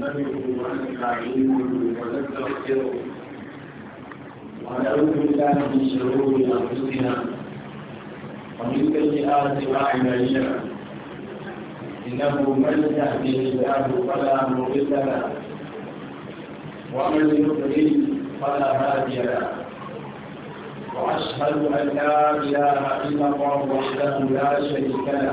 نحمده ونستعينه ونستغفره ونعوذ بالله من شرور انفسنا ومن سيئات اعمالنا انه من يهدي الله فلا مضل له ومن يضلل فلا هادي له واشهد ان لا اله الا الله وحده لا شريك له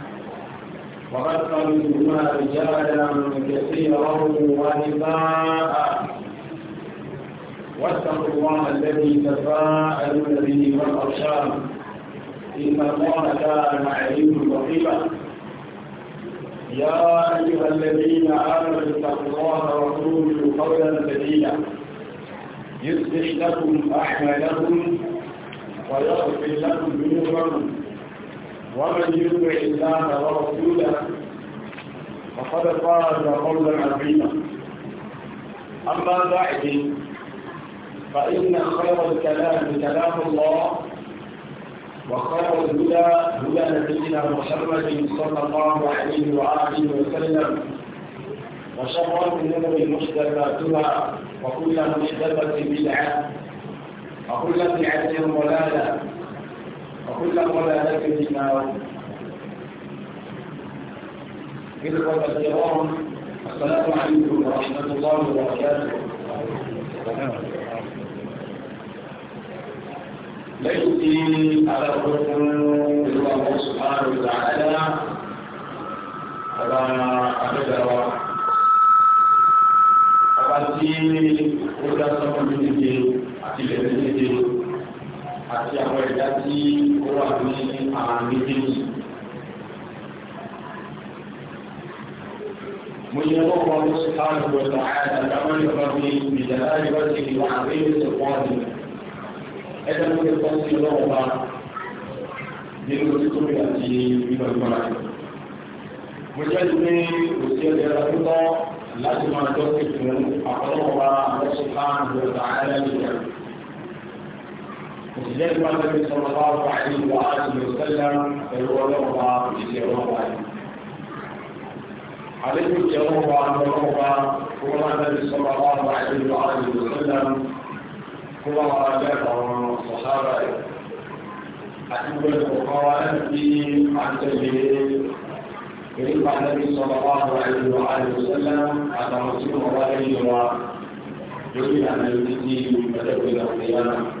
وقد منهما رجالا كثيرا ونساء واتقوا الله الذي تساءلون به والارشام ان الله كان عليم رقيبا يا ايها الذين امنوا اتقوا الله وقولوا قولا سديدا يصلح لكم احوالكم ويغفر لكم ذنوبكم ومن يطع الله ورسوله فقد فاز قولا عظيما اما بعد فان خير الكلام كلام الله وخير الهدى هدى نبينا محمد صلى الله عليه واله وسلم وشر الامور محدثاتها وكل محدثه بدعه وكل بدعه ضلاله وكل ضلالة في النار إخوة الكرام السلام عليكم ورحمة الله وبركاته ليس على حكم الله سبحانه وتعالى على أبدا أبدا أبدا أبدا أبدا àti àwọn ẹ̀dá tí ó wà ní àárín méjèèjì. mo yẹ kó kọ́ ló sùn láti wọ̀ sàn àyàtà káwọn yóò bá fi ìjàdá yóò bá ti wà àbí yóò sì pọ̀ ní. ẹ̀dá tó lè kọ́ sí lọ́wọ́ bá nínú títóbi àti ìgbàgbọ́ra. mo jẹ́ ìpín òṣèlú ẹ̀rọ tó tọ́ láti máa tọ́sí fún àkọ́lọ́wọ́ bá àwọn sùn láti wọ̀ sàn àyàtà وسجاد النبي صلى الله عليه وآله وسلم فهو لغة للجواب عليه الجواب عن الرغبة هو النبي صلى الله عليه وآله وسلم هو راجعه الصحابة أحب الفقراء في عن تجريد يرفع النبي صلى الله عليه وآله وسلم على رسول الله يريد أن يؤتي بدوله القيامة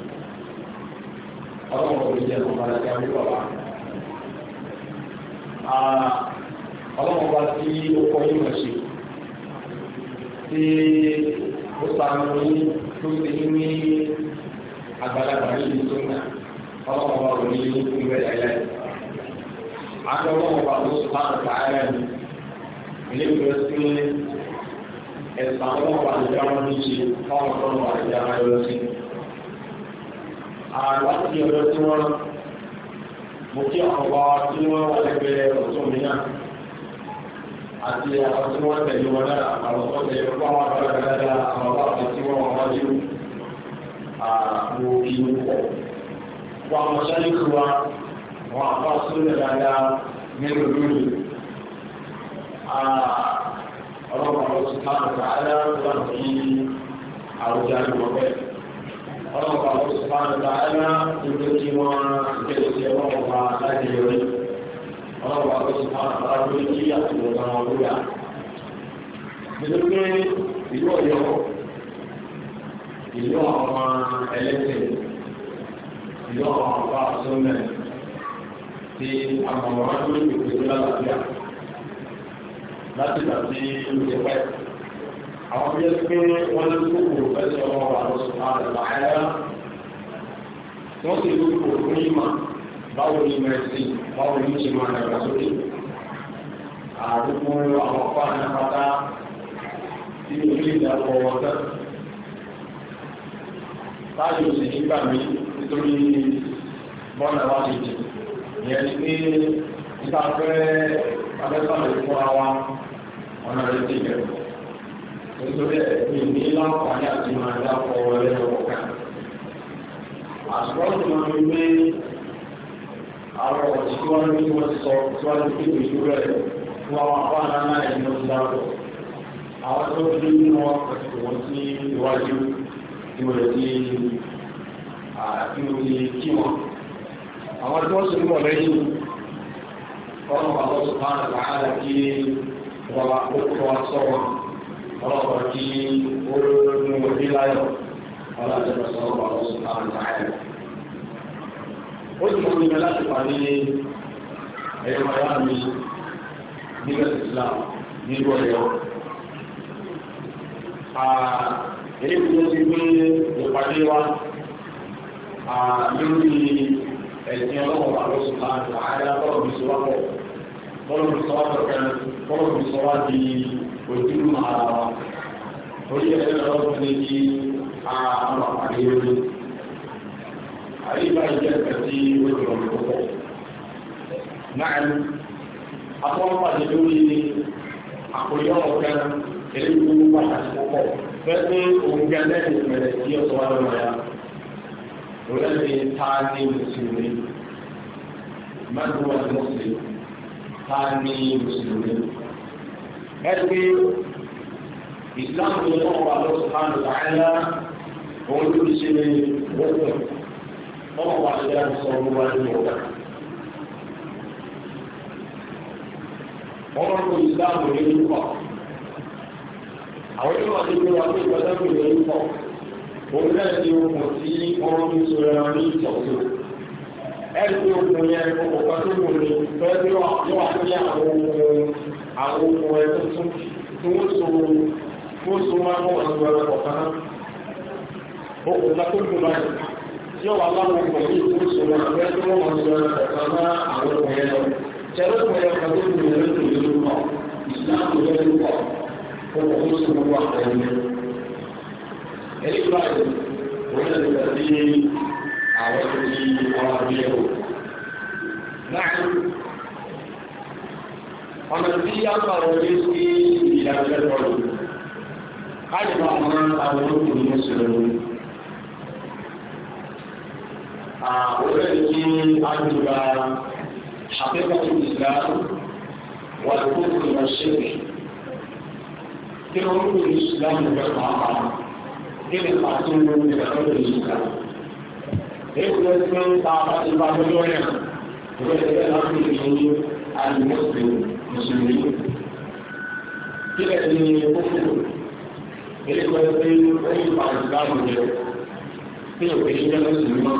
ọlọ́run kò jẹ́ ọmọ rẹ̀ kí wà. ọlọ́run bá tí ó kọ́ yín mọ̀ ṣe tí ó sanu yín tó ti yín ní àgbàlagbà yìí tó ń nà ọlọ́run bá wọlé yín fún ìwé ẹ̀yà àti ọlọ́run bá tó sùn láti ta ẹ̀rẹ́ mi ilé ìwé sí ẹ̀sán ọlọ́run bá lè dáwọn ní ṣe fáwọn ọlọ́run bá lè dáwọn ẹ̀rọ sí i àgbàtí ọ̀dọ́ tí wọ́n mo kí ọ̀pọ̀ tí wọ́n wà lẹ́gbẹ̀ẹ́ ọ̀tún mi náà àti àwọn tí wọ́n tẹ̀lé wọn náà àwọn tó tẹ̀lé wọn wà lọ́wọ́ dáadáa àwọn bá fi tí wọ́n wọ́n lé àpò ìlú pọ̀. wọ́n mọ sáré kú wa wọ́n àpá sílẹ̀ dáadáa nílò lónìí. ọlọ́pàá ló ti ká àgbà aláwọ̀ láti àwùjọ àgbọ̀ bẹ́ẹ̀ ọlọ́run bá lọ́dún sọ́kànlá ta ẹ̀rọ ìlú tí wọ́n ṣe lè ṣe ọlọ́run bá láti yọrí ọlọ́run bá lọ́dún sọ́kànlá ta ẹ̀rọ ìlú tí àtúntò náà wúyà. nítorí pé ìlú ọ̀yọ́ ìlú àwọn ẹlẹ́sìn àwọn tó yẹ pé wọ́n ló kókò ẹsẹ̀ ọmọ wa lọ sùn máa rẹ̀ láàárẹ̀ wọ́n sì ló kókò fún ìmọ̀ báwo ni mo ẹ̀sìn báwo ni mo ṣe máa rẹ̀ lọ́sọ̀rọ̀ àdúgbò àwọn fáànà pátá tí mo lè dà pọ̀ wọ́n tán láàyè òsì nígbà mi nítorí bọ́ọ̀nà wa ti jì ìyẹn ni pé nípa fẹ́ abẹ́sàmì fúnra wa ọ̀nà rẹ̀ ti yẹ̀ nítorí ẹ̀mí ní láǹfààní àti máa dápọ̀ wọlé ọ̀kan. àṣùwọ́n tó ń gbé àwọn ọ̀tí tí wọ́n ní wọ́n sọ tí wọ́n ìlú rẹ̀ fún àwọn afáàná náà ẹ̀mí ó dápọ̀. àwọn tó fi ní wọn pẹ̀sì wọn sí iwájú tí wọ́n ti àti ti kí wọn. àwọn tí wọ́n sì ń bọ̀ lẹ́yìn ọlọ́run àwọn sọ̀tàn àti wọ́n ọlọ́pàá kí olóògùn òbí láyọ̀ ọlọ́pàá sọ̀rọ̀ àwọn sùnmọ́ àtàkùn. ó sì Islam nínú ọ̀yọ́. èyí tí ó ti gbé ìpàdé wa lórí ẹ̀sìn ọlọ́pàá àwọn sùnmọ́ àtàkùn àyà bọ́ọ̀lù kan bọ́ọ̀lù sọ́wọ́ di ojúlù ara wa torí ẹ̀rọ lọ́wọ́ ní kí àwọn àpàdé orí àríwá ìjẹ́ ẹ̀kẹ́ tí ó jọ lọ́pọ̀ náà akọ́pàdé lórí àkóyọ́ ọ̀gá eléyìí tó pàtàkì púpọ̀ fẹ́ẹ́ ohun gẹ́lẹ́ ìpẹ̀lẹ̀ tí ó sọ wá lọ́wọ́ ya lórí ta ní mùsùlùmí mẹ́tò wà ní mùsùlùmí ta ní mùsùlùmí ẹni pé ìsìláàmù tó lọ́wọ́ wà lọ́sùn fáànù láàárá òun ló ṣe ní wọ́pọ̀ ọmọ wa ṣe láti sọ ọmọ wa nínú ọ̀gá. wọ́n máa ń lo ìsìláàmù ní orúkọ àwọn tó máa ti gbé wa pé ìgbàdàgbé ní orúkọ òun náà ti okùn tí ọrọ̀ ń sọ ẹran ní ìtọ́jú ẹni pé yẹn okùn tó kù ní fẹ́ẹ́ bí wọ́n á ní àwọn ohun àwọn ohun ẹ̀ tuntun tí wọ́n so wọ́n so máa mọ́ ọ̀dọ̀ ẹ̀rọ kọ̀ọ̀kan náà ó kò bá tó ń gbọ́n báyìí tí ó wà láwọn ohun ẹ̀ yìí tó so wọn àgbẹ̀ tó wọ́n mọ̀ ọ̀dọ̀ ẹ̀rọ kọ̀ọ̀kan náà àwọn ohun ẹ̀ lọ tẹ̀lé ohun ẹ̀ kan tó ń gbọ́n tó yẹ lóko ìsìláàmù yẹ lóko ó kò tó so wọn àgbẹ̀ ẹ̀yìn báyìí wọ́n lè lọ sí àwọn ti ọ̀rọ̀ ọ̀nà tí a pàrọ̀ lé sí ìyàgbẹ́ bọ́ọ̀lù káyọ̀ àwọn àwọn olókùnrin ní sọ̀rọ̀ àwọn ẹ̀kí àdúrà àpẹ́kọ̀ọ́ ìsìláàmù wà lókùnrin ní ṣẹ́kì kí wọ́n kú ìsìláàmù bẹ́ẹ̀ pàápàá kí ni pàtó ń lò ní ìdájọ́ ìsìláàmù. Èyí ló ti ń ta àbájáde bá lórí ọ̀yà ìgbésẹ̀ láti ìlú àdìmọ́sílẹ̀. mùsùlùmí kílẹ̀ ní kókò eléyìí wọ́n ti wọ́n ti pa ìsìláàmù jẹ kí ló pè ní jẹ́ mùsùlùmí mọ́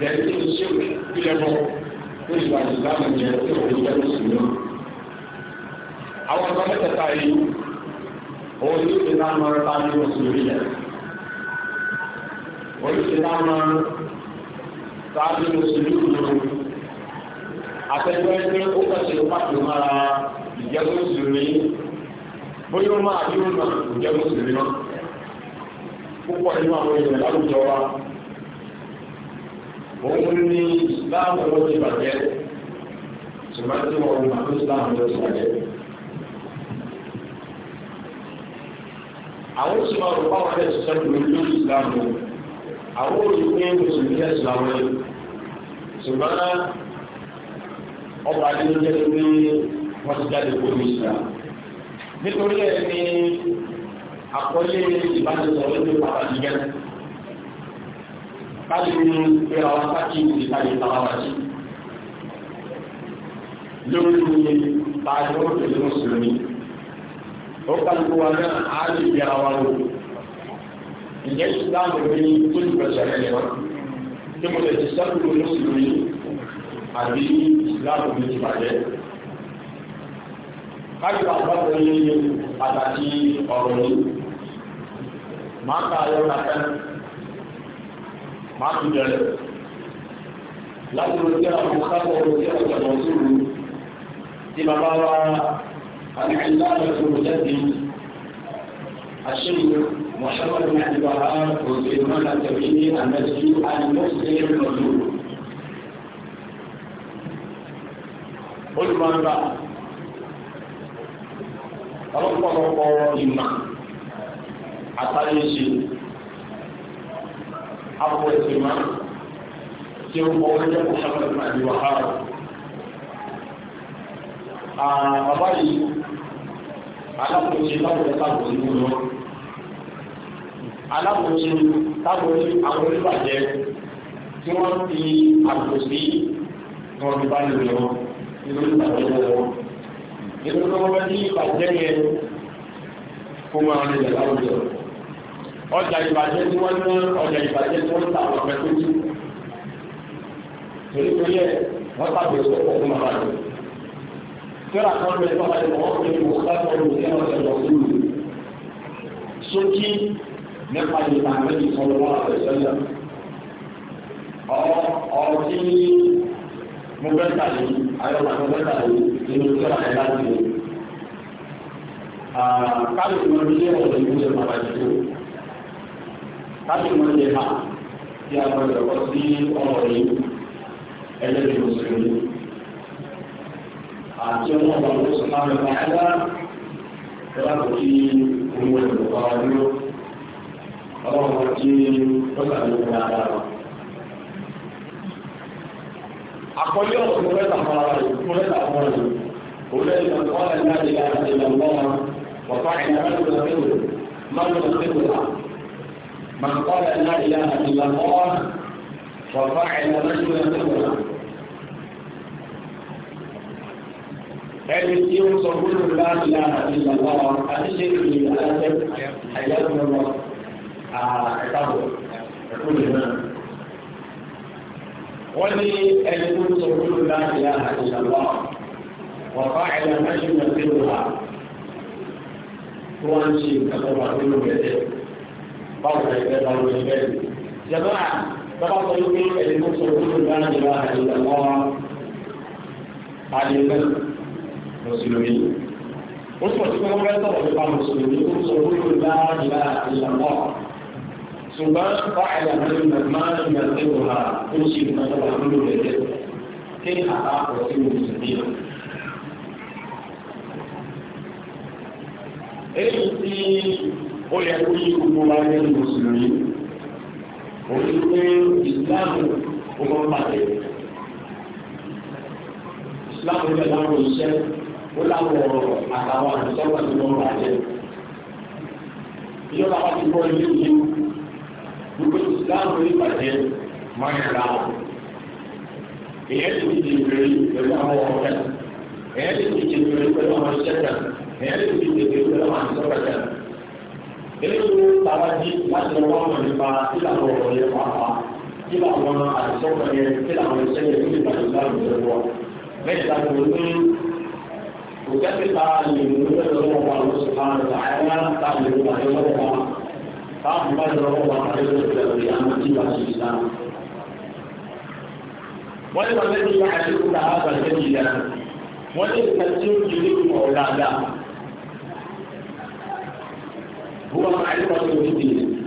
lẹ́yìn tí o ṣe kílẹ̀ mọ́ kó ti pa ìsìláàmù jẹ kí ló pè ní jẹ́ mùsùlùmí mọ́. àwọn ọ̀gá mẹ́tẹ̀ẹ̀ta yìí òun ní ìsìláàmù ọ̀rọ̀ bá ní mùsùlùmí yẹn òun ní ìsìláàmù ọ̀rọ̀ bá ní mùsùlùmí yẹn àtẹ̀jọ́ pé ó kàṣe pàtó mára ìjẹ́bú ìṣòrí bóyá ó máa yóò nà ìjẹ́bú ìṣòrí náà púpọ̀ nínú àwọn èèyàn láwùjọ wa òun ní ìsìláàmù ló ti bàjẹ́ ṣùgbọ́n tí wọ́n mú àti ìsìláàmù ló ti bàjẹ́. àwọn oṣù máa rò báwọn ẹ̀ ṣiṣẹ́ lórí lórí ìsìláàmù àwọn oṣù pé oṣù ní ẹ̀sìn àwọn ẹ̀ ṣùgbọ́n ọba adéjọ́ pé wọ́n ti jáde kó ní ìṣúra. nítorí ẹ̀ ní àkọlé ìbánisọ̀rọ̀ ní pàtàkì gẹ́gẹ́. káyọ̀ ní ìra wa sákì ìtàlẹ̀ ìtàwájú lórí báyọ̀ òkèlè mùsùlùmí. ó kálukú wa náà á lè bí ara wa lò. ìjẹ́ ìsìláàmù ní tó lùbẹ̀sẹ̀ rẹ̀ lẹ́wọ̀n. tí mo lè ti sẹ́kù lórí mùsùlùmí àbí láàbò ní ti bàjẹ́ káyọ̀ àgbàgbọ́ ní àtàkì ọ̀rọ̀ yìí máa ka ayọ́ kàkẹ́ máa tún bẹ̀rẹ̀ lábúrò tí a mú kápọ̀ tí a jẹ̀bọ̀ sóòrò tí bàbá wa àbíkí láàrín sóòrò lẹ́bí àṣírí mọ̀ṣẹ́wọ́n ní àdìbà ààrùn òṣèlú náà tẹ̀lé ní àmẹ́sí àìmọ́sí ẹ̀rọ lóòrò olùmọ̀ọ́gbà ọlọ́pọ̀lọpọ̀ ìmọ̀ àtàlẹ́sẹ̀ àpòẹ̀sìmá tí ó kọ́ ọjọ́ Muhammad mahdi wahab bàbá yìí alákòóso lábòrò tábòrò ìlú lọ alákòóso tábòrò àwọn oníbàjẹ́ tí wọ́n fi àgbòsí wọn fi bá nílò lọ irú ìbàjẹ́ lọ́wọ́ irú tó wọ́n yẹn kó máa rìn lẹ̀ láwùjọ ọjà ìbàjẹ́ tí wọ́n ní ọjà ìbàjẹ́ tí wọ́n ta àwọn tó jù torí torí ẹ̀ wọ́n tàbí ìṣòwò fún màmá rẹ̀ kíra kan bẹ tó wáyé wọ́n fi wò sáfẹ́ wò ní ọ̀sẹ̀ lọ sí ìlú sókí nípa ìlànà ìsọ̀rọ̀ àfẹ́sẹ́lẹ̀ ọ̀ ọ̀ tí mo fẹ́ tàbí ayọ̀wà mo fẹ́ tàbí inú ìjọba ẹ̀ láti lè. káàdì mo ní ilé ọ̀rọ̀ ìlú ẹ̀ bàbá ìlú káàdì mo ní ha tí a bọ̀ lọ́kọ́ sí ọ̀rọ̀ yìí ẹlẹ́dẹ̀ mùsùlùmí. àti ọmọ ọba ló sọ máa ń ẹ̀dá ẹ̀dá kò kí ohun ẹ̀dùn ọ̀rọ̀ dúró ọlọ́run ti ó sàlẹ̀ ìgbà dára. àkọlé ọ̀rọ̀ tó mẹ́ta fara rẹ̀ tó mẹ́ta fara rẹ̀ kò lẹ́yìn tó wà ní láti ilé àti ilé ọgbọ́n wọn wọ́pá ìlànà tó lọ sí ìwé máa ń lọ sí ìwé wa máa ń kọ́ ní láti ilé àti ilé ọgbọ́n wọn wọ́pá ìlànà tó lọ sí ìwé wa. ẹni tí ó sọ gbọ́dọ̀ láti ilé àti ilé ọgbọ́n wọn àti ṣe ìrìn àti àyẹ̀wò wọn ẹ̀ka bọ̀ ẹ̀kọ́ lè náà. wọ́n ní ẹni tó ń sọ fún un láti yá àtìṣàlọ́ ọ̀pá ẹ̀dá mẹ́sìn náà ti wà tó wọ́n ń ṣe ìkàtọ̀ wà nínú bẹ̀rẹ̀ báwo ni ẹgbẹ́ bá wọlé bẹ́ẹ̀ jẹ́bá báwo sọ pé ẹni tó ń sọ fún un láti yá àtìṣàlọ́ àdìmẹ́ mùsùlùmí wọ́n sọ pé wọ́n fẹ́ sọ̀rọ̀ nípa mùsùlùmí tó ń sọ fún un láti yá àtìṣàlọ́ ṣùgbọ́n báyìí àwọn ènìyàn máa ń yàn sí òun náà tó ṣe ìfọwọ́sowọ́ lórí rẹ̀ jẹ́ kí àbá pọ̀ sí mùsùlùmí. èyí tí ó yẹ kó yí gbogbo wa ní mùsùlùmí òun ti pé ìsìláàmù ọmọ pàdé ìsìláàmù bẹ̀rẹ̀ láwọn iṣẹ́ ó láwọn ọ̀rọ̀ àtàwọn àdìsọ́gbà tí wọ́n pàdé. ìjọba wa ti gbọ́ ilé ìlú gbogbo ìsìláàmù ní ìbàjẹ́ máa ń ra wọn. èyẹ ti di pẹ̀lú àwọn ọ̀rẹ́ èyẹ ti di pẹ̀lú àwọn ṣẹ́kà èyẹ ti di pẹ̀lú àwọn àṣọ́kàṣà. eléyìí tààrà jí láti lọ wọ́n mọ̀ nípa sílànà ọ̀rọ̀ yẹn pàápàá sílànà àṣọ́kà yẹn sílànà ìṣẹ́yẹ ní ìbàjẹ́ láàrín ìṣẹ́wọ́ mẹ́ta kò ní òkè فأخذ ما يدرك الله عز وجل بأمة بعد الإسلام وإذا الذي يعرفون هذا الجديد وإذا السوء يريد أولادا هو معرفة الدين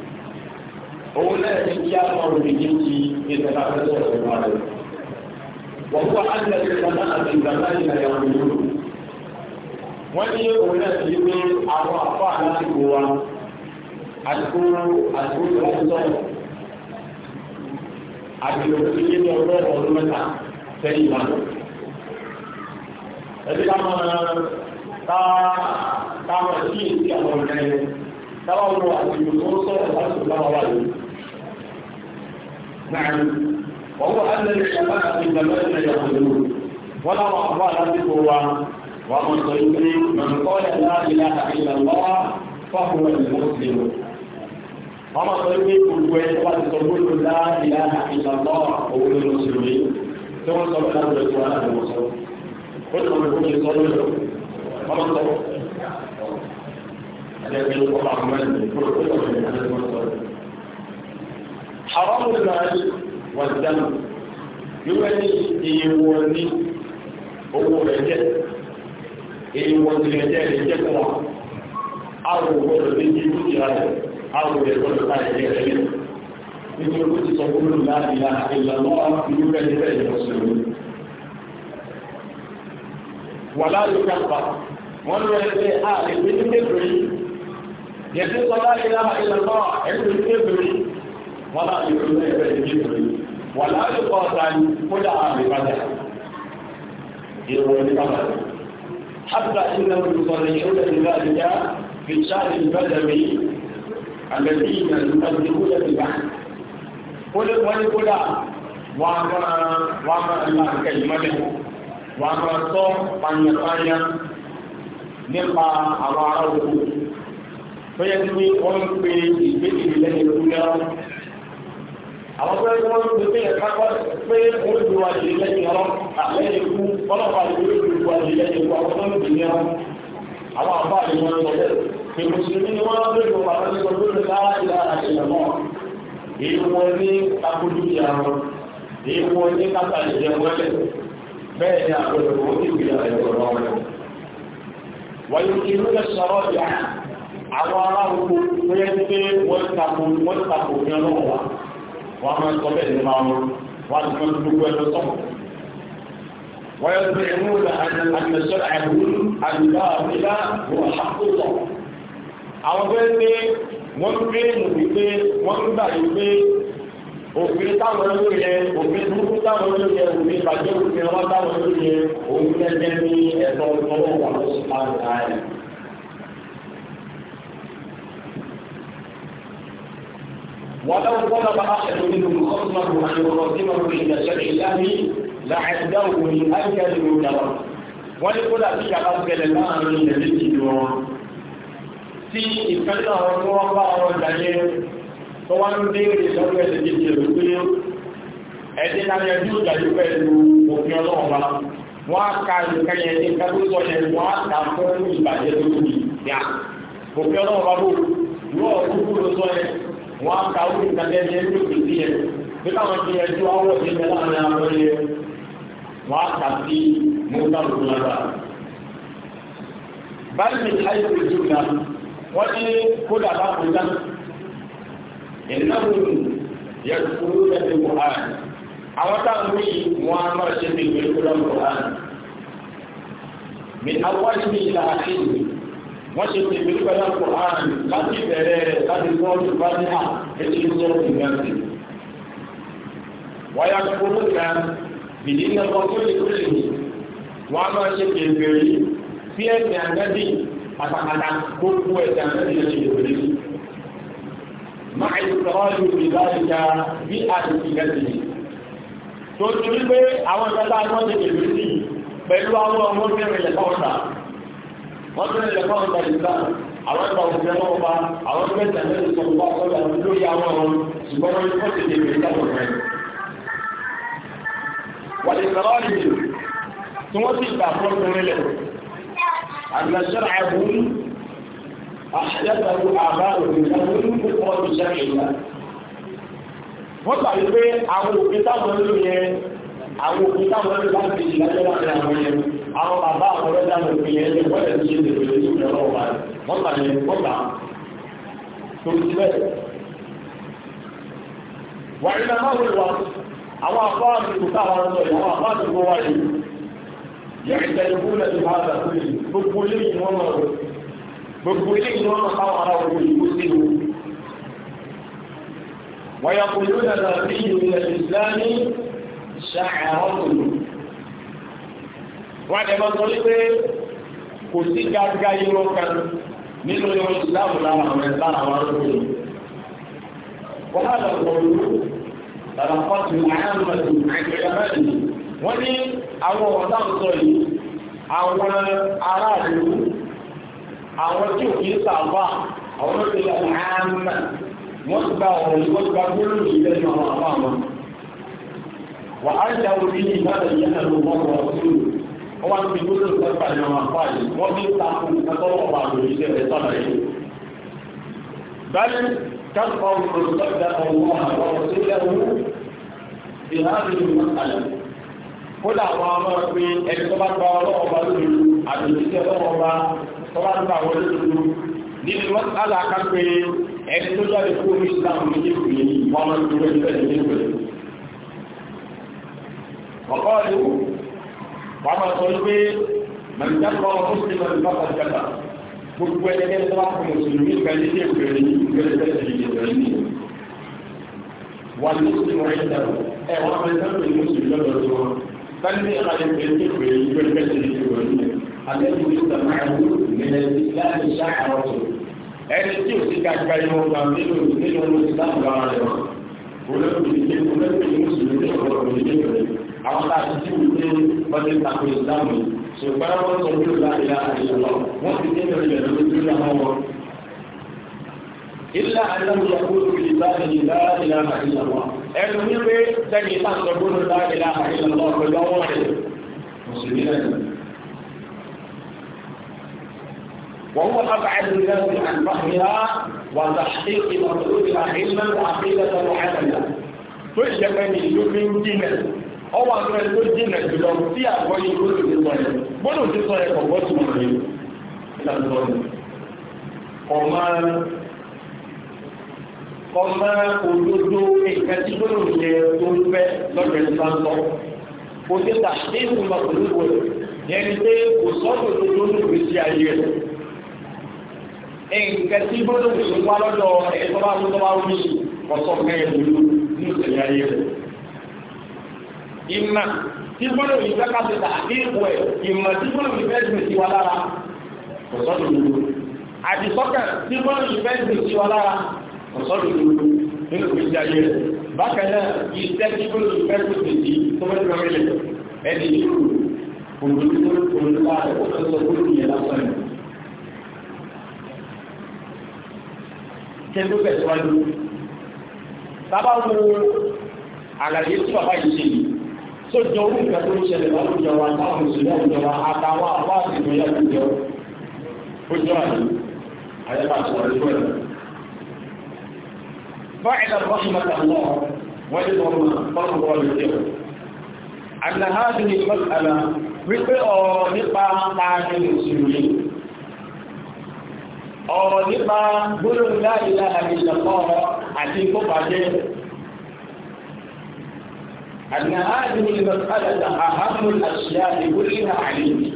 أولا يأمر بدينه إذا تحدث الإبادة وهو أن العلماء في زماننا يقولون وإن أولا يقول أرواح فعلا àdúgbò àdúgbò tó ń sọ̀rọ̀ àdúgbò tó ń yé ní ọgbẹ́ ọdún mẹ́ta sẹ́yìn wà lọ. ẹbí ká máa tá tá máa sí èsì àwọn ọ̀gá yẹn táwọn ọmọ àdúgbò tó ń sọ̀rọ̀ láti tó bá wà lóyún. نعم وهو أن الشباب في زماننا يقولون ولا أخبار القوة ومن من قال لا إله إلا الله فهو المسلم wọ́n máa sọ wípé gbogbo ẹni tó bá ti sọ gbogbo láàrín ìlànà owó ló lọ sí orí tí wọ́n sọ pé láti lọ sí wọn láti lọ sọ ó lọ bí wọ́n ṣe sọ lórí lọ wọ́n máa sọ ẹgbẹ́ ló kọ́ àwọn mẹ́rin tó lọ sí ọ̀sẹ̀ ní alẹ́ wọn sọ rẹ̀. àwọn olùdarí wà dánù wíwẹ́ ní iye wọn ní owó rẹ̀ jẹ́ iye wọn ti rẹ̀ jẹ́ rẹ̀ jẹ́ fún wa àwọn òwò rẹ̀ ní ibi dúkìá rẹ̀ حاولوا يقولوا هذه هي العلم إن كنت تقول لا إله إلا الله يوجد غير المسلمين ولا يكفر ولا يقول آه يقول لا إله إلا الله ابن كبري ولا يقول ابن كبري ولا يقاتل كل آل حتى إنهم يصرحون بذلك في الشهر البدوي àlẹ́bí ìyẹn ìgbàlódé kó lẹ́bi bá. kódé wọ́n ní kódà wọ́n á máa wọ́n á máa la nǹkan yìí mọ́lẹ̀ wọ́n á máa sọ panyapanya nípa àwọn ará òkú. bóyá tí wọ́n ń pe ìgbésẹ̀ lẹ́yìn ìdúnyà àwọn tó yẹ wọn ti tẹyẹ kápá pé wọn ti wá di lẹ́yìn ọlọ àlẹyìn ikú ọlọ́pàá ti wá di lẹ́yìn ikú àwọn tó ń bì ní ọ àwọn àbá àti wọn lọ bẹ́ẹ̀ ìmùsùlùmí ni wọ́n lórí ìwọ̀n pàtàkì ọdún ní láàrín àṣìlẹ̀ mọ́ èyí wọ́n ní akójú ìyá wọn èyí wọ́n ní kápá ìjẹ wọlé bẹ́ẹ̀ ni àgbẹ̀rẹ̀ wọn ní ìgbìyà ẹ̀rọ wọn. wọ́n yóò kí lóye sọ̀rọ̀ ìyá àwọn ará oko tó yẹ pé wọ́n tako wọ́n tako ní ọlọ́wọ́ wa wọ́n máa ń sọ bẹ́ẹ̀ ní máa wọn wọ́n ti máa ń àwọn tó ń pé wọ́n ń gbé nù wípé wọ́n ń gbà wípé òfin táwọn ló yẹ òfin burúkú táwọn ló yẹ òfin ìbàjẹ́ òfin ọwọ́ táwọn ló yẹ òun gẹ́gẹ́ ní ẹ̀tọ́ ọlọ́wọ́ wà ló sì máa ń ta ẹ̀. ولو طلب أحد منهم خصمه أن يقدمه إلى شرع الله لعذبه من أجل من ولكل أشياء أفضل الآن من الذي يدور tí ìfẹ́ náà wọn tí wọ́n bá ọ̀rọ̀ ìdájẹ́ tó wá ń béèrè lọ́wọ́ ẹ̀sẹ̀ kejì rẹ̀ pé ẹ̀dẹ́ náà yẹ yóò dájú pẹ̀lú òfin ọlọ́run wa wọ́n á ka nǹkan yẹn ní kájúsọ yẹn wọ́n á ta fún ìbàjẹ́ tó tóbi yá òfin ọlọ́run wa bò yóò kúkú ló sọ yẹn wọ́n á ka orí nǹkan yẹn ní ẹni tó ti yẹn bí káwọn ti yẹn tí wọ́n wọ́n á ta sí mọ́tàlùmọ́tà. báyìí wọ́n ní kódà lápòjá ìnáwó yẹ̀kúrú lẹ́nu buhari àwọn táwọn yìí wọ́n á máa ṣe bí ìwé kódà buhari mi awọ́lì mi ìlà àti ìwé wọ́n ṣe bí ìwé kódà buhari láti bẹ̀rẹ̀ rẹ̀ láti wọ́n ti bá ní à ètò ìṣòro ìgbàsí wọ́n yà kúrú kan bìdí náà tó lè kúrò yìí wọ́n á máa ṣe bí ìwé yìí bí ẹ̀sìn àgbẹ̀dì pátápátá gbogbo ẹ̀dá ní ilé ìwé máa ń sọ̀rọ̀ ìlú ìbáraga bí àdùnkì lẹ́sìn tó ti rí pé àwọn ìjọba àwọn ti lè sí pẹ̀lú àwọn ọmọ tí wọ́n lè kọ́ńtà wọ́n tún lè kọ́ńtà ìgbà àwọn ìgbà òṣèré wọn bá àwọn ìgbà ìjàmbá ìsọ̀rọ̀ bá sọ̀rọ̀ lórí àwọn ọmọ ṣùgbọ́n wọ́n ti lè rí láwọn ọmọ rẹ̀ wọ́n ti sọ̀rọ̀ ìlú tí wọ́n ti gbà fún ọkùnrin lẹ̀ أن شرعه أحدثه آباؤه لهم بقوة شرع الله wọ́n gbà wípé àwọn òfin táwọn ń lò yẹn àwọn òfin táwọn ń lò láti ìdájọ́ láti àwọn yẹn àwọn bàbá àwọn ọ̀rẹ́dá òfin yẹn lè wọ́n lè ṣe lè lè ṣe lọ́wọ́ wa wọ́n gbà yẹn wọ́n gbà tó ti bẹ́ẹ̀. wà á ní àwọn ìwà àwọn àpá àti kùtà àwọn ọ̀rọ̀ ìwà àwọn àpá àti kùtà wáyé يعترفون بهذا كله gbogbo eléyìí wọn máa rò gbogbo eléyìí wọn máa báwọn ará òkú ìlú sí o wọ́yà kò ló dàda sí ìrìnlẹ̀ ìsìlámì ṣàkàrọ̀tòlù wọ́n àti ẹ̀ma sọ wípé kò sí gágá irọ́ kan nínú irun ìsìlámù lára àwọn ẹ̀ka àwọn ará òkú ìlú wọ́n á lọ sọ̀rọ̀ lọ́wọ́ tàbí fọ́tù àyàmọ̀ tó àgbẹ̀yàmọ̀ ìlú wọ́n ní àwọn ọ̀tá ọ̀tọ̀ yìí àwọn aráàlú àwọn tí ò kìí sàbà àwọn tó ti lọ àmà wọ́n ti gba ọ̀rọ̀ yìí wọ́n ti gba gbólóhùn yìí lẹ́nu àwọn àbá wọn. wà á jà wọ́n ní ìbàdàn yìí náà ló wọ́n wọ́n sí i wọ́n ti gbólóhùn sẹ́pà ní àwọn àbá yìí wọ́n ti ta kó kátó ọ̀rọ̀ àlòyìn ìṣẹ̀lẹ̀ sọ́nà yìí. báyìí káfíńtà ọ̀rọ̀ sọ́dọ̀ ọ̀rọ̀ àwọn ọ̀rọ̀ kódà àwọn ọmọ pé ẹni tó bá gba ọlọ́wọ́ ọba lóru àtòjíṣẹ́ ọlọ́wọ́ ọba tó bá gba àwọn olóòtú nínú mọ́sálà kan pé ẹni tó jáde kó ní ìsìláàmù ní ìlú yìí wọ́n máa ń tó lórí bẹ́ẹ̀ ní ìlú ọ̀pọ̀ ìlú wọ́n máa sọ pé mẹ̀lẹ́dẹ́kọ̀ mùsùlùmí lọ́pàá jẹ́ta gbogbo ẹgbẹ́ tó bá fún mùsùlùmí kan ní ìlú yìí gbẹ́rẹ́ bẹ́ẹ̀ ní ìlú yìí wọ́n ní mùsùlùmí بل قد يمكنك بالكسر الكبير الذي يستمع من الاسلام شعره ẹni tí o ti ka gba ẹni wọn kan nínú nínú ọdún ìsìlámù lára rẹ wọn olóògbé olóògbé mùsùlùmí ọ̀rọ̀ òyìnbó rẹ àwọn tá a ti jí wípé wọn ti tako ìsìlámù ṣùgbọ́n wọn sọ bí òun láti lára rẹ lọ wọn ti dé ìrìn àjò lójú àwọn wọn. ilé àdáwò yẹ kó lórí ìbáraẹni lára ìlànà ìlànà ẹnu wípé sẹ́ni sáǹsọ̀ gbọ́dọ̀ láàrin láàrin lọ́wọ́ pẹ̀lú ọwọ́ rẹ̀ mùsùlùmí náà. wọ́n wọ́n bá bàá ẹni lẹ́nu àgbàmìlá wà láti ìmọ̀lódìlà ìlànà àbílẹ̀ lọ́wọ́ àdàlà tó ìjẹ́pẹ́ ni ìlú fi ń jìnà ọwọ́ àgbẹ̀ tó jìnà jùlọ sí àgbọ̀ yìí gbọ́dọ̀ ti sọ yẹn gbọ́dọ̀ ti sọ yẹn kọ̀ kọ́mọ òdodo nǹkan tí gbọ́dọ̀ yẹ olúfẹ́ lọ́dọ̀ ẹni bá ń lọ. kò sí ta ní ìtumọ̀ pẹ̀lú ìwé yẹni pé kò sọ́dọ̀ òdodo ní ìgbésí ayé rẹ̀. nǹkan tí gbọ́dọ̀ yẹ wá lọ́dọ̀ ẹni tó bá lọ́dọ̀ wá wí ọ̀sọ̀ mẹ́rin pẹ̀lú ní ìgbésí ayé rẹ̀. ìmọ̀ tí gbọ́dọ̀ yẹ fẹ́ ká ti ta ní ìwé ìmọ̀ tí gbọ́dọ̀ yẹ fẹ́ gbèsè wa lára kò sọ́dọ̀ òdodo àdìsọ́kàn tí gbọ́dọ̀ yẹ fẹ́ gbèsè wa lára ọ̀sọ́dọ̀ nínú ìgbésí ayé rẹ̀ bákan náà iṣẹ́ tí ó lè fẹ́ tó ti di tó mẹ́tí wọn rẹ̀ ẹni yóò òdòdó òdòdó rẹ̀ ó sọ gbóló yẹn lásán ni. tẹ́lú tẹ̀síwájú sábà wo àlàyé tí bàbá yìí ṣe yìí tó jọ orí nǹkan tó ń فعلا رحمة الله وإذن فرض الجهد أن هذه المسألة مثل نقا عن المسلمين أو نقا قل لا إله إلا الله عزيز بعدين أن هذه المسألة أهم الأشياء كلها عليك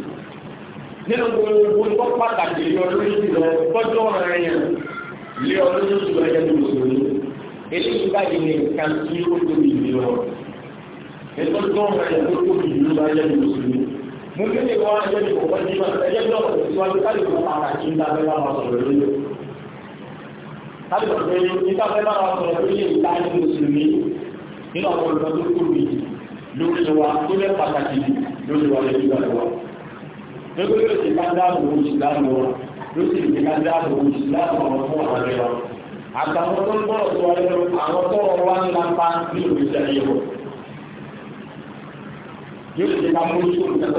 nínú gbogbo gbogbo pàtàkì ìyọrí ìlú ọjọ́ ọ̀rẹ́yìn lé ọdún eléyìí báyìí ní nǹkan tí ó tóbi ìlú lọ ètò tó ń rẹ̀ tó tóbi ìlú bá yẹ ní mùsùlùmí mo ní lè wá ẹjẹ́ ní kọ̀ọ̀kan ní ma ẹjẹ́ ní ọ̀pọ̀ síwájú ká lè kó ara kí n dábẹ́ máa sọ̀rọ̀ lóyè ká lè sọ̀rọ̀ lóyè ní dábẹ́ máa sọ̀rọ̀ lóyè ìta ní nínú àwọn olùkọ́ tó tóbi lórí wa tó lẹ́ pàtàkì lórí wa lórí wa wa lórí wa lórí wa lórí wa lórí wa lórí wa lórí wa lórí wa lórí wa àtàwọn tó ń bọ̀rọ̀ tó wáyé lọ àwọn tọrọ wá ń lápá ní òbíṣẹ́ ayé wọ̀ yóò lè ká mú sí òbíṣẹ́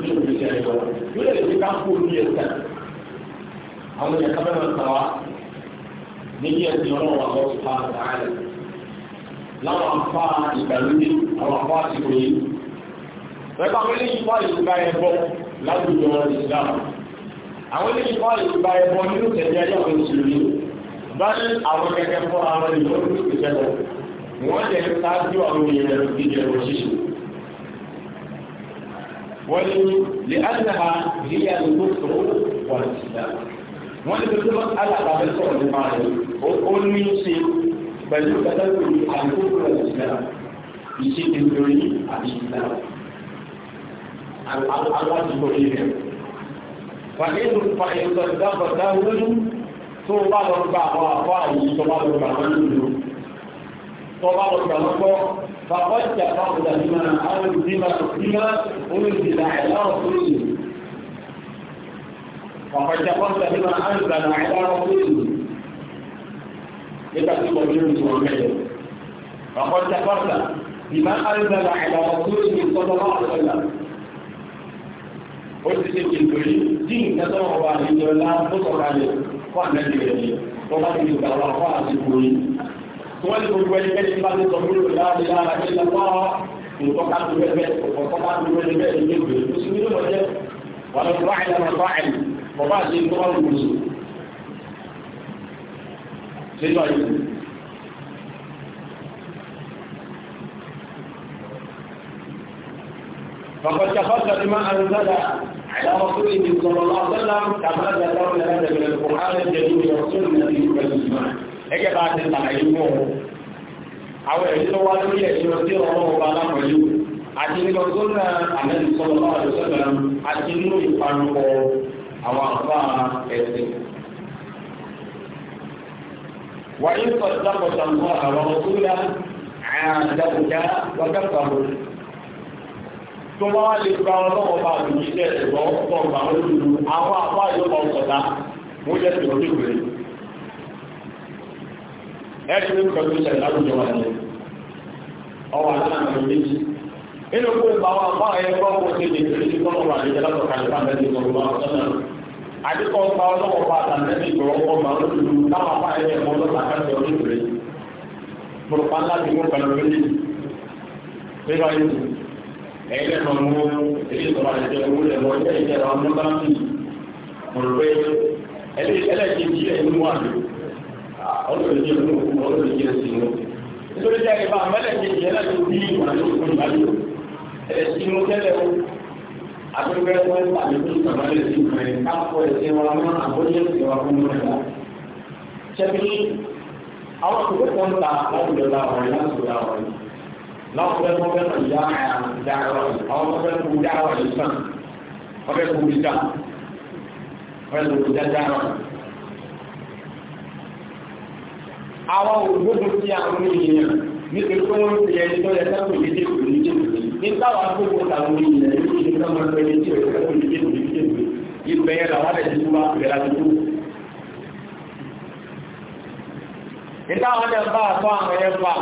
ní òbíṣẹ́ ayé wọ̀ yóò lè ká kó ní ẹ̀sẹ̀ àwọn èèyàn kábẹ́ máa tà wá ní bí ẹ̀sìn ọlọ́wọ́ àwọn ọ̀sùn fáwọn àtàlẹ̀ láwọn afá ìgbàlódé àwọn afá àtìkò yìí rẹ́pà àwọn eléyìí fá ìgbà ẹ̀bọ láwùjọ ìsìlámù àwọn eléyìí fá ìgbà ẹ̀bọ nínú tẹ̀lé ayé àwọn ìṣèlú báyìí àwọn kẹ̀kẹ́ fọ́ àwọn ìlú ìṣẹ́ lọ wọ́n jẹ́ sáájú àwọn èèyàn ìjẹ́ òṣìṣẹ́ wọ́n ní lẹ́ẹ̀dẹ́ha ìyá ìlú tó wà síta wọ́n ní pẹ̀lú alábàbẹ̀ sọ̀rọ̀ nípa rẹ̀ ó ní ṣe pẹ̀lú kẹtẹ́kùn àdúgbò rẹ̀ síta ìṣe ìdòrí àti ìta aládùúgbò yìí rẹ̀ fàyẹ̀dùn fàyẹ̀dùn dábàdà lóyún tó bá lọ gba àwọn àbá yìí tó bá lọ gba àwọn ìlú tó bá lọ gba àwọn gbọ́ bàbá ìjà báwo la ní máa àwọn ìdí máa tó bí máa òun ìdí náà ẹ̀ láwọn tó yìí bàbá ìjà báwo la ní máa àwọn ìdí náà ẹ̀ láwọn tó yìí nígbà tí wọ́n yóò tó mẹ́lẹ̀ bàbá ìjà báwo la bí máa àwọn ìdí náà ẹ̀ láwọn tó yìí tó bá lọ gba àwọn ó ti ṣe kékeré dín ìtẹ́tọ́ wọn wà níjọ lá tó sọ̀rọ̀ fún wọ́n bá jẹ́ wọn lọ fún àìlà wọn فقد كفرت ما انزل على رسوله صلى الله عليه وسلم كما ذكرنا هذا من القران الجديد يرسل النبي صلى الله عليه وسلم هيك بعد التعليم هو او يجد واحد الله بالام اليوم أجل رسول النبي صلى الله عليه وسلم أجل يفعله أو أخفى وإن صدقت الله ورسوله عادك وكفروا tó bá wá lè gba ọlọ́wọ́ bá pọ̀ gbà lù àwọn àpá jẹ́ ìwé ní pẹ̀lú ìṣẹ̀lẹ̀ láwùjọ wa lẹ́yìn ọwọ́ aláàmì méjì nínú kó ń bá wa bá ẹ gbọ́ kó lè fi ní kọ́nà wà nígbà lọ́sọ̀ kàlùfà mẹ́rin ìgbọ̀nwó àkọ́sọ́nà àdìkọ́ ń ọlọ́wọ́ bá àtàlẹ́sì ẹ̀yẹ́ kan mú ilé ìtọ́wà àti owó lẹ̀mọ́ ilé ìjẹ̀rọ ọmọ bá ń mọ̀lùpẹ́ ẹlẹ́ẹ̀kejì ẹ̀ nínú àjò ọlọ́ọ̀lẹ́jẹ̀ nínú òkú ọlọ́ọ̀lẹ́jẹ̀ sí inú nítorí jẹ́ ìbá mẹ́lẹ̀kejì ẹlẹ́ẹ̀kejì bí ìwọ̀n ló kún ìbálò ẹ̀ sí inú tẹ́lẹ̀ o àtúgbẹ́ wọn ń tàbí tó sàmálẹ̀ sí ìfẹ́ káfọ́ ẹ̀sẹ̀ wọn mọ́ àbójẹ́ sí wa fún mọ́lẹ̀ ṣẹ́bí láwọn fẹ́ kọ́ fẹ́ kọ́ ìyá ìdáwọ̀ àwọn tó fẹ́ kú dáwọ̀ ìsàn wọ́n fẹ́ kú ìdá wọ́n fẹ́ kú ìdá àwọn ògbógun tí àwọn èèyàn nítorí pé wọ́n ti ẹni tó yẹ sẹ́kù ìdíje kù ní jẹ́kù ní táwọn agbógun táwọn èèyàn ní ìdíje kù ní jẹ́kù ní jẹ́kù ní ìbẹ̀yẹ làwọn àdẹ̀sí tó wà pẹ̀lú ìtàwọn náà bá àpá àwọn ẹ̀ bá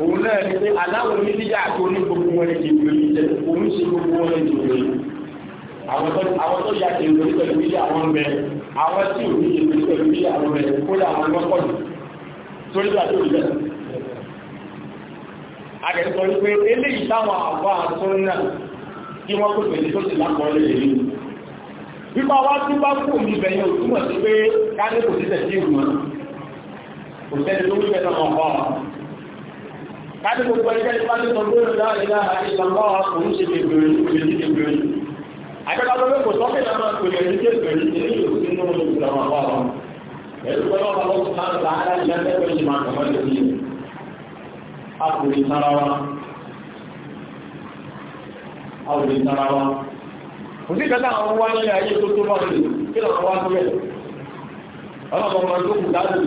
òun náà ní pé aláwọ̀ ní dídá àti onígbogbo wọn lè jẹ ìwé jẹ òun ṣe gbogbo wọn lè jẹ ìwé àwọn tó yà jẹ ìwé pẹ̀lú bí àwọn bẹ àwọn tí ò ní jẹ ìwé pẹ̀lú bí àwọn bẹ kódà àwọn lọ́pọ̀ jù torí bá tó jẹ. akẹ́kọ̀ọ́ ní pé eléyìí táwọn àbá tó ń nà kí wọ́n kó pèsè tó ti lákọ̀ọ́lẹ̀ yìí wípé àwọn tí bá kú òmìnir kò sẹ́ni tó wúlò ẹ̀sán ọ̀pọ̀ káàdì gbogbo ẹgbẹ́ ìpá tó sọ lórí ọ̀dá ìlà ìlànà òun ṣe tẹ̀gbẹ̀rẹ̀ ìgbẹ̀rẹ̀ tẹ̀gbẹ̀rẹ̀ àgbẹ̀gbẹ̀ kò sọ́kẹ̀ náà máa pèlè ní tẹ̀gbẹ̀rẹ̀ tẹ̀gbẹ̀rẹ̀ yóò sí nínú ìlànà ọ̀pọ̀ ẹ̀rù pẹ̀lú ọ̀pọ̀ ọ̀pọ̀ máa ń ta ara ìyá tẹ́gbẹ̀rẹ̀ ìmọ̀ àkàmọ́ lórí àkùnrin sára wa àwòrán sára wa kò sí kẹta àwọn wá nílẹ̀ ayé tó tó bá wọlé kí lọ́wọ́ wá sílẹ̀ ọlọ́pàá ọmọ tó kù dáadọ́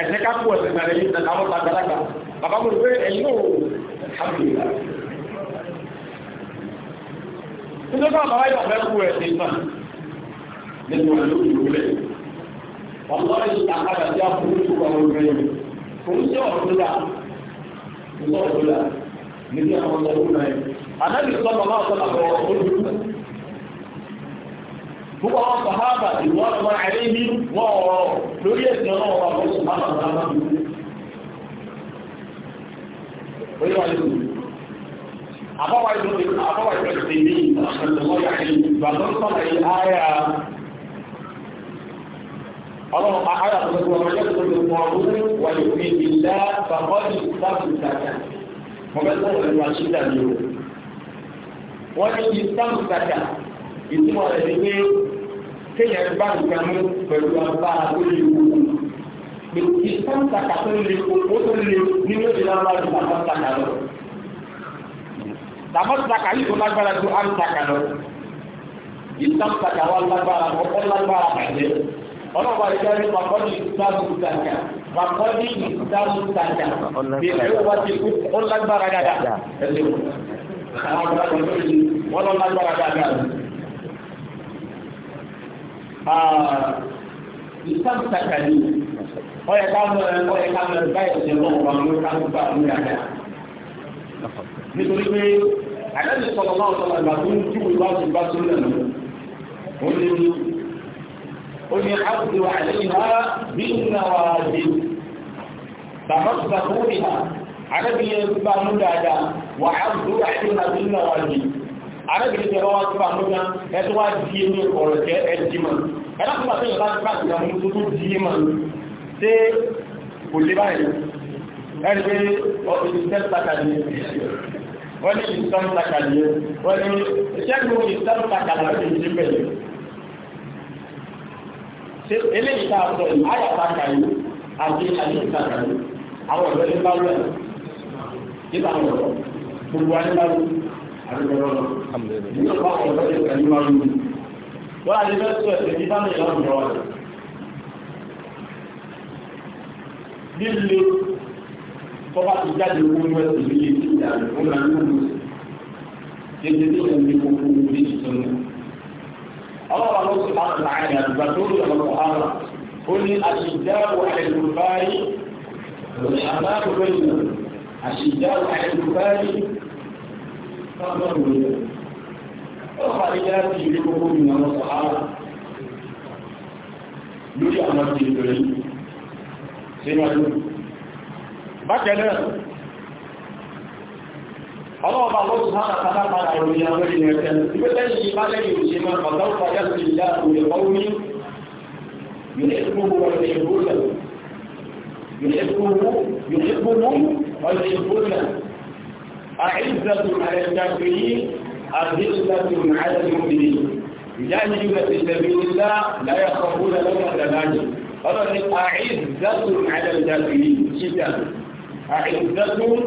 ẹ̀sẹ̀ ká kú ọ̀sẹ̀ náà lẹ́yìn náà káwọn àgbàlagbà bàbá mo rò pé ẹ̀yin ò hàbìlá. Nígbà tó àbáwá yóò fẹ́ kú ẹ̀sìn náà nínú ẹ̀lú ìwúlẹ̀. Ọ̀pọ̀ ẹ̀sìn àkàdà tí a fún ojú àwọn obìnrin kò ń jẹ́ ọ̀dọ́là ń jẹ́ ọ̀dọ́là nígbà àwọn ọmọ ọdún náà. Àdáyé púpọ̀ àwọn sàhábà ìwọ́n ọmọ àìrí ní wọ́n ọ̀rọ̀ lórí ẹ̀sìn náà wà fún sàhábà sàhábà tó kú. Oyè wà lóko. Àbáwá ìlú àbáwá ìlú ẹ̀sìn ní ìtàkùnlọ́wọ́ yà ní ìgbàgbọ́ sọ̀rọ̀ yìí áyà. Àwọn àyà tó tó wọ́n yẹ kó tó wọ́n rú wà lè fi ìlà bàbọ́dì sábà ìtajà. Mo fẹ́ sọ̀rọ̀ ìwà ṣídà ni o. Wọ́n ní ìsáǹtàjà ìtumọ̀ rẹ̀ ni pé kéèyàn bá nǹkan mú pẹ̀lú agbára tó lè wù ú pé kí sáńtàkà tó lè kókó tó lè nínú ìdílé aláwọ̀ ìgbà sáńtàkà lọ. tàbá sáńtàkà yìí tó lágbára tó áńtàkà lọ ìsáńtàkà wa lágbára ọkọ̀ lágbára bàjẹ́ ọlọ́wọ́ ẹ̀jẹ̀ ní pàkọ́dì ìsáńtàkà pàkọ́dì ìsáńtàkà bèbè wá ti kú ó lágbára dáadáa ẹ̀sìn wọn lọ lágbára dáadáa Ah, ìsàmùsàkà ni ọyẹ ká mọ ọyẹ ká mọ báyọ̀ ṣe mọ ọ̀rọ̀ àwọn ọ̀rọ̀ àwọn ọ̀rọ̀ àwọn ọ̀rọ̀ nítorí pé àdáni sọ̀rọ̀ náà sọ̀rọ̀ ìgbà tó ń tú ìwà tó bá tó lẹ̀ lọ́wọ́ ó ní ó ní àbùdó àlẹ́yìn wá bí nà wà dé bàbá tó bá tó wọ́n ìhà àdáni bá mú dáadáa wà àbùdó àlẹ́yìn wá bí nà wà dé arábìnrin tẹ wọ́n ti bá lóga ẹ̀tọ́ wá di ẹni ọ̀rọ̀ jẹ́ ẹjì mọ̀ ẹ̀dá tó bá tẹ́yìn bá bá ti àwọn tó tó di mọ̀ tí kò lè báyìí ẹni pé ìṣẹ́lẹ̀ pàtàkì wọ́n ní ìṣẹ́lẹ̀ pàtàkì wọ́n ní ìṣẹ́gun ìṣẹ́lẹ̀ pàtàkì àti ìṣẹ́ bẹ̀rẹ̀ ṣe eléyìí tá a sọ yìí ayà pàtàkì àti àyè pàtàkì àwọn ọ̀rọ̀ ní bá lọ́wọ́ Líle tọ́bá ti jáde owó ní ẹ̀sùn ní èdè ìyàwó fún àwọn olùsìn, èdè ní ẹ̀mí gbogbo orí ìṣẹ́lú. Ọlọ́run àwọn oṣù máa ń láàárín àdúgbà tó rí ọmọ ọ̀hánà, ó ní aṣìdáwò ẹ̀lú báyìí, àbáàbò bẹ́ẹ̀ àṣìdáwò ẹ̀lú báyìí, فأمر بذلك وخرجات يجبه من الصحابة lórí àwọn ti ìbẹ̀rẹ̀ yìí sínú ẹlú bákẹ̀lẹ̀ ọlọ́ọ̀bá lọ́sù hánà pátápátá ìròyìn àwọn ènìyàn ẹ̀kẹ́ ìgbẹ́lẹ̀ yìí bá lẹ́yìn òṣèlú ọ̀dọ́ fàyà sí ìlà òyìnbó ní yìnbó ọ̀dẹ̀ ìbó lẹ̀ أعزة على الكافرين أذلة على المؤمنين يعني إذا في سبيل الله لا يخافون لك ثمانية قال أعزة على الكافرين شتاء أعزة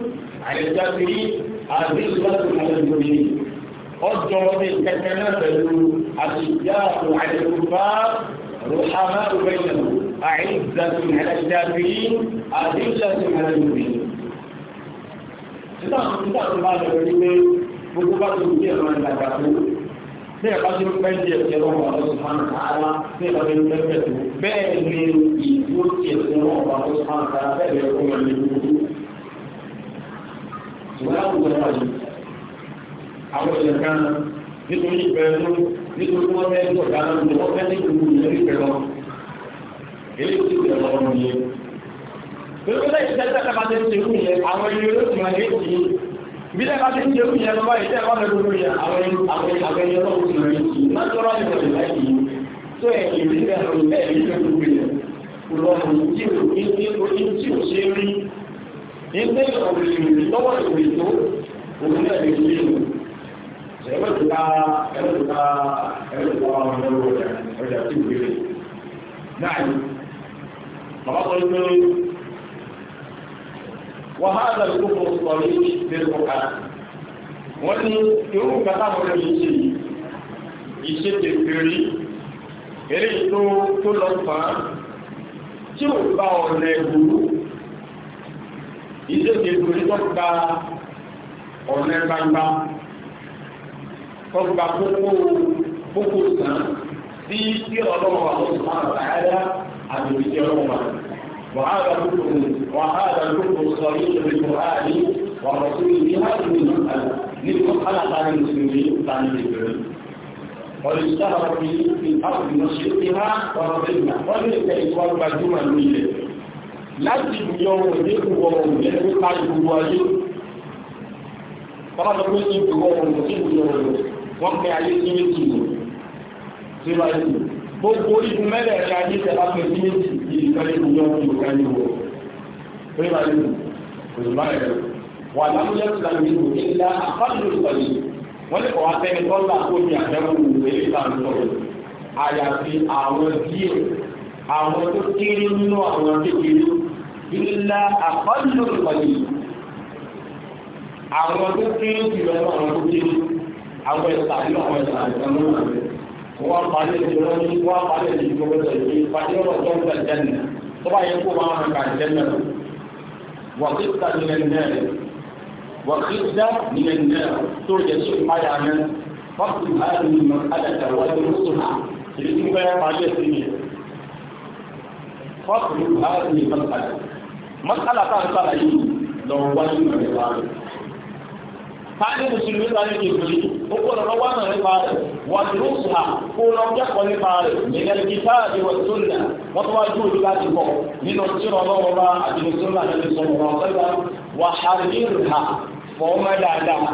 على الكافرين أذلة على المؤمنين قدروا بالكتنة أشياء على الكفار رحماء بينهم أعزة على الكافرين أذلة على المؤمنين nígbà tó nígbà tó bá lọ rí pé gbogbo bá tó kú díẹ̀ máa ń dàgbà tó bí ẹ̀ka tó pẹ́ díẹ̀ tí ẹ̀rọ wà lọ́sùn fún àtàrà bí ẹ̀ka tó ń pẹ́ tó bẹ́ẹ̀ ni ìdúró tí ẹ̀sìn wọn wà lọ́sùn fún àtàrà bẹ́ẹ̀ ni ẹ̀kọ́ yẹn ní gbogbo. ìwọ́n àwùjọ wà yìí àwọn èèyàn kan nítorí ìbẹ̀rù nítorí wọ́n fẹ́ẹ́ tó dáná Gbogbo ìṣẹ́ tẹ́tẹ́ bá ti ń ṣe ìrúyẹ, àwọn ilé olóòtú máa ń gbé sí. Bí tẹ́ bá ti ń ṣe ìrúyẹ lọ́wọ́ ìṣẹ́ ìwọ́n lọ́dún lórí àwọn ilé olóòtú máa ń gbé sí. Má tọ́ra ìṣẹ̀lẹ̀ láì yìí. Tó ẹ̀ ìrírí ẹ̀ wàhálà ìkókò sọ̀rọ̀ lẹ́nu ọ̀ka wọ́n ní irú kàtà mọ́ lẹ́nu ṣe ìṣe tèfèrí eré tó tó lọ fà á tí ò bá ọ̀nà ẹ̀gbùrú ìṣe tèfèrí tó gba ọ̀nà gbangba tó gba kókó kókó sàn sí tí ọlọ́wọ́ àwọn ìsọ̀rọ̀ àyájá àti òṣìṣẹ́ ọlọ́wọ́ وهذا الكفر وهذا الكفر الصريح بالقران والرسول بهذه المساله للمنحنى عن المسلمين عن الكفر قد اشتهرت في ارض مشرقها ومغربها وملك اسوار مجموعه من láti ìgbìyàn ọmọ ìdí ìwọ̀ ohun yẹn ní ká ìgbìyàn ayé tọ́lá tó ní ìgbìyàn ohun tí ìgbìyàn ohun wọ́n pẹ́ ayé sí méjì ní tí wáyé gbogbo ìgbìmẹ́lẹ̀ ẹ̀ka ayé tẹ̀lá pẹ̀ sí méjì yìí káyéwu yọ kí o o pé bá yìí kò sì máa yẹ wà lámúyẹ tó lànà yìí kò ní ilá àfáàlú ìsọ̀lì wọ́n lè kọ́ wá tẹ́ni tọ́lá tó ní àtẹ́wò ìwéyé ìtàǹtọ̀ àyàfi àwọn díẹ̀ àwọn tó kéré nínú àwọn kékeré ilá àfáàlú ìsọ̀lì àwọn tó kéré jùlọ àwọn tó kéré àwọn ẹ̀sà àwọn ẹ̀sà wọ́n parí ìṣòro ní wọ́n parí ìṣòro tó yìí parí ọ̀rọ̀ tó ń tẹ̀ jẹ́nì tó bá yẹ kó máa hàn kà jẹ́nì lọ. wàkìtà nílẹ̀ nẹ́ẹ̀ wàkìtà nílẹ̀ nẹ́ẹ̀ tó yẹ sí ìmáyà mẹ́ fọ́tù láàrin ìmọ̀ àdàtà wáyé lóṣù náà èyí tí wọ́n parí ẹ̀sìn yẹn. fọ́tù láàrin ìmọ̀ àdàtà mọ́tàlá tá a ń sàlàyé lọ wáyé mọ̀ káàdì mùsùlùmí ta ní kébìlì ó kọ́ lọ́wọ́ wà náà nípa rẹ̀ wà dúró sùhà kó lọ kẹ́kọ̀ọ́ nípa rẹ̀ nìyẹn kíkà àti wà sùnà wọ́n tó wá ju òbí láti bọ̀ nínú tíra ọlọ́wọ́ bá àti mùsùlùmí àti mùsùlùmí wọn sẹ́gbà wà hàrí rà fọ́ọ́mọ́ dáadáa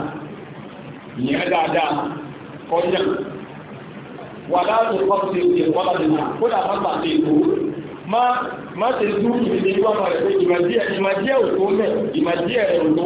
yẹn dáadáa kọjá wà láti kọ́sí ìdè wọ́lá nínú kó dà má gbà sí ìkó má má ti dúró ìdè wọ́n rẹ̀ pé ìmọ̀ díẹ̀ ìmọ̀ díẹ̀ òtó mẹ́ ìmọ̀ díẹ̀ òtó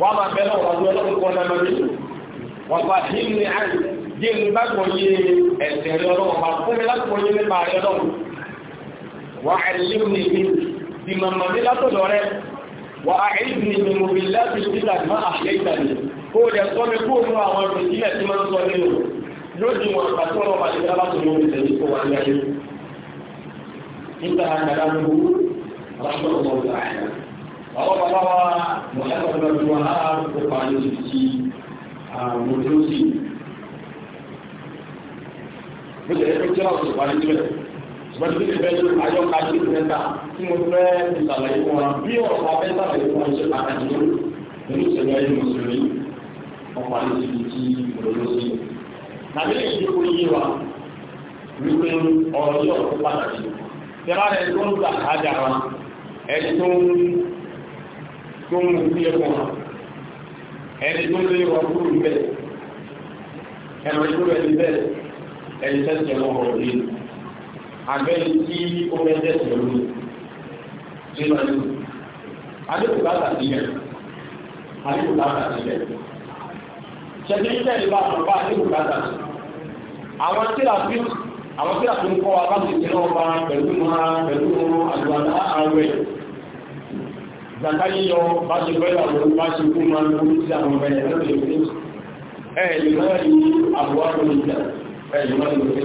wọ́n máa bẹ̀rẹ̀ ọ̀rọ̀ ọdún ọlọ́run kan náà lórí wọ́n bá dín ní àyè dín ní bá gbọ́ yé ẹ̀sẹ̀ rẹ ọlọ́run bá fún mi láti wọ́n yé nípa rẹ ọlọ́run wọ́n àìlèm ní mi di màmá mi látọ̀dọ̀ rẹ wọ́n àìlèm ní mi mo fi láti títà má àṣẹ ìtàlẹ̀ kó lè sọ mi kó o mú àwọn ìpìlẹ̀ tí wọ́n sọ nínú lójú wọn àti wọn bá ti dábàá tó lórí ìtẹ̀lẹ̀ kó wà ní ayé nígbà àgbàdo rahmatullahi ta'ala àwọn bàbá wa mọ̀lẹ́kọ̀ọ́lọ́ tí wọ́n á kópa ní oṣù tí àwọn olóòsì bó ṣe ẹgbẹ́ tí wọ́n kópa ní ìbẹ̀ ṣùgbọ́n tí ìbẹ̀ ló ayọ́ka sí ìfẹ́ta tí mo fẹ́ ìsàlàyé fún wa bí ọ̀rọ̀ wa fẹ́ sàlàyé fún wa ṣe pàtàkì ló nínú ìṣẹ̀lẹ̀ ayé mùsùlùmí ọ̀pá ní oṣù tí olóòsì tàbí èyí kò tó ń fi ẹ̀kọ́ hàn ẹni tó lè wà kúrò níbẹ̀ ẹni tó lè níbẹ̀ ẹni tẹ̀sẹ̀ wọn ọ̀rọ̀ yìí abẹ́ni tí ó fẹ́ tẹ̀sẹ̀ lónìí ṣé máa ní adékòó bá tà sílẹ̀ adékòó bá tà sílẹ̀ ṣẹ̀dí ìtẹ̀lẹ̀ bá tọ̀ bá adékòó bá tà sílẹ̀ àwọn tí a fi àwọn tí a fi ń kọ́ wa bá ti tẹ̀lé ọba pẹ̀lú máa pẹ̀lú àgbàdo àwẹ̀ o a zaka yíyọ bá ṣe bẹ́lá wọn bá ṣe kú máa ń kú sí àwọn ọmọ ẹ̀rọ lè fi ẹ̀ẹ̀lì máa rí àbúwá tó lè jà ẹ̀ẹ̀lì máa lè fi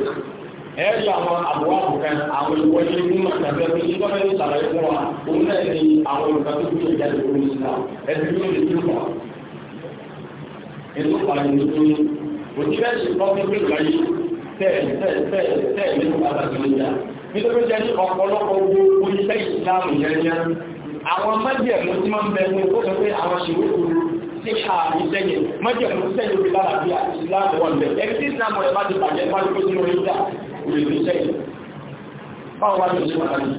ẹ̀ẹ̀lì àwọn àbúwá kò kan àwọn ìwọlé fún màtàbẹ́ pé ní bọ́mẹ́ ní sàlàyé fún wa òun náà ni àwọn olùkà tó kú ìjà lè fún ìsìlá ẹ̀sìn tó lè fi wà. ètò pàlẹ́ ní pé òjìlẹ̀ ṣe kọ́ fún pé láyé tẹ́ẹ̀ tẹ́ẹ̀ tẹ́ẹ̀ àwọn mẹ́jẹ̀mú tí wọ́n bẹ ní ó sọ pé àwọn ṣèwé kúrú sí ṣá ìṣẹ́yìn mẹ́jẹ̀mú sẹ́yìn orí lára bí ìsìláàmù wọn bẹ̀ ẹni tí ìsìláàmù rẹ̀ bá ti bàjẹ́ bá ti kó sínú orí dà òrèlú sẹ́yìn báwọn wá ní oṣù pàtàkì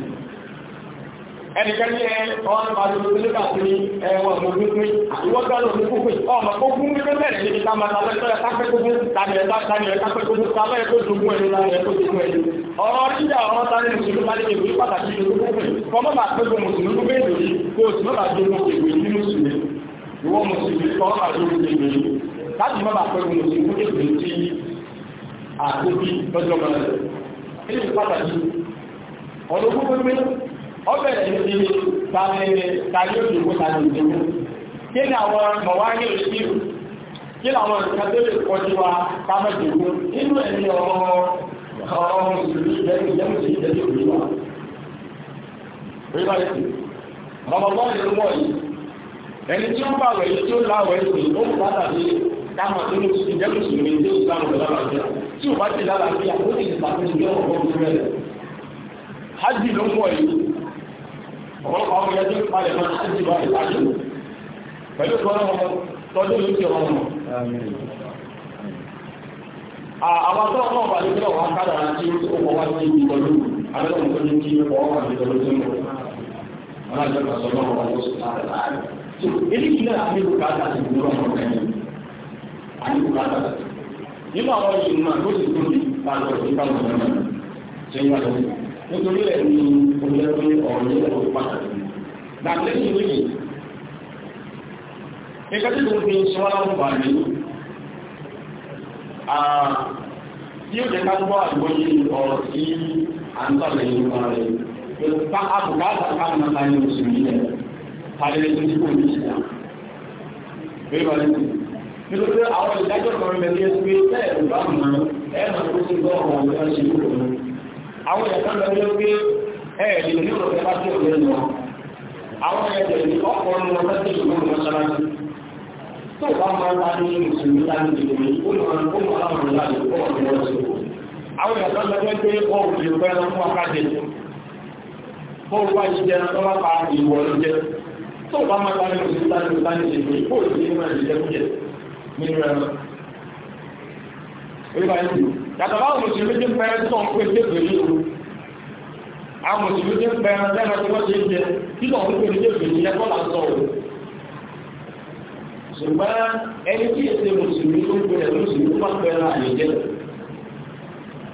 ẹnikẹ́ni ẹ ọ̀hún àdúgbò tó lébà sí ẹwọ̀n tó ní pé ìwọ́gbọ́n òní púpè ọmọ ogun ní bẹ́ẹ̀ ní ká máa tàbí ẹ̀tọ́ ẹ̀kápẹ́ tó fún tàbí ẹ̀tọ́ tàbí ẹ̀kápẹ́ tó fún tàbí ẹ̀tọ́ tó fún ẹ̀lú láti ẹ̀tọ́ tó fún ẹ̀lú. ọ̀rọ̀ jíjà ọ̀rọ̀ tani mùsùlùmí bá lè wí pàtàkì ìlú púpè kọ́mọ́ bá pé kó mùsùlùmí bẹ́ẹ̀ lórí kó o sì má bàa dókòó ìwé ní mùsùlùmí ìwọ mùsùlùmí kọ́mọ́ bàa dókòó ìwé láti má bàa pé kó mùsùlùmí ègbè tí àkóbí lọ́jọ́ kan lẹ́yìn pàtàkì ọ̀rọ̀ gbogbo ọbẹ̀ tí ti tàbí òṣèlú tàbí òṣèlú kí ni àwọn mọ̀wáyé òṣèlú kí ni àwọn ìkàtẹ́lẹ̀ kọjú wa tàbí ẹ̀mí ọ̀rọ̀ mùsùlùmí ìjẹ́mù sí ìjẹ́jú òṣèlú wa ríbáyìí mọ̀mọ̀mọ́ ìlú wọ̀ yìí ẹni tí ó bá wẹ̀ yìí tí ó láwẹ̀ yìí ó bá tàbí dáhùn tó ní ìjẹ́mù sí ìjẹ́jú òṣèlú tí ó bá ọ̀pọ̀lọpọ̀ àwọn ìyẹn tó palẹ̀ máa ń ti wá ìpàdé pẹ̀lú ìgbọ́nà wọn tọ́jú ló ti rọrùn. àwọn tó ọmọ ọba lókè ọwọ́ akádà tí ó wọ́n wá sí ìtọ́jú alẹ́kùn tó ní kí ọwọ́ wà ní ìtọ́jú tó ń bọ̀. wọn á jẹ́ pàṣẹ ọmọ ọba tó sùn láàrẹ̀ láàrẹ̀. èyí kìí náà àmì bùkátà ti gbúrọ̀ ọmọ kẹ́yìn àmì bùkátà nínú àwọn ìgbìmọ̀ tó ti gbúrò nítorí ẹ̀ ní onígbàgbé ọ̀rọ̀ yẹn lọ́wọ́ pàtàkì. Dàbí ní ìwé yìí, ẹgbẹ́ tí mo fi sọ́ra ń bà mí, tí ó jẹ́ ká gbọ́ àgbọ́yé ọ̀rọ̀ sí àǹtọ̀lẹ̀ yìí wà rẹ̀. Yorùbá àbùkátà káàmù náà ní oṣù yìí rẹ̀, pàdé tó ti kò ní ìṣẹ̀dá. Bẹ́ẹ̀ bá ní nítorí àwọn ìdájọ́ kan rẹ̀ ní ẹgbẹ́ tẹ́ẹ̀ bá mọ̀ ẹ̀ tó ti gbọ́ ọ̀rọ̀ ọ̀rọ̀ ṣe é àwọn ìyàtọ̀ lọ yẹ pé ẹ̀ẹ̀dì ní òròfẹ́ bá tí òun lẹ́nu àwọn ẹ̀ẹ̀dì ní ọkùnrin wọn bá tí òun lẹ́nu mọ́ṣáláṣí tó bá máa ń tàbí ìṣòro láti ìdòmí ó lọ rán ó lọ láwọn ìlànà ó wà ní wọ́n ṣe àwọn ìyàtọ̀ lọ yẹ pé ọrùn lè fẹ́ lọ fún akáde bọ́ọ̀lù wá jíjẹ tó pa ìwọ̀ ló tó bá máa tàbí láti ní ìmọ̀ yàtọ̀ báwọn mùsùlùmí ti pẹ́ tó ń pè débè ní o àwọn mùsùlùmí ti pẹ́ lẹ́nu tí wọ́n ti jẹ kí lọ́n ń pè ní débè ní ẹ̀kọ́ là ń sọ o ṣùgbọ́n ẹni tí èsè mùsùlùmí tó ń pè ẹ̀ mùsùlùmí máa ń pẹ́ ra àyè jẹ́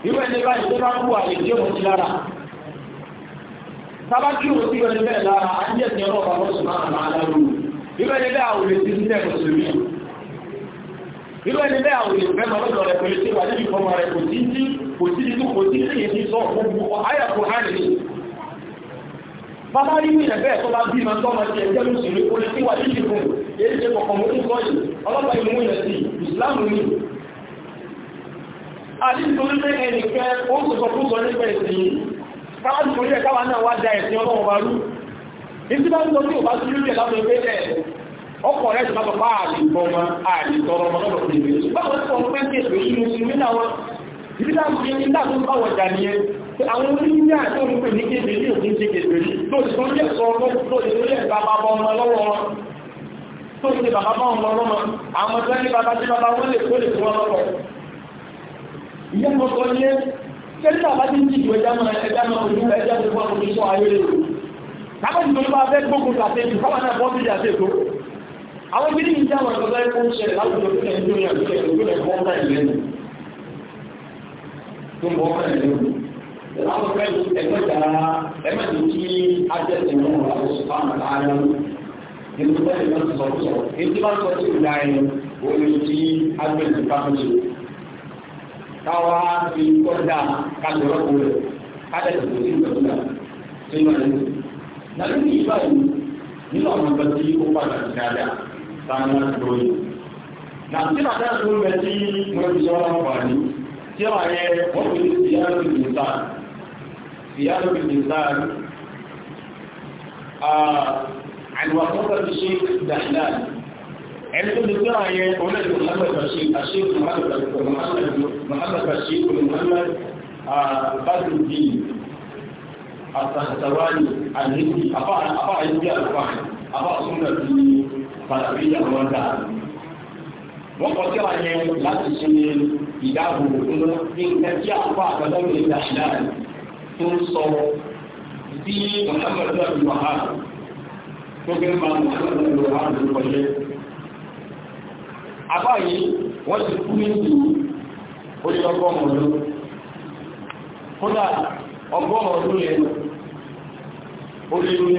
irú ẹni báyìí tó bá kú àyè jẹ́ òun ti lára sábàkì òun ti wẹ́n bẹ́ẹ̀ lára á jẹ́ ìṣẹ́ irú ẹni bẹ́ẹ̀ àwọn èèyàn mẹ́ta lọ́dọ̀ rẹ̀ pẹ̀lú tí wà níbi fọmọ rẹ̀ kò sí tí kò sí tí kò sí tí èyí sọ gbogbo ayà kò hàn ní. bàbá rí ìrìn bẹ́ẹ̀ tó bá bí ma tọ́ ma ti ẹgbẹ́ ló sì rí kó lè tí wà níbi fún èyí ṣe kọ̀kọ̀ mú ní sọ́yìn ọlọ́pàá ìlú mú yẹn sí ìsìláàmù ni. àti nítorí pé ẹnìkẹ́ ó ń sọ fún sọ nípa ẹ̀sìn yìí káwá nítorí ẹ̀ káwá náà wá da ẹ̀sìn ọlọ́wọ́ bá rú. ìdí bá ń ọkọ̀ rẹ̀ ti bá bàbá àlìkọ́ ọmọ àlìkọ́ ọmọ lọ́dọ̀ fún ìwé báwọn tó ń pẹ́ tẹ̀sí ìṣúná sí nínú àwọn ìdílé àti nígbà tó ń bá wọ̀jà nìyẹn àwọn oníyà tó ń pè ní kéde ní òfin ṣe kéde rí lóòtú tó ń jẹ́ sọ lóòtú tó yẹ bàbá bọ́ ọmọ lọ́wọ́ wọn tó ń ṣe bàbá bọ́ ọmọ lọ́wọ́ àwọn tó ń ní bàbá tí bàbá wọn lè kó lè fún wọn lọ́wọ́ ìyá mọ̀ sọ ní ẹ́ kẹ́lí bàbá tí ń jì ju ẹja máa ẹja máa ojú ẹja tó wà ojú sọ ayé rẹ̀ lábẹ́ ìgbòho bá fẹ́ gbógun tàbí ìfọwọ́n náà bọ́ àwọn ibi ní ìjà àwọn ọ̀dọ́ ẹ̀kọ́ ń ṣẹlẹ̀ láwùjọ tó lẹ́yìn tó yàn lókè lókè lẹ́yìn wọ́n bá ìlẹ́ nù tó ń bọ́ bá ìlẹ́ nù láwọn fẹ́ lu ẹgbẹ́ta ẹgbẹ́ta tí ajẹ́sẹ̀ mọ́ àwọn sùpá àmàlà ara nù nínú bẹ́ẹ̀ ló ń sọ sọ èyí bá sọ sí ìlà ẹ̀ òun ti agbẹ̀sẹ̀ bá ń ṣe káwa fi kọ́dà kájọ̀rọ̀ kó rẹ̀ kájọ̀rọ̀ kó sí ìgbàlódà sínú ẹ̀ nínú àwọn ọ̀gbẹ́ tí ó padà dáadáa ranar doyi na tira ta sun gaji mafi yawan amfani cewa ne wani siyarar insan siyarar insan a alwasar shi da hilal ẹni tó tira yẹ wani da muhammad bashir a shi muhammad bashir ko muhammad badruddin a sahasawani a hindi a ba a yi biya alfahari fàtàbí àwọn dà. wọ́n kọ́ síra yẹn láti ṣe ìdáàbòbò fún nǹkan tí àpá àgbàdo lè dà sí láàrin tó ń sọ bí Muhammadu abdul wahab tó gbé ma Muhammadu abdul wahab ló kọjá. àbá yìí wọ́n ti kú ní ìlú onígbàgbọ́ ọmọdún kódà ọgbọ́n ọdún yẹn ó lé ní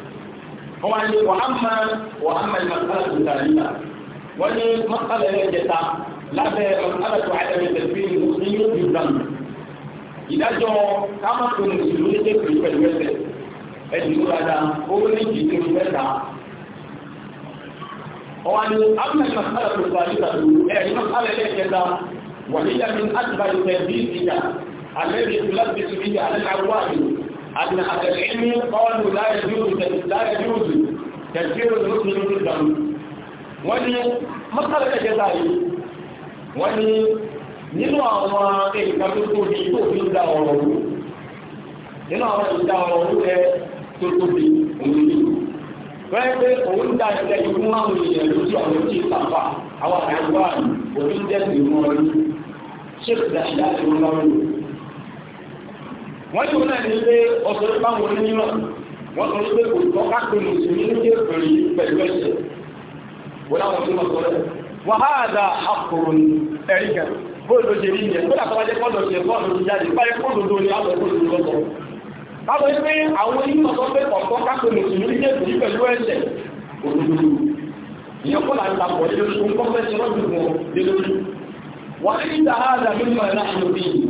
wọ́n wá ní wàhámà wàhámà ìmọ̀sára tó tà nígbà wọ́n ní mọ́sálà ẹlẹ́jẹta lábẹ́ mọ́sálà tó àdàbẹ̀ tẹ̀sí ní yóò fi dànù ìdájọ́ kámọ́tò mùsùlùmí ṣe pè pẹ̀lú ẹsẹ̀ ẹ̀sìn tó dáadáa ó ní ìdí mẹ́ta wọ́n wá ní àmì mọ́sálà tó tà nígbà tó ẹ̀ mọ́sálà ẹlẹ́jẹta wàhíyà mi àtìbáyọ̀ tẹ̀sí ìdíjà àlẹ́ أن أهل العلم قالوا لا يجوز لا يجوز تذكير المسلم بالذنب wọ́n mọ́sálẹ̀ ẹ̀jẹ̀ta yìí wọ́n ní nínú àwọn èèyàn tó tóbi tó fi ń da ọ̀rọ̀ rú nínú àwọn ìdá ọ̀rọ̀ rú ẹ tó tóbi òun yìí wọ́n pé òun da ẹ̀jẹ̀ yìí fún àwọn èèyàn lójú àwọn tí ì sàfà àwọn àyàwó àmì òun jẹ́ sí ìmọ̀ ọdún ṣé kò dá ìdá ìmọ̀ ọdún wọ́n yóò náà ní pé ọ̀sọ̀ nípa wọn ní náà wọ́n sọ pé kò tọ́ ká pé mùsùlùmí ní kéè pèrè pẹ̀lú ẹ̀ṣẹ̀ wọ́n láwọn tó mọ̀ sọ rẹ̀ wọ́n á da akọ̀rọ̀ ẹ̀rí kan bóyá ló ṣe rí yẹn kó dàtọ́ wájẹ́ kọ́ńdọ̀ ṣe bọ́ọ̀lù ti jáde báyẹ̀ kóòdòdó ni àwọn ẹ̀kọ́ ìlú lọ́sọ̀ àwọn onímọ̀ sọ pé ọ̀tọ́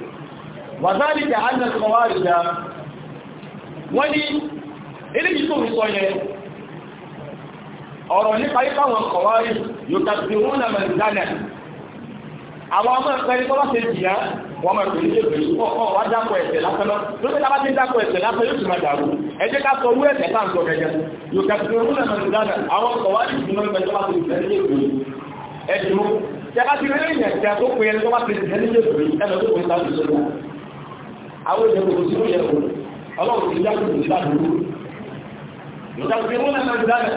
wàzálìkà annàkọwàrìdá wọ́n ní eléyìí tó ń sọ yẹn ọ̀rọ̀ nípa ipáwọn kọwàrí yóò tàbí wọ́n nà mẹ́rìndánà àwọn ọmọ ẹ̀kẹ́rin tó bá ṣe jìyà wọ́n máa pèlú ìlú ìlú kọ́kọ́ wá dákọ̀ ẹ̀sẹ̀ lásán náà lórí ta bá ti ń dákọ̀ ẹ̀sẹ̀ lásán yóò tún máa dàrú ẹ jẹ́ ká sọ orú ẹ̀sẹ̀ tá à ń sọ gẹ́gẹ́ yóò kà sí orú ẹ̀sẹ̀ ìdáná àwọn ọkọ̀ wá ní ìdúná ìgbà tó bá ti ìfẹ́ nílé ìlú ẹ̀dùn tẹ bá ti rí ẹ̀yìn ẹ̀sẹ̀ tó pe ẹni tó bá ti ìfẹ́ nílé ìlú ẹ̀dùn tó pe sáà àwọn èèyàn kò sí òye ẹ̀kọ́ ọlọ́run ti dá kùtù ìdádúró ìdádúró wọn náà ti dáná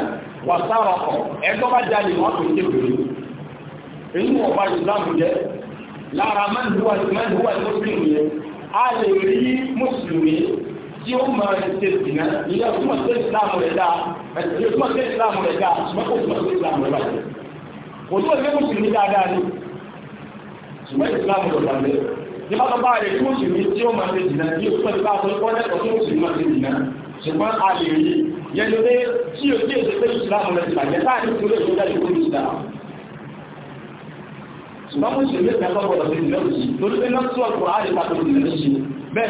wà sára ọkọ̀ ẹgbọ́ bá jáde wọn kò ṣe pèrè èyí wọn bá ìsìlámù jẹ lára mẹ́ndùwà mẹ́ndùwà mùsùlùmí yẹn a lè rí mùsùlùmí tí ó máa ń ṣe ìdìnnà ìyá òtúmọ̀ sí ìsìlámù rẹ̀ dáa ẹ̀sìn òtúmọ̀ sí ìsìlámù rẹ̀ dáa ṣùgbọ́n kò túmọ̀ sí ìsìlámù rẹ̀ bàjẹ́ òtúmọ̀ sí mùsùlùmí dáadáa ni ní bá bá rẹ̀ kí mùsùlùmí tí ó máa ṣe jìnà tí ó pẹ̀lú bá sọ pé wọ́n máa ṣe ṣùgbọ́n a lè rí yẹnu pé tí o tí o pé ìsìlámù rẹ̀ ti bàjẹ́ táà ìpínlẹ̀ èkó jáde kó ìsìlámù. ṣùgbọ́n mùsùlùmí kan tó gbọdọ̀ ṣe jìnà òsì torí pé lọ́sí ọkọ̀ á lè tako jìnà bẹ́ẹ̀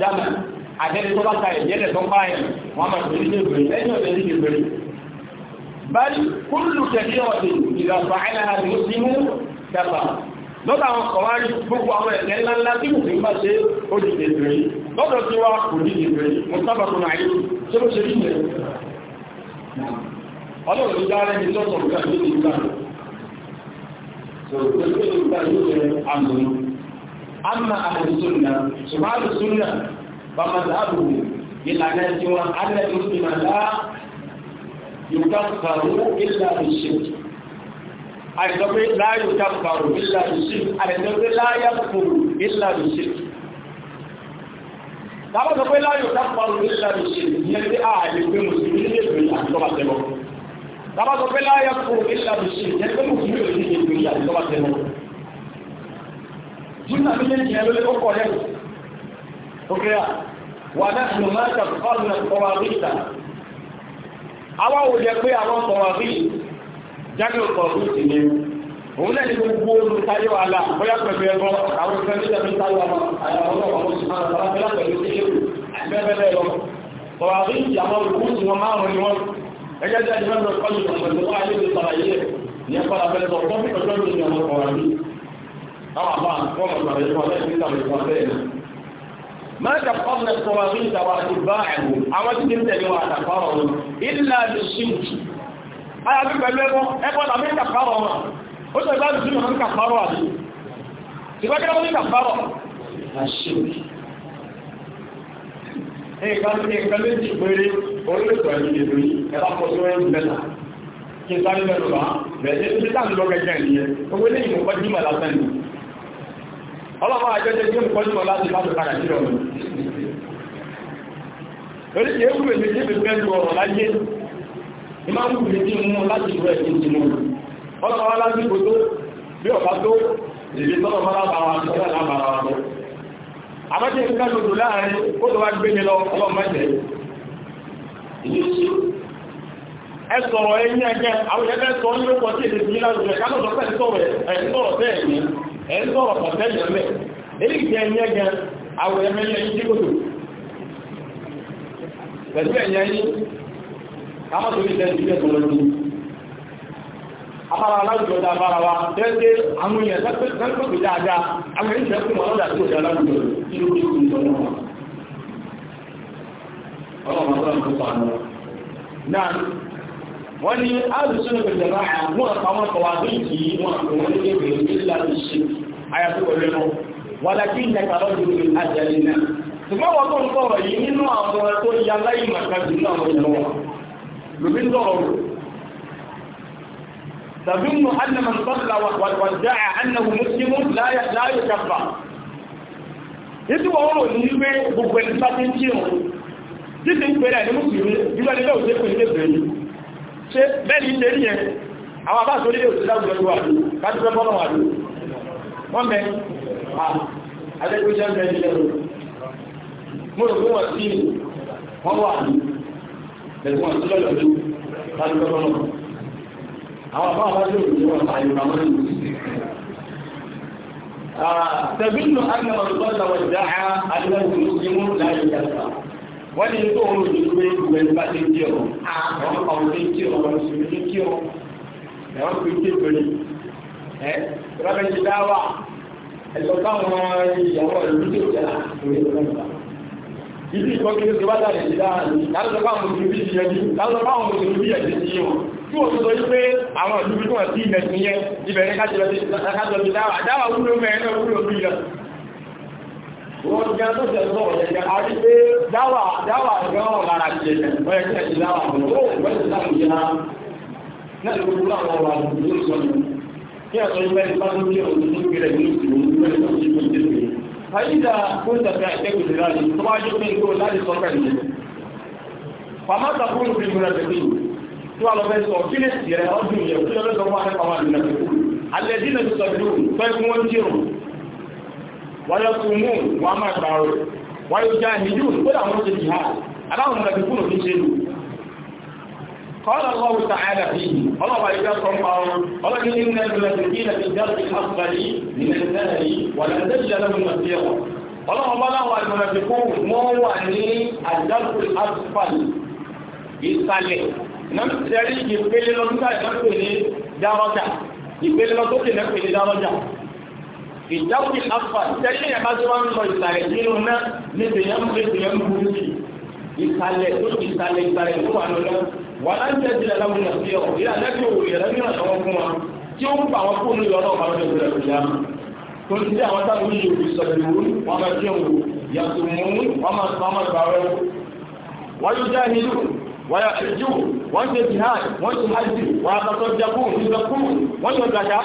ni náà tó àtẹ́ni tó bá ta ìyẹ́lẹ̀ tó báyìí wọ́n máa tẹ̀lé ní ìbèrè lẹ́yìn ọ̀tẹ̀lé ní ìbèrè báyìí kúlù tẹ̀lé ọ̀tẹ̀ ìdàgbà ẹ̀lẹ́ra ló ti mú dàgbà lọ́dọ̀ àwọn kọ̀wárí gbogbo àwọn ẹ̀kẹ́ ńláńlá tí kò fi máa ṣe ó di ìbèrè lọ́dọ̀ tí wá kò ní ìbèrè mo sábà tó náà yìí ṣé ló ṣe rí ìbèrè ọlọ́run ti dára ẹni lọ́sọ̀ nígbà tó ti gbà sọ̀rọ̀ pé ó ti gbà yóò ṣe àmì àmà àmì sunna ṣùgbọ́n àmì sunna فمذهبه بالعناية أن المسلم لا يكفر إلا بالشرك àìsọ́pé láyò kàfàrò ìlà ìṣìk àìsọ́pé láyà fòrò ìlà ìṣìk tàbí pé láyò kàfàrò ìlà ìṣìk ní ẹgbẹ́ ààrẹ pé mùsùlùmí ní èdè àtọ́bàtẹ́lọ tàbí pé láyà fòrò ìlà ìṣìk ní ẹgbẹ́ mùsùlùmí ní èdè àtọ́bàtẹ́lọ ókè à wà náà ló máa tàbí tọrọ àrí ìta àwa ò o pé àwọn tọrọ àrí jáde ò tọrọ àrí ìtìlẹ òun náà ní gbogbo olùtayọ àlà bóyá pẹ̀lú ẹbọ àwọn ìfẹ́ níta ní táyọ àmọ́ àwọn ọlọ́pàá mọ sí máa tọrọ àbẹlá pẹ̀lú sí ewu bẹ́ẹ̀bẹ́ẹ̀ lọ tọrọ àrí ìtì o olùkú tí wọn márùn ni wọn ẹgbẹ́ tí a ti mẹ́rin lọ́kọ́ yìí pẹ̀lú wọn ayé ti sara yìí ní ẹ̀kọ́ abẹ́rẹ́ tó kọ́ fún ọjọ́ ìrìn àwọn tọrọ àrí àwọn àbá wọn mọ̀ ما تفقدنا الصواغيط واتباعهم اما تنتهي واتقارهم الا بالصمت اي ابي بلغوا اقول ابي تقارهم قلت لا تسمع من كفاروا هذه تبقى كده من كفاروا الشرك ايه كان ايه كان لي بيري اولو توالي دي دوي era posible bella que sale de lo va desde que está lo que ya ni es como le ọlọ́wọ́ àjọ́jẹ́ tí ó ń kọ́ jùlọ láti bá tọ́kàrà sí ọ̀nà orí ti ewu èmi tí mi fẹ́ lu ọ̀rọ̀ láyé ní máa ń wù mí tí mú láti lu ẹ̀sìn tí mú ọlọ́wọ́ láti kò bí ọ̀bá tó ìdí tọ́lọ̀ mọ́lá ẹ̀yìn ẹ̀jẹ̀ àwọn ẹ̀jẹ̀ sọ ní ó pọ̀ sí èdè sí e ń sọ̀rọ̀ pọ̀tẹ́lì wọ́n ní alùsùn ìgbẹ̀jẹ̀ bá àwọn àpamọ́ tọwà bíìkì wọn àwọn onígbèrè nílá ti ṣe ayàtò ọ̀rẹ́ lọ wọ́n lákì ń tẹ̀ka lọ́dún ní àjẹ́lẹ̀ náà ṣùgbọ́n wọn tó ń sọ̀rọ̀ yìí nínú àwọn tó ya láyé màkà jù náà wọn lọ lóbi ń sọ̀rọ̀ rò tàbí mu anamọ̀ sọ́dọ̀lá wàjá anahu mùsùlùmù láyé kàfà nítorí wọn rò ní wípé gbogbo ẹni bá ti ń kírun títí ń pèrè àdéhùn sí ṣe bẹ́ẹ̀ni ilé ní ẹ àwọn àbá tó nílé òṣèlú àwùjọ tó wà ní kájú pẹ́ fọ́nà wà ní wọ́n mẹ́ àdẹ́gbẹ́jẹ́ mẹ́ ní ẹ̀rọ mo rò pé wọ́n sí wọ́n wà ní ẹ̀gbọ́n sí lọ́yọ̀ tó kájú pẹ́ fọ́nà àwọn àbá àbá tó nílé wọn àyè àwọn ẹ̀rọ تبين أن من ضل وادعى أنه مسلم لا يكفر wọ́n ní tó ń lòdì pé ìwé ìgbà tí ń kí ọ àwọn ọmọ tí ń kí ọ ọmọ sì ń kí ọ ẹ̀wọ́n fi kí ìpele ẹ̀ rọ́bẹ̀ ti dá wà ẹ̀sọ́ táwọn ìyàwó ìlú tó jẹ́ àtúnyẹ̀ lọ́wọ́ ibi ìkọ́kí ló ti bá dàrí ìdá láti bá àwọn òṣèlú yìí yẹn láti bá àwọn òṣèlú yìí yẹn ti yẹn tí wọ́n tó sọ wípé àwọn ìlú tó wọ́n sí ilẹ̀ sí yẹn ibẹ̀ ní kájọ ti dáwà dáwà wúlò mẹ́rin náà wúlò bí yẹn wọ́n àwọn ọ̀rọ̀ àti ìlú sọ̀rọ̀ kí ẹ̀sọ́ yìí bẹ́ẹ̀ bá lórí ọ̀rọ̀ tó gbé rẹ̀ ní ìlú ìlú tó ti gbé rẹ̀. àyíká kó tẹ̀sẹ̀ ẹ̀kẹ́kùn ti láti tó wájú pé kó láti sọ pẹ̀lú yẹn. pàmò àtàkùn òfin múra tẹ̀lé tí wàá lọ fẹ́ sọ kí lè sì rẹ̀ ọdún yẹn kí lọ́dọ̀ wọn wáyé kúmù wọn a máa gbà rẹ̀ wáyé já ìjú kódà wọn ṣe jìhá aláwọn ọmọdé kúrò ní ṣe lù قال الله تعالى فيه الله يجاكم قال ولكن إن المسكين في الدرك الأسفل من ìpele lọ́dún tó kè náà pèlè dárọ́jà ìjáwé afa tẹ́lẹ̀ yẹn bá tó wá ń lọ ìsàlẹ̀ nínú náà níbi yẹn ń bẹ̀rẹ̀ yẹn ń burú sí ìsàlẹ̀ tó ìsàlẹ̀ ìsàlẹ̀ tó wà lọ́nà wà láńtẹ̀ ìdílé aláwọ̀ náà fi ọ̀ ìyá lẹ́kẹ̀ òwò yẹn lẹ́kẹ̀ náà wọ́n fún wa tí ó ń pa àwọn fóònù yọ náà kàwọn ẹgbẹ̀rẹ̀ tó yá tó ti àwọn táwọn yìí òbí sọ̀rọ̀ wọn máa jẹun yàtọ̀ mú wọn máa sọ ọmọ ìgbà rẹ wọ́n yóò jẹ́ àhìlú yà ẹ̀jú wọ́n ṣe jihad wọ́n ṣe hajj wọ́n yà kàtọ́ jẹ́kù nígbà kù yóò dàṣà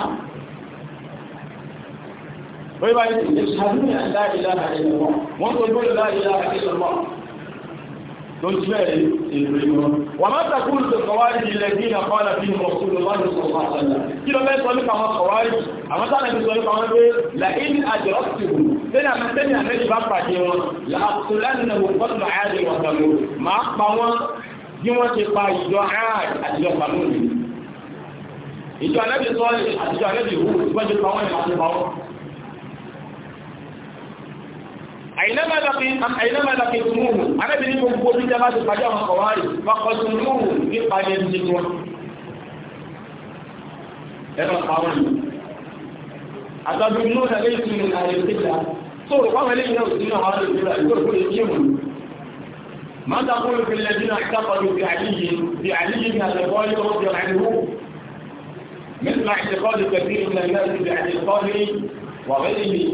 wọ́n bá yẹ ìṣàdúnyà láìláà ìlọ́mọ́ wọ́n tó gbọ́dọ̀ láìláà ìlọ́mọ́ tó jẹ́ èrè wọn. wà má takúrú tó kọwárí ilẹ̀ bí iná kọ́lá bí mọ̀ sí lọ́wọ́ ní sọ̀rọ̀ àtàlà kí lọ mẹ́sọ nípa àwọn kọwárí àwọn sáà ìjọ àyàd ìjọ àlẹ́bí sọ́ọ̀lì àtijọ́ àlẹ́bí ìwú ìgbọ́jú أينما أم أينما لقيتموه أنا بريكم لك جماعة فجاء خواري فقتلوه في قديم زمان هذا قوي هذا بنوه ليس من أهل القبلة صور قام لي نوسينا هذا القبلة يقول كل يوم ما تقول في الذين اعتقدوا بعلي بعلي بن ابي طالب رضي الله عنه مثل اعتقاد كثير من الناس بعلي الطالب وغيره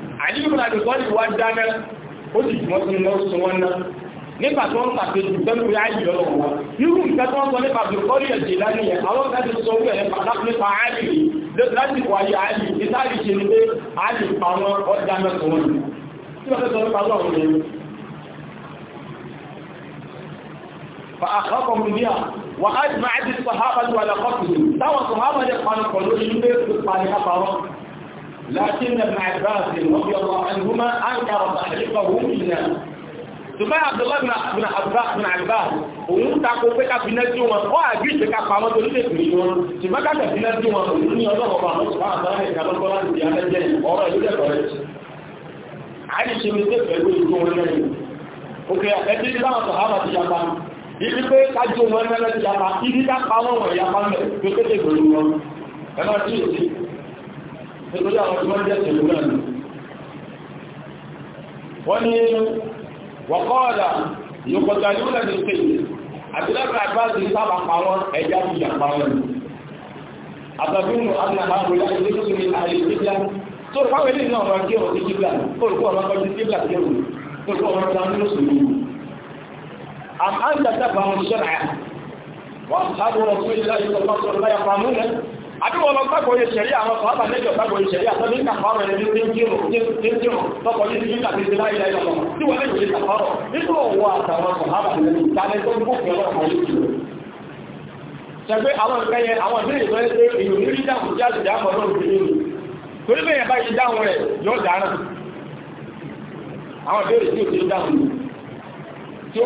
àdínkùnrin àdìgbọ́n ìwà dáná ó sì wọ́n tún lọ sún wọn náà nígbà tó ń pàṣẹ jù pẹ̀lú ayé ọ̀rọ̀ wọn irú nǹkan tó ń sọ nípa bìkọ́lì ẹ̀jẹ̀ lánìyàn àwọn kan ni pé ayé pa wọn ọjà mẹ́sàn wọn tí wọ́n fẹ́ nípa lọ́wọ́ rẹ̀ فأخاف منها لكن ابن عباس رضي الله عنهما أنكر تحريقه بالناس ثم عبد الله بن عباس بن عباس òun tako pé ká fi nẹ́jú wọn ó àgbéṣe ká pamọ́ torí lè pè wọn ṣùgbọ́n ká tẹ̀sí nẹ́jú wọn òun ní ọlọ́rọ̀ bá wọn ṣùgbọ́n àtàrà ìka lọ́kọ́ láti di alẹ́jẹ́ ọ̀rọ̀ ìlú ẹ̀kọ́ rẹ̀ àyè ṣe mi tẹ́fẹ̀ẹ́ ló ìlú wọn lẹ́yìn òkè ẹbí láwọn sọ̀hábà ti yapa ibi pé kájú wọn lẹ́lẹ́ ti yapa ibi ká pamọ́ wọn yapa mẹ́ pé kéde gbòòrò wọn ẹ nítorí àwọn tí wọ́n jẹ́ tèlú náà ni wọ́n ní wọ́kọ́ọ̀dà yòkọ̀tà níwọ̀n ní pé àtìlẹ́kọ̀ àbáàdì sábà pàwọn ẹ̀yà ìjà pàwọn ni àtàbínú aláàbò láti lé tó ní ààyè ìgbéjà tó fáwọn ilé náà máa gé ọ̀rọ̀ sí jíblà olùkọ́ ọ̀rọ̀ kọjú jíblà gẹ́rù olùkọ́ ọ̀rọ̀ àbíwọ̀ lọ gbàgbọ́ yẹ ṣẹ̀rí àwọn sọ̀rọ̀ àlejò gbàgbọ́ yẹ ṣẹ̀rí àtọ́jú ní kàfọ́rọ̀ ẹni tí ń kírun tí ń kírun lọ́kọ̀ ní ìlú àti ìlú láyé láyé lọ́wọ́ tí wọ́n lè wòye kàfọ́rọ̀ nínú òwò àtàwọn sọ̀rọ̀ àlejò ìdáni tó ń gòkè ọlọ́kọ̀ yìí jù ṣẹ̀gbẹ́ àwọn nǹkan yẹn àwọn ìbéèrè tó ń ṣe ìlú nírí dáhùn jáde dáhùn ọlọ́run tó yẹn torí bẹ́ẹ̀ bá yìí dáhùn rẹ̀ yóò dáràn àwọn ìbéèrè tí ò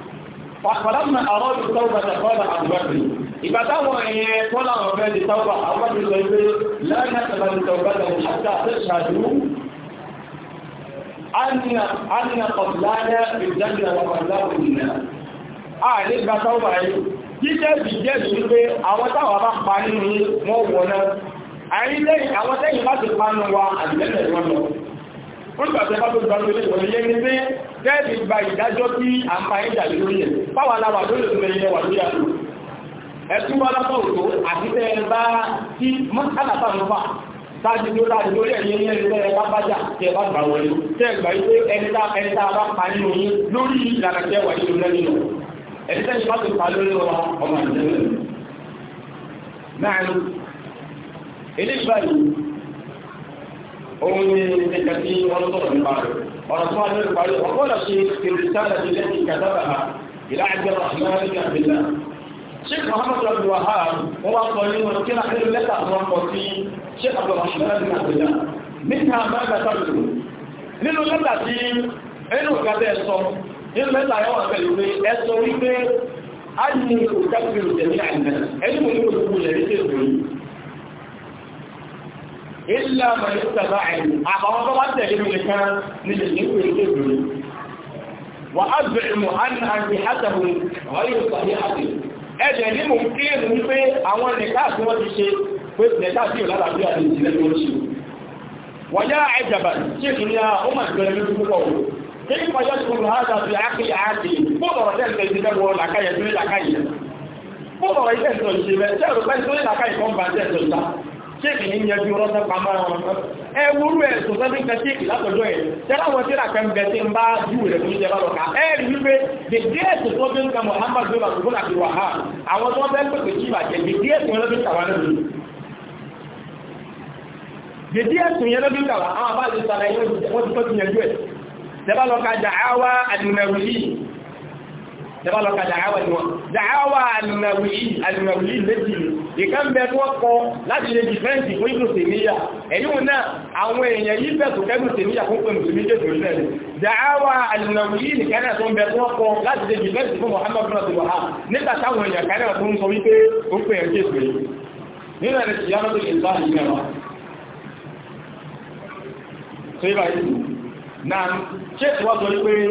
فلما أرادوا التوبة قال أبو بكر إذا توا إيه ولا أراد التوبة أبو بكر يقول لا نقبل توبتهم حتى تشهدوا أن أن قتلانا في الجنة وقتلاه في النار. آه ليه بقى توبة إيه؟ jíjẹ́ jíjẹ́ sí pé àwọn táwà bá pa nínú wọn wọ̀ná àìlẹ́yìn àwọn tẹ́yìn láti pa nínú wa àdìlẹ́lẹ̀ wọn lọ ó ní pàtẹ́ bá tó gbà lórí ìwọ̀n yẹn ni pé a ń pa ẹ̀dà lórí ẹ̀ báwa la wà lórí ìwọ̀n yẹn wà lórí àlò ẹ̀tún wá lọ́pọ̀ òtó àti tẹ́ ẹ bá tí mọ́sálà tá ń fà sáájú tó láti lórí ẹ̀yẹ yẹn ni tẹ́ ẹ bá bájà tẹ́ ẹ bá gbà wọlé tẹ́ ẹ gbà yí pé a bá pa nínú yín lórí ìlànà tẹ́ wà òun ni ẹ̀ka tí wọ́n sọ̀rọ̀ nípa rẹ̀ ọ̀rọ̀ tó wà ní ìparí ọ̀pọ̀lọ̀ ṣe kìrìsìtánà ti lẹ́yìn kàtàbà ha ìlà àjẹ́ rahman ní àbílà sheikh muhammad abdul wahab wọ́n wá sọ nínú kí náà nínú lẹ́tà tó wọ́n kọ sí sheikh abdul rahman ní àbílà níta mẹ́ta sábìlú nínú lẹ́tà tí pẹ̀lú pé ẹ sọ wípé a ní òkúta kìrìsìtánà ẹni ní ilé ọmọ yóò tẹ̀lé àìní àbáwọn tó bá tẹ̀lé mi nìkan ní ìlú ìlú wà á bẹ̀rẹ̀ mọ̀ àti àtàwọn ọ̀rẹ́ ìpàdé àti ẹ̀jẹ̀ ní mò ń ní pé àwọn nìkan tí wọ́n ti ṣe pé nìkan tó ní ọmọ ṣéèkì ní yẹjú rọ́sẹ́ pàmọ́ ẹ wúrú ẹ̀ tó sẹ́bí ń kẹ ṣéèkì látọ̀jọ́ ẹ̀ tẹ́lá wọn tí ràkẹ́ ń bẹ tí ń bá jù rẹ̀ fún ìjẹba lọ́ka ẹ rí wípé dèdè ẹ̀sùn tó bí ń ka Muhammad bin abdul abdul wahab àwọn tó bẹ́ẹ̀ pèpè sí ìbàjẹ́ dèdè ẹ̀sùn yẹn ló fi ń kàwá lórí dèdè ẹ̀sùn yẹn ló fi ń kàwá àwọn abáàlú sàlàyé wọ́n ti tó ti yẹjú ẹ̀ tẹ́lá lọ́ka dàáwá àdìmẹ̀rù yìí dẹ́bà lọ́ka dàáwà ni wọn dàáwà alìmọ̀wìlì méjì ìkan bẹ tí wọ́n kọ láti lè dìfẹ́ǹsì fún ìlú tèmíyà ẹ̀yìn náà àwọn èèyàn yìí fẹ̀sùn kẹ́lù tèmíyà fún pẹ̀lú tèmí jẹ́ tòrí náà dàáwà alìmọ̀wìlì nìkan náà tó ń bẹ tí wọ́n kọ láti lè dìfẹ́ǹsì fún Muhammad bin abdul wahab nígbà tó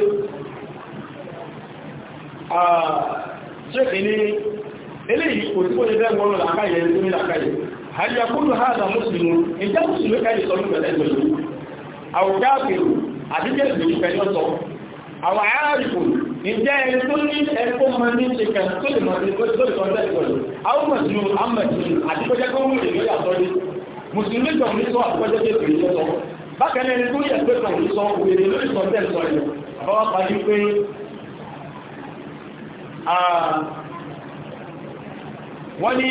ń sọ Ah, ṣéèkì ní eléyìí kò tí kò lè bẹ́ẹ̀ gbọ́nà làákàyè tó ní làákàyè àyà kúrò ha àdà mùsùlùmù ìjẹ́ mùsùlùmù káyè sọ nípa ẹgbẹ̀ lòlù àwùjá àpèrò àdíjẹ́ ìgbèjì pẹ̀lú ọ̀tọ̀ àwọn aráàlùkù ìjẹ́ ẹni tó ní ẹ̀kọ́ mọ ní ṣe kan tó lè mọ sí tó lè sọ́jọ́ ìgbọ̀lù àwọn mùsùlùmù amẹ̀sùlùmù àdíkọ́jẹ́ kó wù lè lóyà sọ́dí mùsùlùmù jọ̀ ní sọ àdíkọ́jẹ́ tó lè sọ bákan ẹni tó yẹ pé kàn ní sọ òwèrè lórí sọ́jọ́ ìsọ̀rọ̀ Um, wọ́n ní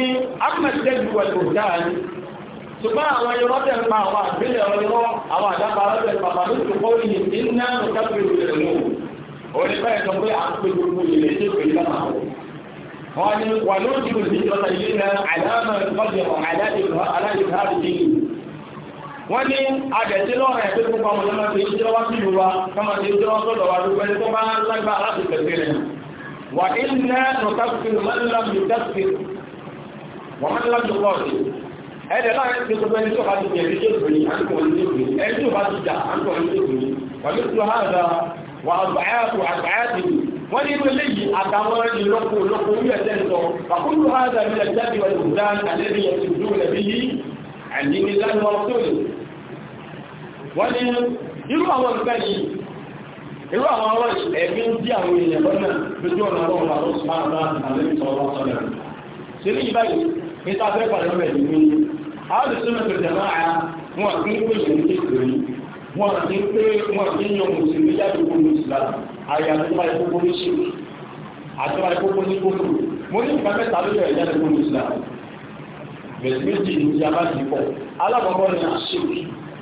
ahmedu wal burdan ṣùgbọ́n àwọn irọ́ tẹ̀ ń pa àwọn àgbélẹ̀ ọ̀rọ̀ àwọn àdábà ọ̀rọ̀ bàbá ló ti kọ́ ìyè tí ń náà lọ́ka pé ìwé rẹ̀ mú òní báyìí sọ pé à ń pè gbogbo ìlẹ̀ tí ìpè lọ́nà wọn ni wà ló ti kò sí ìjọba yìí náà àdámà ìfọ́jọ aláìsáré yìí wọ́n ní adẹ̀tí lọ́rọ̀ ẹ̀ pé gbogbo àwọn ọmọ ti ń jẹ́ wá sí ìlú wa kọ́mọ ti ń jẹ́ wá sọ́dọ̀ wa lóko ẹni tó bá lágbára láti tẹ̀sí rẹ̀ وإنا نكفر من لم يكفر ومن لم يقاتل هذا لا يثبت من شبهة الجبري أنتم الجبري أي شبهة أنتم الجبري ومثل هذا وأضعاف أضعافه ولولي أتمر لقوا لقوا يتنسوا فكل هذا من الكذب والبهتان الذي يسدون به عن دين الله ورسوله ولي يروى والكذب irú àwọn ọ̀rọ̀ ẹ̀mí ń bí àwọn èèyàn lọ́nà lójú ọ̀nà ọ̀rọ̀ ọ̀rọ̀ àrùn máa bá àlẹ́bí sọ̀rọ̀ sọ̀rọ̀ ṣe ní ìbáyìí ní ta fẹ́ pàdé ọ̀rọ̀ ẹ̀mí ní àwọn ìṣúná tó jẹ̀ máa wọn kí ń pè ní kékeré wọn kí ń pè wọn kí ń yan mùsùlùmí yàtọ̀ kó ní ìsìlá àyà tó máa kó ní ṣe àtúrà kó ní kókò mo ní ìgbà mẹ́ta ló yẹ ìyá kó ní ìsìlá bẹ̀rẹ̀ méjì ní ti abájú pọ̀ alábọ̀bọ̀ ni àṣìkò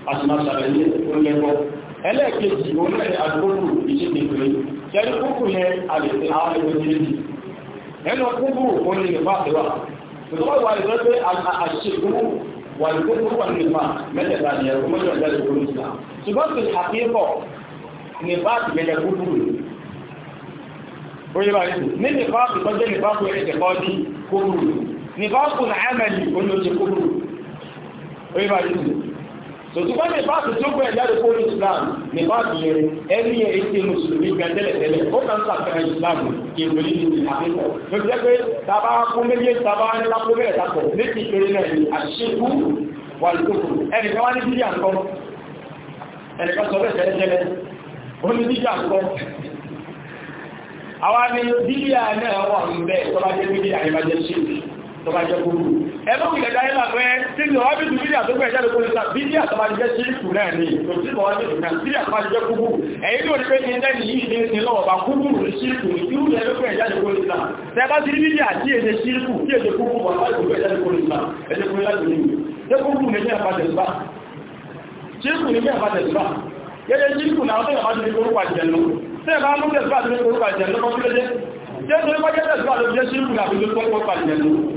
àti máa ṣàlàyé ó lẹ́gbọ́n ẹlẹ́ẹ̀kejì òun náà ni àdúgbò ìṣèkèkèrè jẹ́rí kúkú yẹn àlèsè àwọn ìwéjìlì ẹnu kúkú òun ni nípa àdúrà ìtọ́wọ́ ìwà ìwé pé àṣìṣèkú wà ní kúkú wà ní nípa mẹ́tẹ̀ẹ̀ta ni ẹ̀kọ́ mẹ́jọ jáde kúrú nípa ṣùgbọ́n sì àkíkọ̀ nípa àtìgbẹ́lẹ̀ kúkú oye bá yìí ní nípa àtìgbọ́jẹ́ nípa kú ẹ̀kọ́ ní kúkú nípa kú ní àmàlì oníṣe kúkú oye bá yìí sòtúmọ́ ní báàtì tó gbé ẹ̀dá lóko ní islam ní báàtì yẹn ẹni yẹn ètè mùsùlùmí gan tẹ́lẹ̀tẹ́lẹ̀ ó kàn sà fẹ́ràn islam kì í wòlíì ní àkókò ló jẹ́ pé tàbá kó méjì tàbá ńlá kó bẹ̀rẹ̀ dàpọ̀ méjì kéré náà ní àṣekú wà lóko ẹnì kan wá ní bíbí àǹkọ́ ẹnì kan sọ bẹ́ẹ̀ tẹ́lẹ̀tẹ́lẹ̀ ó ní bíbí àǹkọ́ àwa ni bíbí àná wà ń bẹ́ẹ̀ tọ́lá tó bá jẹ́ kúrú ẹgbẹ́ òkè ẹ̀dá ẹ̀lá rẹ̀ tí ní ọwá bíjù bídíà tó gbẹ̀ẹ́ jáde kúrú bídíà tó bá jẹ́ síríkù náà ni tó sí ọwá bíjù náà bídíà tó bá jẹ́ kúrú ẹ̀yìn ní onípe ní ẹni yìí ní ní lọ́wọ́ bá kúrú ní síríkù ní irú ẹ̀rọ gbẹ̀ẹ́ jáde kúrú náà tẹ́ bá ti rí bídíà tí èdè síríkù tí èdè kúrú wọn láti gbẹ̀ẹ́ jáde kúrú náà ẹ̀jẹ̀ kúrú láti ní ẹ̀jẹ̀ kúrú ní ẹ̀jẹ̀ àbájẹ̀ bá síríkù ní ẹ̀jẹ̀ àbájẹ̀ bá gẹ́gẹ́ síríkù náà tó yẹ máa ti ní orúkọ àjẹ̀lú tẹ́ bá mú tẹ̀síwájú ní orúkọ àjẹ̀lú kọ́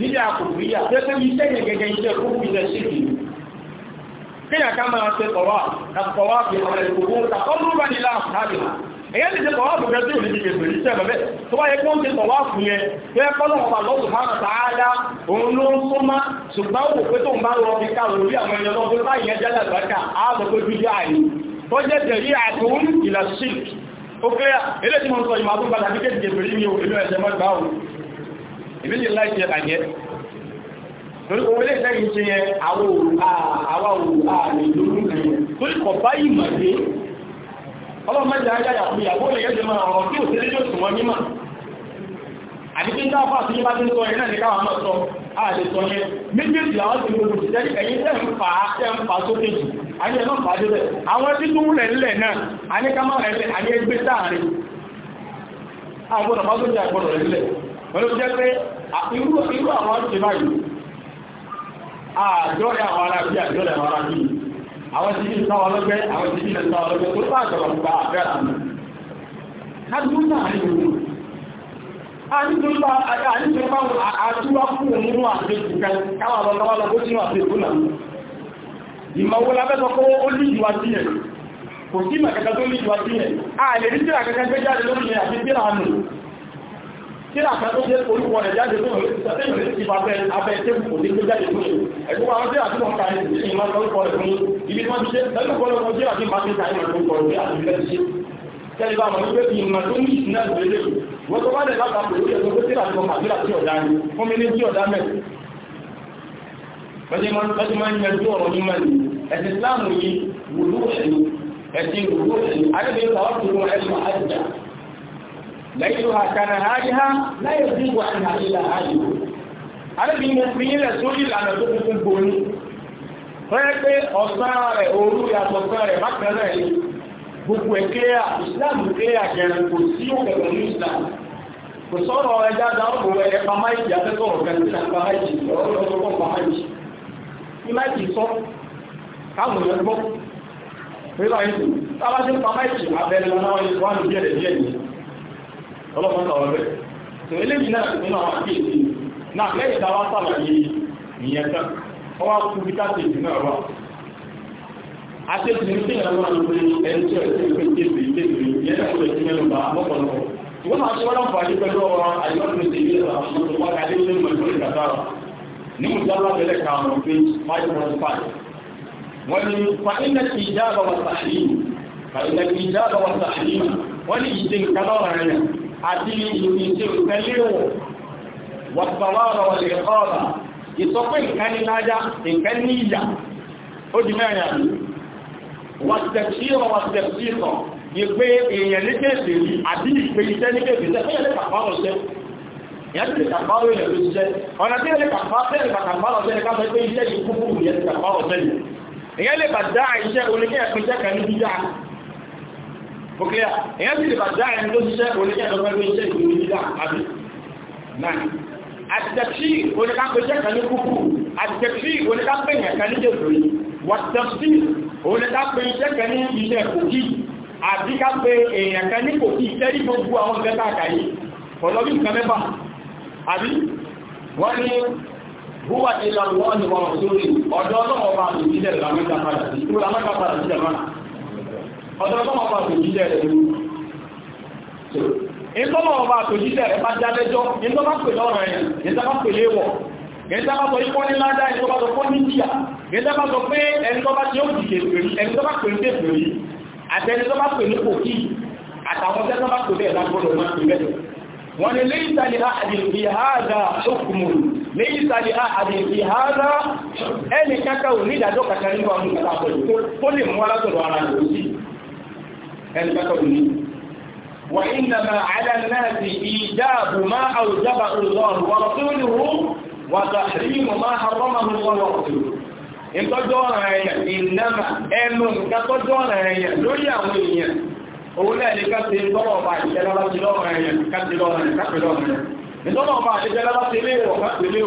bídà kò bíyà pẹ́pẹ́ iṣẹ́ yẹn gẹ́gẹ́ iṣẹ́ kó fi lẹ sí kìí kéèyàn ká máa ṣe tọ̀wá àtọ̀wá fi ọ̀rẹ́ ìkòkò tàkọ́lù bá nílá àtàbí èyàn ti ṣe tọ̀wá fún ẹjọ́ ìlú ìgbè pẹ̀lú iṣẹ́ bẹ̀bẹ̀ tó wáyé kó ń ṣe tọ̀wá fún yẹn tó yẹ kọ́lọ̀ ọ̀pá lọ́sù máa ń tààdá òun ló ń tó má ṣùgbọ́n wò pé tó ń bá lọ fi ká lórí àwọn ẹni lọ́wọ́ tó báyìí ẹjẹ́ lẹ́gbẹ̀ẹ́ka á lọ pé dúdú àyè tó jẹ́ tẹ̀lé àtòun ìlà sílk ó kéré eléyìí mo ń sọ ìmọ̀ àbúgbàlà bí kéde pẹ̀lú mi ò èlò ẹ̀jẹ̀ mọ́gbà òun ìbí lè láì jẹ bàjẹ́ torí owó lè fẹ́ ìṣe yẹn àwọn òwúrà lè lórí kan yẹn torí kọ̀ báyìí mà dé ọlọ́mọdé ajáyà fún ìyàwó lè yẹ́ jẹ máa ọ̀rọ̀ tí ò sí lé yóò sùn wọn mímọ̀ àti pé dáa fáà sílé bá ti ń sọ ẹ̀rẹ́ nìkan àwọn sọ ààrẹ sọ yẹn méjèèjì àwọn ti gbogbo ìṣẹ́ ẹ̀yìn tẹ́ ń fà á tẹ́ ń fà sókè jù àní ẹ̀ náà fà á débẹ̀ àwọn tí tún rẹ̀ ńlẹ̀ náà àní ká má rẹ̀ àní ẹgbẹ́ sáàrin àgbọ̀dọ̀ bá tó jẹ́ àgbọ̀dọ̀ rẹ̀ ńlẹ̀ pẹ̀lú jẹ́ pé irú àwọn àti báyìí àjọ́rẹ̀ àwọn arábí àjọ́rẹ̀ àwọn arábí àwọn ti ní sáwọn ọlọ́gbẹ́ àwọn ti ní sáwọn ọlọ́gbẹ́ tó bá àjọ̀rọ̀ nípa àfẹ́ àmì kájúmọ́ náà ní ìlú àníjọba àtúwá fún òmúrú àti ìkẹ́ káwọn ọlọ́gbẹ́ lọ bó sínú àti ìkúnà ìmọ̀wó lábẹ́sọ̀ kó ó ní ìwà sí ẹ̀ kò sí mẹ̀kẹ́kẹ́ tó ní ìwà sí ẹ̀ àìlè ní tíra kẹ́kẹ́ gbé jáde lórí ẹ̀ àti tíra àmì kí làkà tó jẹ́ orúkọ rẹ̀ jáde fún ọ̀rẹ́ ìsọ̀tẹ́yìn rẹ̀ ti bàbẹ́ abẹ́ tẹ́kù kò ní gbé jáde fún ìlú ẹ̀kú wa ọjọ́ àti wọn kàrí ìsìn máa lọ́rùkọ rẹ̀ fún ibi tí wọ́n ti ṣe lẹ́nu kọ́ lọ́kọ́ jẹ́ àti máa ti ta ìmọ̀ lórúkọ rẹ̀ àti ilẹ̀ ti ṣe tẹ́lẹ̀ bá wọn wípé ìmọ̀ tó ní ìsìn náà lórí lẹ́kù wọ́n tó bá lẹ̀ láta pẹ̀lú ẹ̀kọ́ pé tíra tó màgbéra tí ọ̀dá ni fún mi ní tí ọ̀dá mẹ́ bẹ́ẹ̀ máa ń yanjú ọ̀rọ̀ ní mẹ́rin ẹ̀sìn Islam yìí wùlú ẹ̀yìn ẹ̀sìn lẹ́yìnlá kaná háyá láyé sí wà ní àrílà háyò arábìnrin fi yílẹ̀ sórí ìlànà tó kúkú gbóni fẹ́ pé ọ̀sán rẹ̀ òru yàtọ̀ sán rẹ̀ bákan náà yìí gbogbo bukwe kílíà islam kílíà jẹ̀rẹ̀ kò sí òkè pẹ̀lú islam kò sọ̀rọ̀ ẹ̀ dáadáa ọ̀pọ̀ ẹ̀ pàmà ìjì afẹ́kọ̀ ọ̀gá ní pàmà ìjì ọ̀rọ̀ sọ ọlọ́pàá sọ̀rọ̀ bẹ́ẹ̀ tó eléyìí náà nínú àwọn àkíyèsí náà lẹ́yìn tá a wá sàlàyé ìyẹn tán wọ́n wá kú bí káṣí ìdí náà wà àṣẹ́sì ní sí ìrànwọ́ àwọn ọmọ ẹni tí ọ̀rẹ́ ìpè kéèsì kéèsì yẹn náà lè fi mẹ́nu bá lọ́pọ̀lọpọ̀ ìwọ́n náà ṣe wọ́n náà fàájú pẹ̀lú ọ̀rọ̀ àyọ̀tún ti ilé àwọn ọmọ wọn kàdé ní mọ̀lẹ́mọ̀ ìgbàdára ní mùsàlá bẹ̀rẹ̀ kàrùn-ún pé five point five wọ́n ní fàínà kì í dáàbà wà sàáyìn fàínà kì í dáàbà wà sàáyìn wọ́n ní ìṣe nǹkan lọ́rọ̀ rẹ̀ àti ìrìnṣẹ́ ìfẹ́léwò wàtàwàrà wà lè kọ́ọ̀rà ìsọpé ìkánilájá ìkẹ́ni ìyà ó di mẹ́rin àmì wàtẹ̀síọ̀ wàtẹ̀síọ̀ ìgbé èèyàn ní kéèkèé àti ìgbé iṣẹ́ ní kéèkèé ìyájú lè kàfàárọ̀ ilẹ̀ tó ṣiṣẹ́ ọ̀nà tí lè kàfàárọ̀ sẹ́lẹ̀ káfẹ́ pé iṣẹ́ ìkúkú ìyẹ́ ti kàfàárọ̀ sẹ́lẹ̀ ìyẹ́ lè bà dáa iṣẹ́ oníkẹ́ ẹ̀pìnṣẹ́ kan ní jíjá ó clear èyàn sì lè bà dá ẹni tó ṣiṣẹ́ oníṣẹ́ ìjọba tó ṣiṣẹ́ ìlú nígbà àbí náà àtẹ̀sí oníkápẹ́ṣẹ́ kan ní kúkú àtẹ̀sí oníkápẹ́yàn kan ní jẹ̀fẹ̀ wàtẹ̀sí oníkápẹ́ṣẹ́ kan ní iṣẹ́ kòkí àti kápẹ́ èèyàn kan ní kòkí tẹ́rí gbogbo àwọn gẹ́gẹ́ àkàyè ọlọ́bí nǹkan mẹ́fà àbí wọ́n ní húwà ìlànà wọ́n ni wọ́n sórí ọ̀dọ́ ọlọ́wọ́ bá mi sílẹ̀ lámẹ́ta padà ọ̀dọ̀ tó mọ̀ bá tòjíṣẹ́ rẹ̀ lórí. ìtọ́mọ̀ ọba tòjíṣẹ́ rẹ̀ bá jálẹ́jọ́ ìtọ́mọ̀ pè lọ́rọ̀ ẹ̀ ìtọ́mọ̀ pè léwọ̀ ìtọ́mọ̀ sọ ikọ́ ní ládá ìtọ́mọ̀ sọ fọ́ ní jíà ìtọ́mọ̀ sọ pé ẹni tó bá ti ó dìde pèrí ẹni tó bá pè ní tèpèrí àtẹni tó bá pè ní kòkí àtàwọn tẹ́ tó bá pè bẹ́ẹ̀ lágbọ́dọ̀ máa pè bẹ́ẹ̀ wọ́n ni léyìí tàbí àdì fi hádà ṣókùnmù léyìí tàbí àdì fi hádà ẹni kákà ní ìdájọ́ kàkà nínú àwọn ìgbàlá tó lè mú alátọ̀rọ̀ ara rẹ̀ sí ẹni bá tọ̀rọ̀ ní wà ìnàmà àdánláàtì ìjáàbù máa àwùjábà ọlọ́run wọ́n tó ní wú wà tàhímù máa harọ́màmù ọlọ́run ìtọ́jọ́ ọ̀rọ̀ ẹ̀yà ìnàmà ẹnu ìkàtọ́jọ́ ọ̀rọ̀ ẹ̀yà lórí àwọn èèyàn òun náà ní káṣe tọ́lọ̀ ọba ìjẹ́lá láti lọ́rọ̀ ẹ̀yà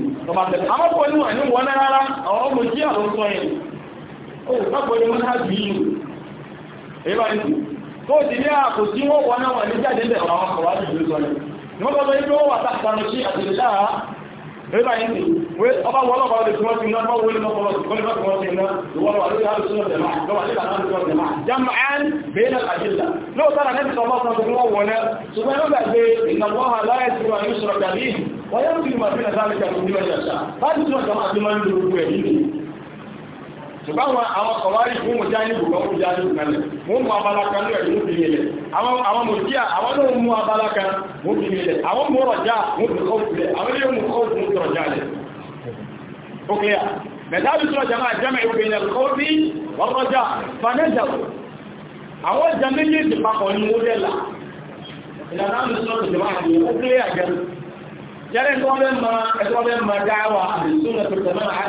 tọba tẹ̀lé àwọn ọkọ̀ inú wọ́n náà rárá àwọn ọmọ jí àwọn sọ yẹn ó lọ́pọ̀ inú náà jù yìí èyí bá nìkú tó ti ní àpò tí wọ́n wọ́n náà wà ní jáde bẹ̀rẹ̀ àwọn ọkọ̀ wájú ìlú sọ yẹn wọ́n tọ́jọ́ ibi ó wà tàbí sí àtìlẹ́dá èyí bá nìkú ọba wọ́n ọba ọdẹ tí wọ́n ti wọ́n wọlé lọ́pọ̀ lọ́pọ̀ lọ́pọ̀ lọ́pọ̀ lọ́pọ̀ lọ́pọ̀ wọ́n yẹ́ lùkìlì màá fi nà sáré kẹ́kọ̀ọ́ ní ọjà ṣá láti tún ọjà máa fi máa ń lo gbogbo ẹ̀ nílé ṣùgbọ́n àwọn àwọn kọ̀wárí fún mo jáde bùkọ́ mo jáde bùkọ́ lẹ̀ mo mú abala kan ní ẹ̀dùn fi nílẹ̀ àwọn àwọn mo jíà àwọn náà mú abala kan mo fi nílẹ̀ àwọn mo rọ̀já mo fi kọ́ fi lẹ̀ àwọn ilé mo kọ́ fi mo rọ̀já lẹ̀ ó kílíà mẹ̀tàbí tó ọjà máa jẹ́mẹ̀ ìwé ìyẹn kọ́ fi wọ́n rọ̀já fanẹ́jà àwọn ìjà méjèèjì papọ̀ ni mo dẹ́ là ìlànà àmì sọ́ọ̀tì jẹ́ máa ń jẹ́rẹ́ tó bẹ́ ma ẹ̀tọ́ bẹ́ ma dáwà àdìsúnà tó tẹ̀lé àá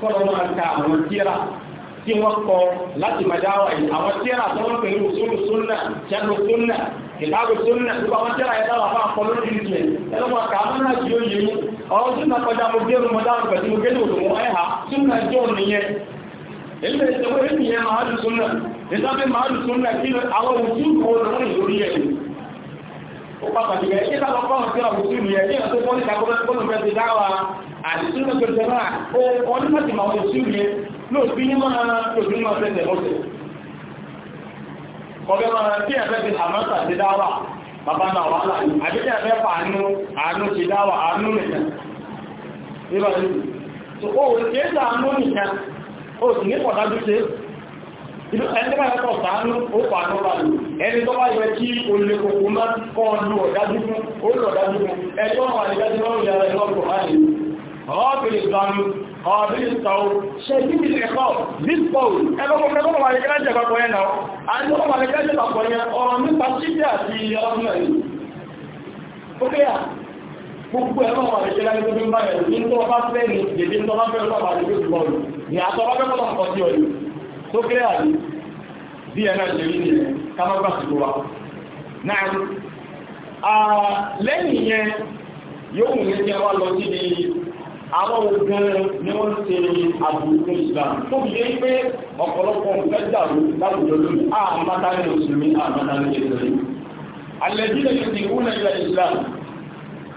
kọ́nà máa ka àwọn tíra tí wọ́n kọ láti ma dáwà yìí àwọn tíra tó wọ́n pẹ̀lú sólù súnà jẹ́nu súnà ìbáwò súnà tó bá wọ́n tíra yẹn dáwà fún akọ́lọ́ ní ìlú yẹn ẹ̀rọ ma kà á mọ́nà tí ó yẹ yín ọ̀rọ̀ súnà kọjá mo gẹ́rù mo dáwà pẹ̀lú mo gẹ́rù òdòmọ́ ẹ̀ ha súnà jọ nìyẹn èyí lè sọ pé èyí yẹn máa dùn súnà nígbà pé máa dùn súnà kí àwọn òjú kọ̀ọ̀lọ́ ó pàtàkì bẹ́ẹ̀ ṣé káwọn fọ́nà sí ọ̀rọ̀ sí ìrìnyẹ ní ọ̀sẹ̀ fọ́nì kakọ́fẹ́ fọ́nà fẹ́ ti dáwà àdìsí ní pẹ̀lú sẹ́nà ó wọ́n ní láti máa wọ́n sí ìrìnyẹ lóòbí ní máa lóòbí ní máa fẹ́ tẹ̀ mọ́tẹ̀. kọ́bẹ́ máa tí ẹ̀fẹ́ ti hàmọ́sà ti dáwà bàbá náà wà láàyè àbí tí ẹ̀fẹ́ fà àánú àánú ti dáwà àánú nìkan. nígbà tí ó sàánú nìkan ó sì ní pọ̀ ìlú ẹ̀ndẹ́bà ẹ̀kọ́ sàánú ó pàánú bá lù ẹni tó bá yẹ kí olè kòkó má kọ́ lù ọ̀dájú fún olè ọ̀dájú fún ẹjọ́ wọn àdìgájú wọn yà rẹ̀ lọ́pọ̀ láàrin ọ̀bìnrin ìgbàmù ọ̀bìnrin ìtàwó ṣe níbi ẹ̀kọ́ bípọ̀ ẹgbẹ́gbẹ́ ọmọ àdìgájú àpapọ̀ yẹn náà àti ọmọ àdìgájú àpapọ̀ yẹn ọ̀rọ̀ nípa títí àti ọdún ẹ̀yìn ó kẹ́ gbogbo ẹ̀rọ wà lè ṣẹlẹ̀ nítorí ń bá yẹn ní tó bá fẹ́ ní dèdè tó bá fẹ́ lọ́wọ́ àdìgbò ìgbọ̀n ní àtọ́wọ́fẹ́ kọ́tọ̀ kọ́ sí tó kílẹ̀ àrí bí ẹ̀nà ìṣẹ̀lẹ̀ ní ẹ̀ kámọ́gbà sí tó wà náà lẹ́yìn yẹn yóò mú ní kẹwàá lọ sí ní àwọn ogun ni wọ́n ṣe àbùkù Islam tó fi yé pé ọ̀pọ̀lọpọ̀ nǹkan dàrú láwùjọ lónìí àmàtà ní mùsùlùmí àmàtà ní ìṣẹ̀lẹ̀ àlẹ́jì lè fi wú nàìjíríà Islam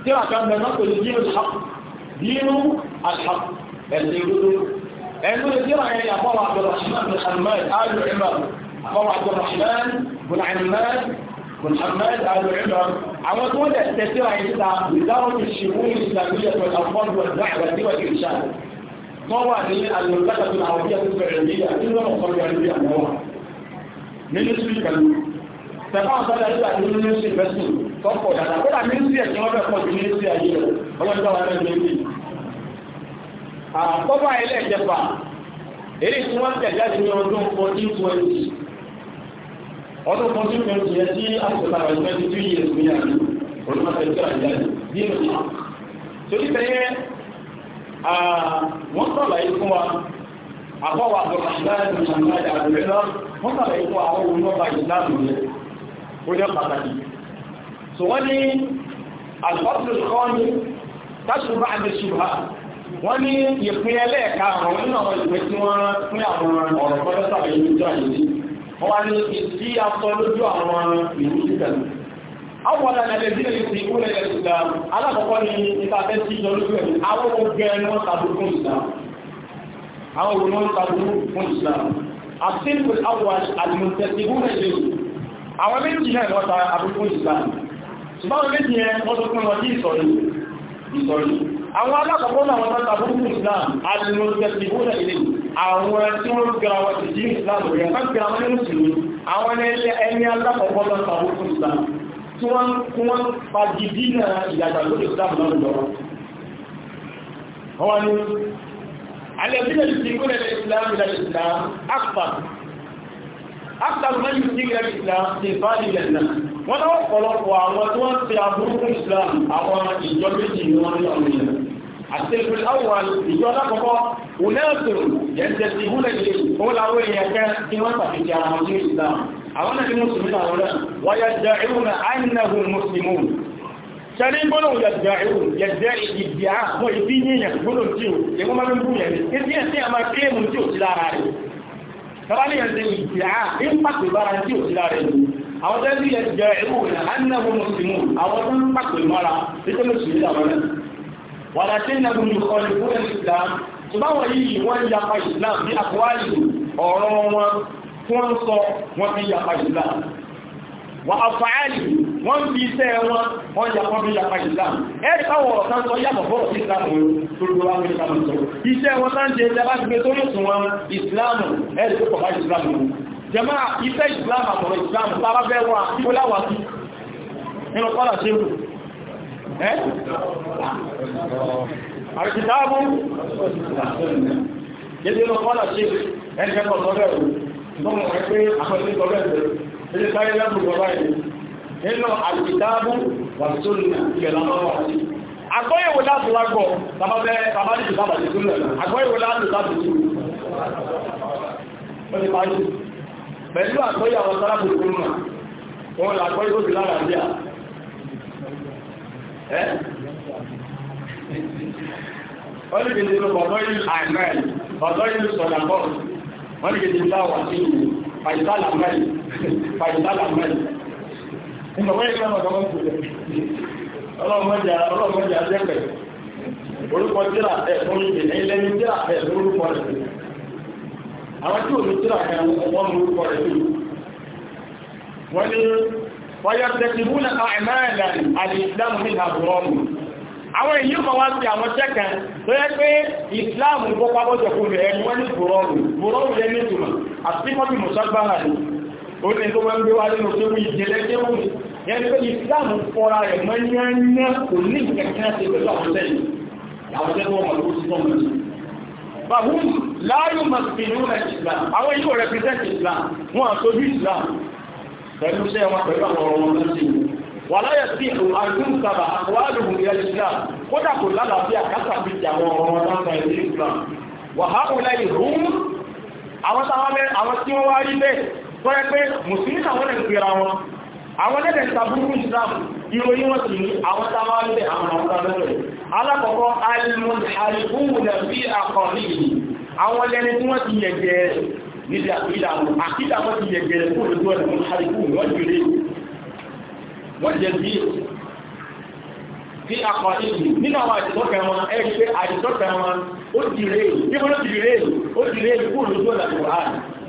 tí àkàndà náà kò ní dínú àlhàp ẹ̀sìn ìrúdó لأنه يدير يعني أبو عبد الرحمن بن حماد آل عمر أبو عبد الرحمن بن عماد بن حماد آل عمر عمل دول تسير عيسى وزارة الشؤون الإسلامية والأطفال والدعوة والإرشاد طبعا المملكة العربية السعودية إلا مصر العربية أنواع ministry kan tẹ̀fà àtọ́lá ìlú àti ministry person tọ́pọ̀ dáadáa kó dà ministry ẹ̀ tí wọ́n fẹ́ pọ̀ ju ministry ayé rẹ̀ ọlọ́dún tó wà lẹ́nu àkọ́bà ẹlẹ́ẹ̀kẹfà èyí tí wọ́n tẹ̀ jáde ní ọdún fourteen twenty ọdún fourteen twenty yẹn tí àtúntà rẹ̀ twenty two years ní àná olùmọ̀tẹ̀síra jáde bí mo ti torí tẹ́yẹ wọ́n sọ̀rọ̀ yìí fún wa àbọ̀wọ̀ àbọ̀rọ̀ ìdáyẹ̀ ní ìṣàmúláyà àbúrẹ́ náà wọ́n sọ̀rọ̀ yìí fún àwọn olùmọ̀ba ìsìláàmù yẹn ó jẹ́ pàtàkì sọ wọ́n ní àlùfáàsì kọ́ni táṣù bá àdé ṣùgbọ́n wọ́n ní ìpín ẹlẹ́ẹ̀ka àwọn nínú àwọn ìpín tí wọ́n pín àwọn ọ̀rọ̀ pẹ́lẹ́ sàbẹ̀ ìlú ìjọ àyèjì wọ́n wá ní ìdí asọ lójú àwọn ìlú títẹ̀ àwọn ọ̀nà ẹ̀lẹ́ bí lè fi kúrẹ̀ ẹ̀ ìgbà ìjọ àwọn ogẹ́ ni wọ́n Islam àwọn òun wọ́n Islam àtìkù àwọn àdìmọ̀tẹ̀síwú rẹ̀ àwọn méjì náà wọ́n tàbí fún Islam ṣùgbọ́n méjì yẹn wọ́n tó fún wọn sí ìsọ̀rí àwọn alákọ̀ọ́kọ́ náà wọ́n tàbí fún islam alìmọ̀tẹ̀sìbó náà ilé àwọn tí wọ́n gbẹ̀rẹ̀ wọ́n ti jí islam rẹ̀ wọ́n gbẹ̀rẹ̀ wọ́n ní mùsùlùmí àwọn ẹni alákọ̀ọ́kọ́ náà tàbí fún islam tí wọ́n wọ́n fagidí náà ìyàgbà lórí islam náà lọ́wọ́ wọ́n ni alẹ́bílẹ̀ ti kúrẹ̀ islam ilẹ̀ islam akpar akitari mẹ́rin ti yẹ islam ti bá ilẹ̀ náà wọ́n náà ọ̀pọ̀lọpọ̀ àwọn tí wọ́n ti aburúkú islam àwọn ìjọ méjì ni wọ́n ní ọ̀rọ̀ yẹn àtẹ̀kùn àwọn ìjọ alákọ̀ọ́kọ́ wùlẹ́ẹ̀sùn yẹ̀ǹtẹ̀sì ìhúnlẹ̀ ilé òun làwọn èèyàn kẹ́ tí wọ́n tàbí ti àwọn ní islam àwọn náà ní mùsùlùmí àwọn náà wáyà jẹ́ ìhùn àìnàhùn mùsùlùmí sẹ́rí gbọ́nà yàjá ìrù yàjá ìdìyà àwọn ìdíyìyàn gbọ́nà tí ó yẹ tọ́wọ́nìyàn ṣe ìfìyà ń pàpè bára tí ò sí lára ìlú àwọn tẹ́lẹ̀ bí ẹ̀jẹ̀ ẹ̀kú rẹ̀ annabu muslimu àwọn tó ń pàpè mọ́ra títí mùsùlùmí làwọn náà wà láti nàbù ní wọ́n yapa islam wọ́n fi iṣẹ́ wọn wọ́n yà wọ́n fi yàpa islam ẹ̀rí káwọ̀ ọ̀kan sọ yàtọ̀ bọ́ọ̀ sí islam wọn gbogbo wa fi islam sọ iṣẹ́ wọn láń jẹ ẹjẹ bá ti gbé tó yóò sùn wọn islam ẹ̀rí tó kọ̀ bá islam wọn jẹ́mọ́ iṣẹ́ islam àtọ̀rọ̀ islam bábá fẹ́ wọn àkíkó láwà sí nínú kọ́lá ṣe wù ẹ́ àrìkìtàbù yẹ́dẹ́ lọ kọ́lá ṣe ẹ̀rí kẹ́kọ̀ọ́ sọ́bẹ̀rù nínú àlùkìtàbù wà sónà ìgbẹ̀lọ́wọ́ àgbọ́yẹ̀wò láti lágbọ̀ tàbábẹ́ tàbábẹ́ tàbábẹ́ tàbábẹ́ àgbọ́yẹ̀wò láti láti tàbábẹ́ pẹ̀lú àgbọ́yẹ̀wò sárábù kúrùnà wọn làgbọ́yẹ̀wò sí lára àbíà ẹ́ wọ́n ní kìí lọ bọ̀dọ́ ìlú àìmẹ́ bọ̀dọ́ ìlú sọ̀dà bọ́ọ̀ wọ́n ní kìí láwà sí ìlú pàìtàlà mẹ́rin pàìtàlà mẹ́rin ìgbàgbọ́ ìgbà máa kọ́kọ́ tó lẹ̀ ọlọ́mọdé ọlọ́mọdé àjẹ́pẹ̀ orúkọ tíra ẹ̀ fún ìdè ẹlẹ́ni tíra ẹ̀ fún orúkọ rẹ̀ àwọn tí òní tíra ẹ̀ wọ́n mú orúkọ rẹ̀ tó wọ́n ní wọ́yọ̀tẹ̀tìmú na àmàlà àdìsílámù ní àbúrọ́mù àwọn èyí yẹn pé ìsìláàmù fọ́ra rẹ̀ mọ́ ní ẹ̀yẹ kò ní ìkẹ̀kẹ́ ṣe pẹ̀lú àwọn lẹ́yìn àwọn tẹ́lẹ̀ islam àwọn yóò represent islam wọn àtọ́jú islam pẹ̀lú iṣẹ́ wọn pẹ̀lú àwọn ọ̀rọ̀ wọn lọ́sí wà láyé sí àdúgbò islam kódà kò lálàáfíà kásàbí ti àwọn ọ̀rọ̀ wọn islam wà á wù lẹ́yìn rúm àwọn tí wọ́n wá rí bẹ́ẹ̀ tọ́yẹ pé àwọn ẹ̀dẹ̀ ìtàbùrú islam ìròyìn wọn sì ní àwọn tàbálẹ̀ àwọn àwọ́tàbẹ̀rẹ̀ alákọ̀ọ́kọ́ alìmọ̀lẹ̀kúnwòlẹ̀ bí àkọ̀rí àwọn ẹlẹ́ni tí wọ́n ti yẹ̀gẹ̀ nílẹ̀ àkídà wọn àkídà wọn ti yẹ̀gẹ̀ kúrò tó ẹ̀dẹ̀ mọ̀lẹ̀kúnwòlẹ̀ wọ́n jù lé wọ́n jẹ́ bí bí àkọ̀rí nínú àwọn àdìsọ́kẹ̀ wọn ẹgbẹ́ àdìsọ́kẹ̀ wọn ó ti rèé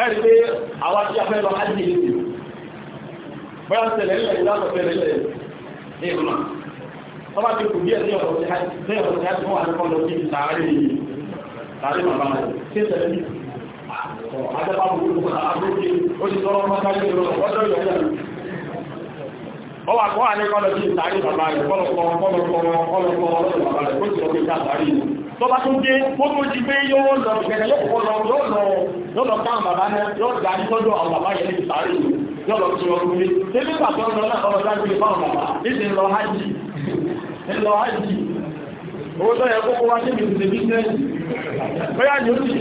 ẹ̀rí àwọn tí a fẹ́ lọ ájì ìlú bọ́yá tẹ̀lẹ̀ ilẹ̀ ìlànà tẹ̀lẹ̀ ilẹ̀ tọ́bá ti kù díẹ̀ ní ọ̀rọ̀ tọ́ba tó dé ó tó jí pé yóò lọ ìgbẹ̀rẹ̀ yóò lọ yóò lọ yóò lọ káwọn bàbá náà yóò dá ìtọ́jọ́ àwọn bàbá yẹn níbi sáré yìí yóò lọ sí ọdún mi débi pàtó lọ náà ọ̀rọ̀ sáà gbé fáwọn bàbá níbi ńlọ hajj ńlọ hajj owó tó yẹ kókó wá síbi ìdè bísíǹsì bóyá ni ó sì ni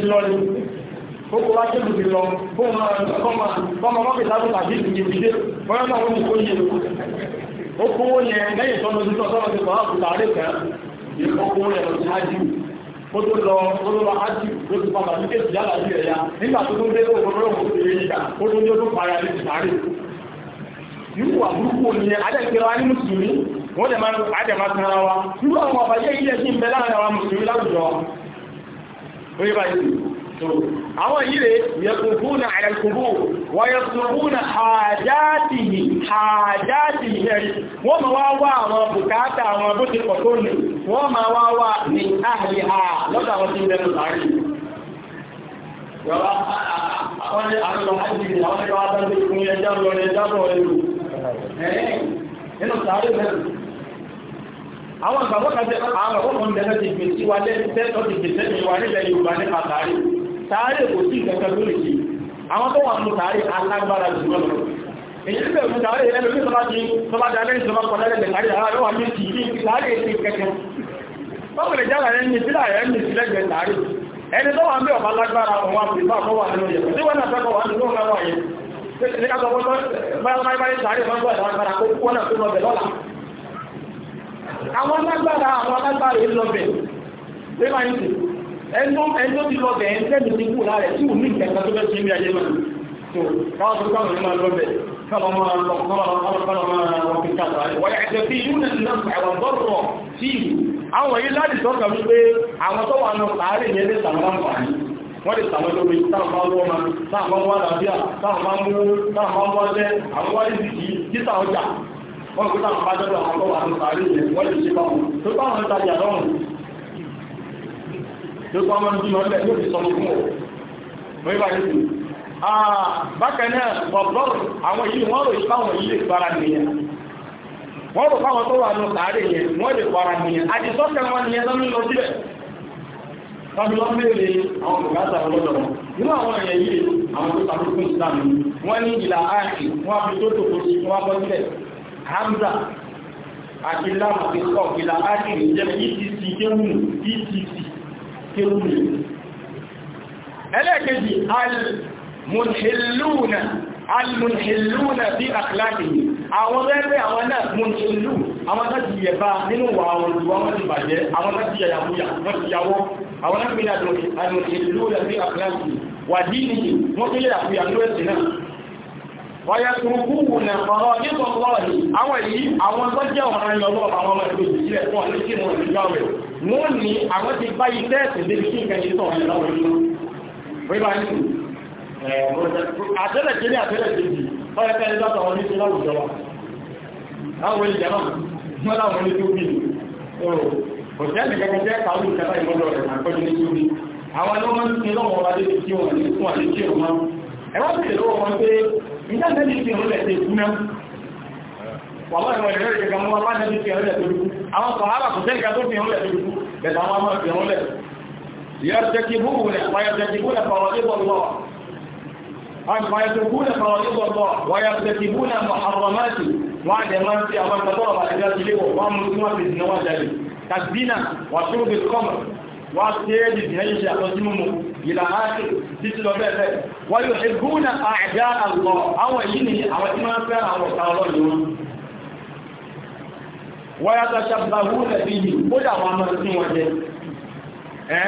kókó wá síbi ìdè lọ fóun náà kọ́mọ kọ́mọ mọ́kì mo tó lọ mo tó lọ ájì mo tó padà ní kéèsì yálà sí ẹ̀yà nígbà tó tó dé lóògùn lóògùn tó lè yíjà ó tó ní ó tó para ní ìsàárè irú wà burúkú nìyẹn adẹ́gbẹ̀rẹ̀ wa ní mùsùlùmí wọ́n dẹ̀ máa adẹ̀ máa sanra wa irú àwọn àbáyé ilé sí ń bẹ láàrin àwọn so àwọn yìí rẹ̀ yẹkùnkúnà àyẹkùnkú wọ́n yẹkùnkúnà àjáàtìyì àjáàtìyì ẹ̀rí wọ́n ma wá wá àwọn bùkátà àwọn bó ti pọ̀ tó nì wọ́n ma wá wá ní àhìhà lọ́dà wọn ti lẹ́nu láàrin àwọn ìgbàgbọ́kàtẹ́ àwọn ọ̀pọ̀ ìdẹ́lẹ́ ti gbèsè wa lẹ́sẹ̀ tó ti gbèsè ìwà nílẹ̀ Yorùbá nípa tààrí sàárè kò sí ìkẹta tó lè ṣe àwọn tó wà nínú sàárè alágbára jù lọ èyí tí bẹ̀rù sàárè ẹlò ní sọlá ti sọlá ti alẹ́ ìsọlá kọ̀ lẹ́lẹ̀ sàárè ara wà ní ti ní sàárè ti kẹkẹ bọ́kùnrin jára ẹni ní sílá ẹ̀ ní sílẹ̀gbẹ̀ sàárè ẹni tó wà ń bẹ̀ ọ̀bá lágbára òun àti ìbá àkọ́ wà nínú yẹn tí wọ́n náà fẹ́kọ̀ wà nínú ọ̀gá wà yẹn ní ká sọ wọ́n àwọn alágbára àwọn alágbára ìlọbẹ̀ ẹnu ẹnu ti lọ bẹ̀ ẹ́ sẹ́nu ti kú lára tí ò ní ìkẹta tó bẹ́ ṣe ń ayé mọ̀ tó káwọn tó máa lọ bẹ̀ káwọn máa lọ káwọn wọ́n lè sàmọ́ lórí táwọn máa wọ́n ma títà ọjà wọ́n kó táwọn wọ́n lè ṣe báwọn tó báwọn ń tajà lọ́rùn lókọ́ ọmọ ìdí mọ́lẹ̀ yóò ti sọmọ fún ọ wọ́n yíba yìí ah, bákan náà ọ̀bọ̀rọ̀ àwọn yìí wọ́n rò ìpáwọn yìí lè fara nìyẹn wọ́n rò fáwọn tó wà ní sàárè yẹn wọ́n lè fara nìyẹn àti sọ́kẹ́ wọn nìyẹn lọ́nà lọ sílẹ̀ tọ́bi lọ mẹ́rẹ̀ àwọn bùkátà ọlọ́dọ̀ wọn nínú àwọn èèyàn yìí àwọn tó tàbí fún Islam wọn ní ìlà áàkì wọn fi tó tòkó sí wọn bọ́ sílẹ̀ Hamza àti lámà fi kọ́ ìlà áàkì ìjẹ́ ETC kéwù ETC kéwùlé ẹlẹ́kejì al-munhilluna al-munhilluna bí àkìláàkì àwọn rẹ́rẹ́ àwọn náà munhillu àwọn láti yẹba nínú wà àwọn olùwà wọn ti bàjẹ́ àwọn láti yàyàwóyà wọ́n ti yàwó àwọn náà gbé dàdùn al-munhilluna bí àkìláàkì wà dínìyí wọ́n tó yàyàwóyà ló ẹ̀sìn náà wàyàtùrùkúwùnà ọ̀rọ̀ nípa ọlọ́ọ̀ni àwọn èyí àwọn tó jẹ́ ọ̀rọ̀ ayọ̀ àwọn ọmọ ìgbèjì sílẹ̀ fún àlékí wọn ìgbàwẹ̀ wọ́n ní àwọn ti bá yìí tẹ́ẹ̀sì débi kí nǹkan yìí sọ̀rọ̀ lọ́wọ́ yìí wọ́n bá ní àtẹ́lẹ̀ kí ní àtẹ́lẹ̀ kejì ọ̀rẹ́ fẹ́ lọ́tọ̀ wọn ní sí láwùjọ wa láwọn olè jẹ́mọ̀ wọ́n láwọn olè tó bí kò jẹ́ nìkan jẹ́ kàwọn ìjọba ìmọ̀lọ́ rẹ̀ àkọ́jú ní tóbi àwọn ẹni wọ́n ti lọ́wọ́ wa débi kí wọ́n ní fún àdékí wàlọ́ ìwọ̀n ìrẹ́ ìgbẹ̀gbẹ̀ mọ́ aláàrẹ ويرتكبون محرمات وعد ما في أمر كثرة بعد ذلك له وأمركم في الزواج كالزنا وشرب الخمر وأسياد الجيش يقسمهم إلى آخر تسل بيته ويحبون أعداء الله أو إنه أو إما كان أو كان الله wọ́yàtọ̀ ṣàbàwú lẹ́bí yìí ó dà wọn mọ́ sí wọn jẹ ẹ́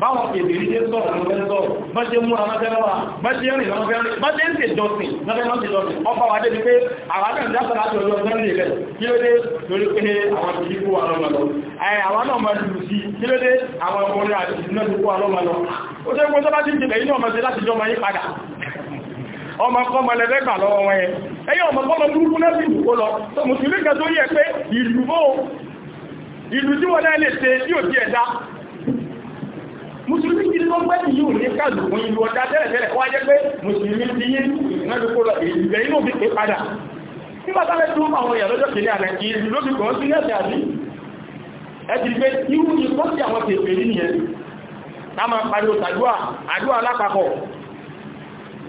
báwọn kèbèrè jẹ́ sọ̀rọ̀ lọ́fẹ́ sọ̀rọ̀ bá ṣe mú ọmọdéwà bá ṣe rìn lọ́fẹ́ bá ṣe ń ṣe jọsìn lọ́fẹ́ máa ń ṣe jọsìn ọba wa débi pé àwọn náà dábàá láti ọjọ́ ọjọ́ ní ilẹ̀ kí ló dé lórí pé àwọn ọmọ ọmọ lẹ́gbẹ̀gbà lọ́wọ́ wọn yẹn ẹ̀yọ́ ọmọ ọmọ burúkú náà sì wò lọ tó mùsùlùmí kan tó yẹ pé ìlú bó ìlú tí wọn náà lè ṣe tí ò ti ẹ̀dá mùsùlùmí ti lọ gbẹ́ yìí ò ní kàlù fún ìlú ọjà tẹ́lẹ̀tẹ́lẹ̀ kó wá jẹ́ pé mùsùlùmí ti yé náà ló kó lọ ìgbẹ́ inú òbí pé padà nígbà táwọn tó àwọn èèyàn lọ́jọ́ kìíní àná ìlú ló fi kàn sí ẹ̀sẹ̀ àbí ẹ̀sì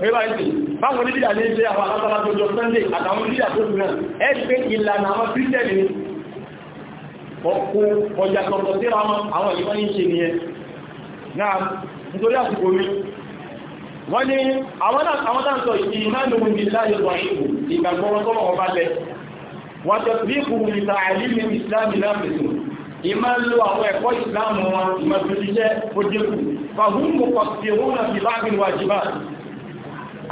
ẹgbàáyìí báwọn onídìdà ní ṣe àwọn alátọ́lá tó jọ sunday àtàwọn onídìdà tó fi náà ẹ pé ìlànà àwọn christian ni ọkọ̀ ọjà tọ̀tọ̀ sí àwọn ìwọ́n ń ṣe nìyẹn náà nítorí àsìkò rí wọ́n ní àwọn tàǹtọ̀ ìmáàlùmù ní láyé wà ìbò ìgbàgbọ́ ìmá ń àwọn ẹ̀kọ́ ìsìláàmù wọn ìmọ̀ tó ti jẹ́ ó dẹ́kù fàhùn sí owó náà fi láàmì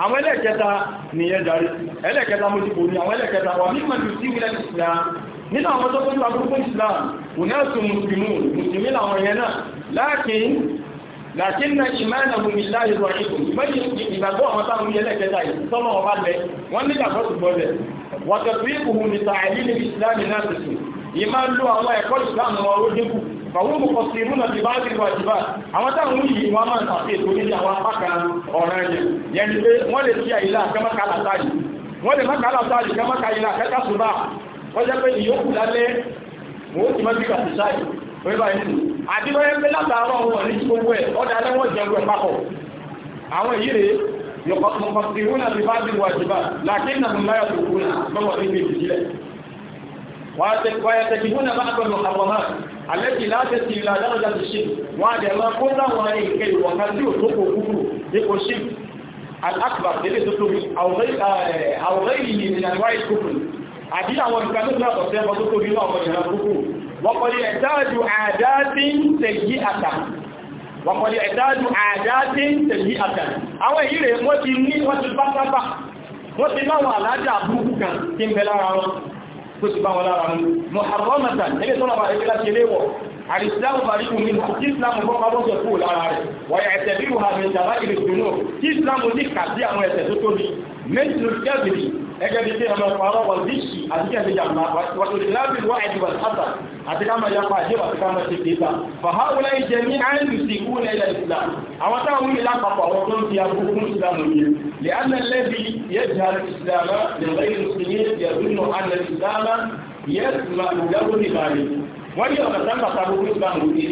àwọn ẹlẹ́ẹ̀kẹta ni ẹ darí ẹlẹ́ẹ̀kẹta mo ti bò ní àwọn ẹlẹ́ẹ̀kẹta wà mímọ̀ ju sí ilẹ̀ Islam nínú àwọn tó kọjú agbógbó Islam kò náà tún mùsùlùmù mùsùlùmí làwọn yẹn náà láàkín láti ní ìmáìnà omi láyé lọ ìkò ìmọ̀jì ìgbàgbọ́ àwọn táwọn yẹn lẹ́kẹta yìí tọ́lọ́ ọba lẹ wọ́n ní bàwọn mọ̀kọ̀ sí ìmúnà ti bá rí wà jù bá àwọn táwọn yìí wọ́n máa ń tàbí ètò nílé àwọn apáka ọ̀rọ̀ ẹ̀yẹ yẹn ni pé wọ́n lè fi àìlà kẹ́mọ́ká látàrí wọ́n lè mọ́ká látàrí kẹ́mọ́ká ilà kẹ́kà sùbà wọ́n jẹ́ pé ìyókù lálẹ́ wọ́n ti mọ́ bí kàtí sáì wọ́n bá yẹn àdínwó yẹn pé látàárọ̀ wọn ní gbogbo ẹ̀ ọ̀dà alẹ́ wọ́n jẹun ẹ̀ papọ̀ àwọn èyí rèé yọ̀kọ̀ mọ̀kọ̀ sí ìmúnà ti bá rí wà jù bá làkínà mọ̀ láyà tó kú náà mọ́wọ́ ويتجهون بعض المحرمات التي لا تسي إلى درجة الشرك وهذا ما قلنا وهي كي وكذلك تقو كفر يقو الشرك الأكبر الذي تطلب أو غير أو غيره من أنواع الكفر àti àwọn ìkàlù náà ọ̀sẹ̀ ọdún tó bímọ ọmọ ìrìnà púpù wọ́pọ̀lì ẹ̀dájú àdájí ń tẹ̀yí àtà wọ́pọ̀lì ẹ̀dájú àdájí ń tẹ̀yí àtà àwọn èyí rẹ̀ wọ́n ti ní wọ́n ti bá sábà wọ́n ti láwọn àlájà àbúrúkú kan tí ń bẹ lára wọn tó ti bá wọn lára mú muharramatan ẹgbẹ́ tó lọ́wọ́ ẹgbẹ́ láti eléwọ̀ àrísìláàmù faríkù ní kí ìsìláàmù kọ́ bá lọ́sọ̀ kú lára rẹ̀ wọ̀nyẹ ẹ̀sẹ̀ bí wọ́n àmì ìjàmbá ìrìsùn náà kí ìsìláàmù ní kàdí àwọn ẹ̀sẹ̀ tó tóbi méjì kẹ́bìrì gẹ́gẹ́ bí kí ọmọ ìpàrọ̀ wà líṣì àti kí ẹ̀sìn jàmbá wàtò ìlàbí wà ẹ̀dì wà sátà àti ká máa yapa àjẹ́ àti ká máa ṣe kéta fàháwùlá ìjẹ ní àìlù sí ikú ní ilẹ̀ Islam àwọn táwọn ilé lápapọ̀ àwọn tó ń fi agbó fún Islam yìí lè ánà lẹ́bi yẹ́jì àti Islam lè lẹ́yìn mùsùlùmí yẹ̀dúnú ànà Islam ní ìbàrẹ̀ wọ́n ní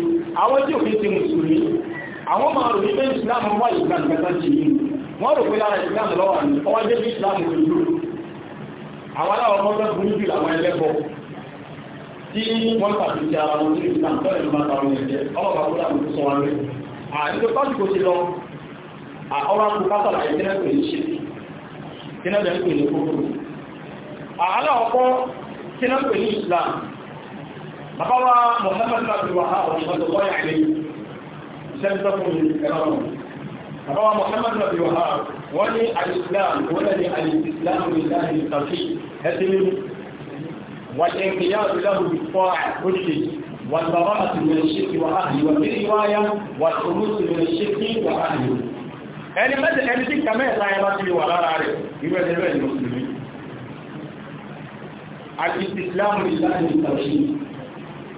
àwọn tí òfin ti mùsùlùmí àwọn máa rò wọ́n rò pé lára Islam lọ́wọ́ àmì ọwọ́jẹ́ bí Islam lójú àwọn aláwọ̀ kọ́kọ́ burú jù làwọn ẹlẹ́bọ tí wọ́n tàbí ti ara wọn sí ìgbà tọ́lẹ̀ ló máa ta wọn ẹ̀jẹ̀ ọlọ́pàá kó dàbí sọ wọn lé àìsí pàṣẹ kò ti lọ ọwọ́ akó pátálà ìtẹ́lẹ̀ pè ní ṣe tẹ́lẹ̀ pè ní kókòrò aláwọ̀ kọ́ tẹ́lẹ̀ pè ní Islam bàbá wa Muhammad abdulwahab ọ̀sán tó wáyà lẹ́yìn sẹ́ńtọ́ fún ẹ̀rọ روى محمد بن ابي وهاب ولي الاسلام ولي الاستسلام لله التركي هتم والانقياد له بالطاعه كله والبراءة من الشرك وأهله وفي رواية والخلوص من الشرك وأهله يعني مثلا يعني تلك ما يطايرات لي ولا أعرف يبقى دلوقتي المسلمين الاستسلام لله التوحيد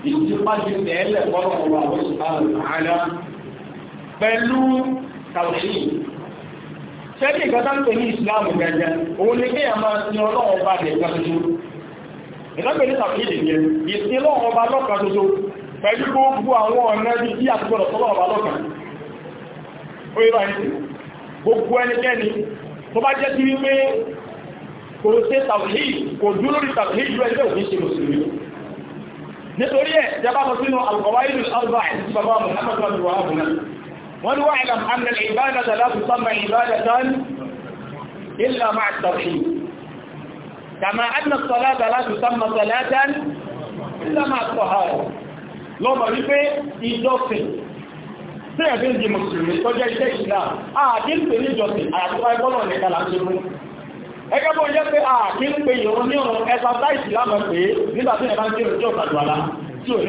استقاد يتعلق الله سبحانه وتعالى بلو tàwùsí ṣẹ́bí ìgbàtà ń pè ní ìsìláàmù gẹ́gẹ́ òun ni kéèyàn máa sin ọlọ́run ọba rẹ̀ kan tuntun ìlọ́pẹ̀ ní tàbí ìdíyẹ ìsin ọlọ́run ọba lọ́kan tuntun pẹ̀lú gbogbo àwọn ọ̀nà ẹbí tí àtúgbọ̀dọ̀ sọ́lọ́run ọba lọ́kan ó yẹ báyìí sí gbogbo ẹnikẹ́ni tó bá jẹ́ sí wípé kò ṣe tàbí kò dúró lórí tàbí ju ẹgbẹ́ òfin ṣe mùsùlùmí nítorí ẹ̀ jẹba lọ sínú àlùkọ̀wá ìlú àlùbáà wọ́n ní wa'lam anna al-ibadata la tusamma ibadatan illa ma'a at-tawhid kama anna as-salata la tusamma salatan illa ma'a at-tahara lọ́mọ̀ wípé ìjọsìn tí ẹ̀bí ń di mùsùlùmí tó jẹ́ iṣẹ́ ìṣìlá àti ń pè ní ìjọsìn àyàtúwà ẹgbọ́nà nìkan là ń ṣe fún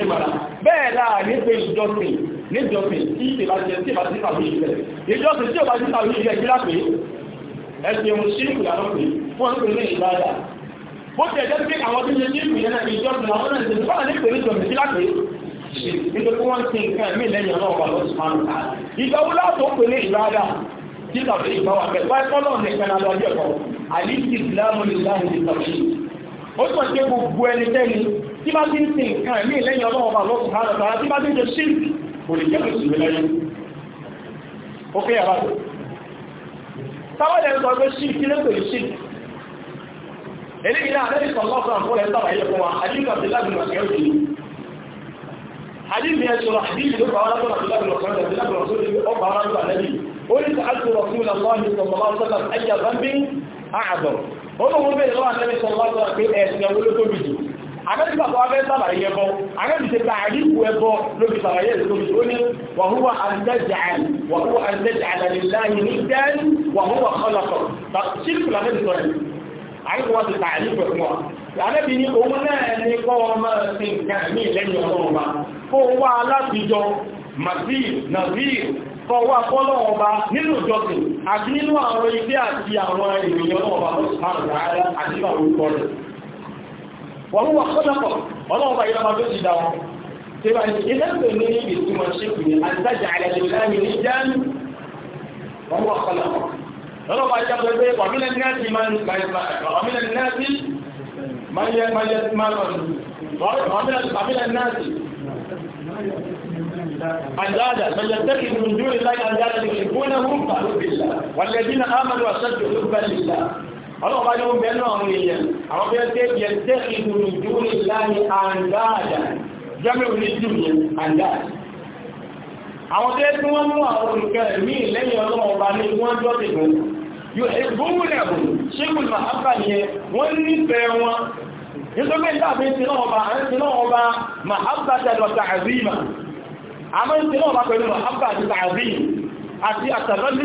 ẹgbẹ́ bó níjọsìn tí ìbájẹ́ tí ìbájẹ́ tàbí ìbẹ̀ ìjọsìn tí ìbájẹ́ tàbí ìbẹ̀ ìgbìlá pé ẹ̀sìn òun ṣírìkù lánàá pé fún ọdún ní ìbájá bó ti ẹ̀jẹ́ pé àwọn tó ṣe ṣírìkù yẹn náà ìjọsìn àwọn náà ṣe fún àdéhùn pẹ̀lú ìjọsìn ìgbìlá pé nítorí wọ́n ti nǹkan mí lẹ́yìn ọ̀nà ọ̀pá lọ́sùn márùn-ún ìgbà wo látò pè ní ìbájá tí tàbí ìgbà wà bẹ́ẹ̀ báyìí kọ́ náà nìkan náà lọ́jọ́ kan àlí ti ìsìlámù lè láàrin ti tàbí ó tún ṣe gbogbo ẹnikẹ́ni tí bá ti ń sin nǹkan mí lẹ́yìn ọlọ́wọ́ bá lọ́sùn márùn-ún tí bá ti ń ṣe ṣírìkù kò lè jẹ́ mùsùlùmí lẹ́yìn ó kí yàrá tó tábàlẹ̀ ń sọ pé sí kí ló pèlú sí eléyìí náà lẹ́yìn sọ̀lọ́sọ̀ àkọọ́lẹ̀ sábà yẹ fún wa àdínkù àti lágbìmọ̀ àkẹ́rù yìí حديث يا شيخ حديث يقول على طول عبد الله بن مسعود عبد الله بن مسعود أبا عبد النبي قلت سألت رسول الله صلى الله عليه وسلم أي ذنب أعظم هو مو بين الله النبي صلى الله عليه وسلم يقول له تبجي àmẹ́ríkà tó wá fẹ́ sàlàyé ẹbọ àmẹ́ríkà ti ta àríkù ẹbọ lóbi sàlàyé lóbi tó ní wàhúwà àndẹ́jàán wàhúwà àndẹ́jàán àdàlìláyìn ní dẹ́n wàhúwà kọlọkọ ṣíkù làmẹ́ríkà rẹ̀ àríkù wá ti ta àríkù ẹ̀fún wa àmẹ́bí ní òun náà ní kọ́ ọmọ sí nǹkan ní ìlẹ́yìn ọlọ́run wa kó wá alábìjọ mazir nazir kọ́ wá fọ́lọ́ ọba nínú ìjọsìn àti nínú àwọn ilé àti àwọn ènìyàn ọba àti àwọn olùkọ́ rẹ̀ wọ́n wọ́n kọ́lọ́pọ̀ ọlọ́wọ́ bá yọba tó ti dá wọn. tẹ́lá ní ilé ń pè ní ibi tí wọ́n ṣe kùnì àtàjà àlejò láàmì ní jáàmù wọ́n wọ́n kọ́lọ́pọ̀. lọ́lọ́ bá yọba pé ọ̀mílẹ̀ náàtì máa ń ọ̀mílẹ̀ náàtì máa ń yẹ máa ń yẹ máa ń ọ̀mílẹ̀ náàtì. أندادا من يتخذ من دون الله أندادا يحبونهم كحب الله والذين آمنوا أشد حبا لله ọlọ́run bá ní oúnjẹ náà àwọn èèyàn àwọn bí ó tẹ́ yẹ tẹ́ ìdùnnú dúró láàrin àǹdáàdà jẹ́mẹ̀rún ní jù ní àǹdáàdà àwọn tẹ́ tí wọ́n mú àwọn olùkẹ́ mí lẹ́yìn ọlọ́run bá ní wọ́n jọ́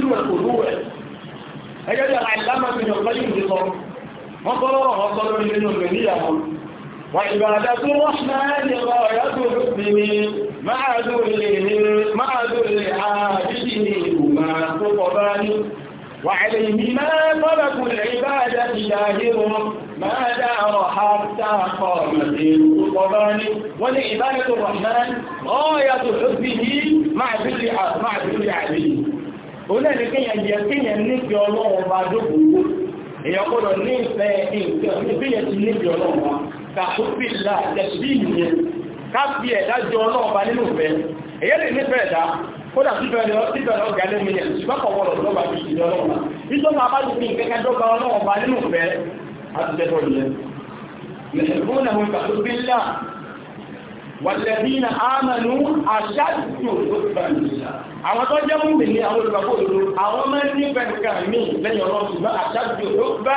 yóò gẹ́gẹ́ bí àìlámà ti lọ lọ́yìn ti sọ wọ́n kọ́ lọ́rọ̀ wọ́n sọ lórí nínú rẹ̀ níyàwó wà ìbàdà tó wọ́n máa ń yẹ̀rọ ọ̀yá tó lóbi ni máa dúró àbíjì ni ìrùmà tó kọ bá ní wà ìlèmí máa tọ́lọ̀kù ìbàdà ti dàhírò máa dáhọ̀ hátà kọ̀ mẹ́rin tó kọ bá ní wọ́n ní ìbàdà tó wọ́n máa ń ọ̀yá tó lóbi ni máa dúró àbíjì òun náà ní kéèyàn jẹ kéèyàn níbi ọlọ́run bá dókòwò èèyàn gbọ́dọ̀ ní ìfẹ́ nǹkan kéèyàn ti níbi ọlọ́run wa kà tó fi là tẹ̀sí ìyẹn ká fi ẹ̀dá jọ ọlọ́run bá nínú ìfẹ́ èèyàn lè nífẹ̀ẹ́ ẹ̀dá kódà والذين آمنوا أشد حبا àwọn tó jẹ́ mú mi ní àwọn olùgbàgbọ́ òdodo àwọn máa ń ní bẹ̀rùkà mí lẹ́yìn ọlọ́run ṣùgbọ́n àṣàjù ló bá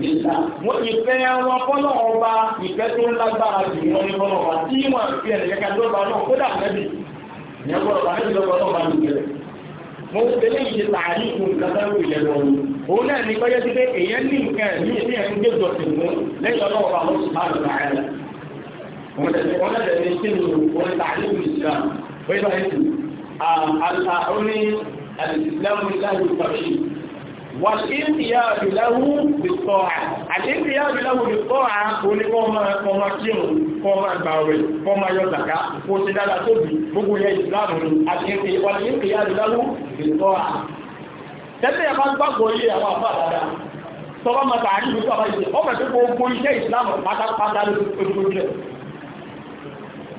níta wọn ìfẹ́ wọn fọ́nà ọba ìfẹ́ tó ń lágbára jù wọn ní fọ́nà ọba tí wọn fi ẹ̀rẹ̀ kẹ́kẹ́ lọ́ba náà kódà nẹ́bì ní ẹgbẹ́ ọba nẹ́bì lọ́ba náà bá nìkẹ́ mo ń tẹ́lẹ̀ ìṣe tààrí ìkùn kátàrú ìlẹ̀ lọ́wọ́ òun náà ní kọ́jọ́ sí pé èèyàn ní nǹkan ní ilé ẹ̀ ń gbé dọ̀tí mú lẹ́yìn ọlọ́wọ́ bá lọ́sùn máa lọ láàárẹ̀ wọn lẹ́sẹ̀ wọn lẹ́sẹ̀ ní sínú wọn tààrí ìkùn ìsìlá wọ́n yẹ àtàrí alìsìláwò láàrín ìfàṣí wà ìdíyàwó láwú bìtọ́à àdíyàwó láwú bìtọ́à oníkọ́mọ kírùn kọ́mọ gbàwẹ̀ kọ́mọ yọ̀zàká kò sí dára tó bí gbogbo yẹ ìsìláàmù àti wà ìdíyàwó láwú bìtọ́à tẹ́tẹ́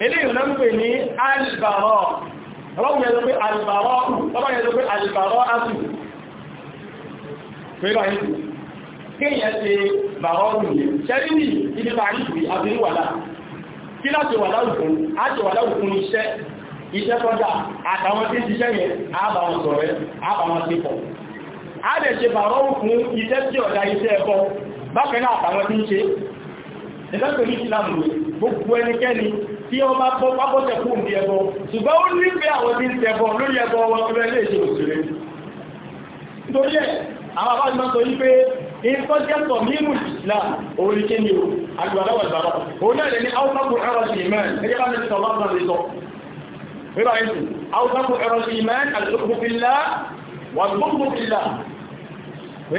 eléyìí náà ń pè ní alìbàrọ̀ ọlọ́pùn yẹ́ tó pé alìbàrọ̀ ọlọ́pùn yẹ́ tó pé alìbàrọ̀ ásù pẹ̀lú àìsù kéèyàn ṣe bàrọ̀ nìyẹn ṣẹ́rí ní ibi àìsù àbíwàlá kí láti wà láwùkún láti wà láwùkún iṣẹ́ iṣẹ́ tọ́jà àtàwọn tí ṣiṣẹ́ yẹn àbàwọn sọ̀rẹ́ àbàwọn sí pọ̀ á dẹ̀ ṣe bàrọ̀ fún iṣẹ́ tí ọ̀dá iṣẹ́ ẹ̀kọ́ bákan náà àtàwọn tí ń ṣe ìdájọ́ ní islam rẹ̀ gbogbo ẹnikẹ́ni tí wọ́n bá bọ́ pápọ́tẹ̀ fún òǹdí ẹbọ ṣùgbọ́n ó nífẹ̀ẹ́ àwọn tí ń tẹ̀bọ̀ lórí ẹbọ wọn rẹ̀ lè ṣe òṣèré nítorí ẹ̀ àwọn àbá ìmọ̀ sọ yí pé ìfọ́jẹ́tọ̀ mímú islam orí kí ni o àgbàdáwà ìbàbà òun náà lè ní áwùsàkùn ẹ̀rọ sí ìmẹ́rin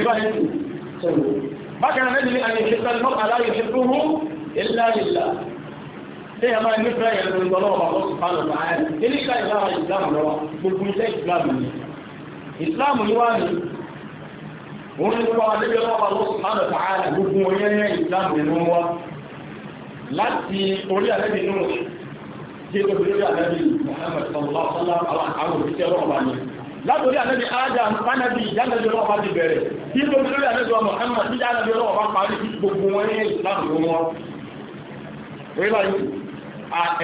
ẹgbẹ́ bá bákan náà ní àyè ìṣẹ́ta ní mọ́ta láyé ṣe tó mú ilá ìlà ṣé ẹ máa nífẹ̀ẹ́ yẹn lórí ọlọ́wọ́ bàbá sùpánù náà ilé ìlà ìlà ìsìlámù lọ́wọ́ gbogbo iṣẹ́ ìsìlámù ni ìsìlámù ni wá ní wọ́n ní wọ́n adébí ọlọ́wọ́ bàbá sùpánù náà gbogbo wọn yẹn orí àlẹ́bí nù sallallahu alaihi wa sallam àwọn òṣìṣẹ́ ọlọ́wọ́ látòrí ànábì adam fánàbì ìjánàbí ọlọ́ọ̀bá ti bẹ̀rẹ̀ tí ó bí lórí ànábì ọmọ ẹmà parí gbogbo wọn ní ìsìláàmù fún wọn ríra yìí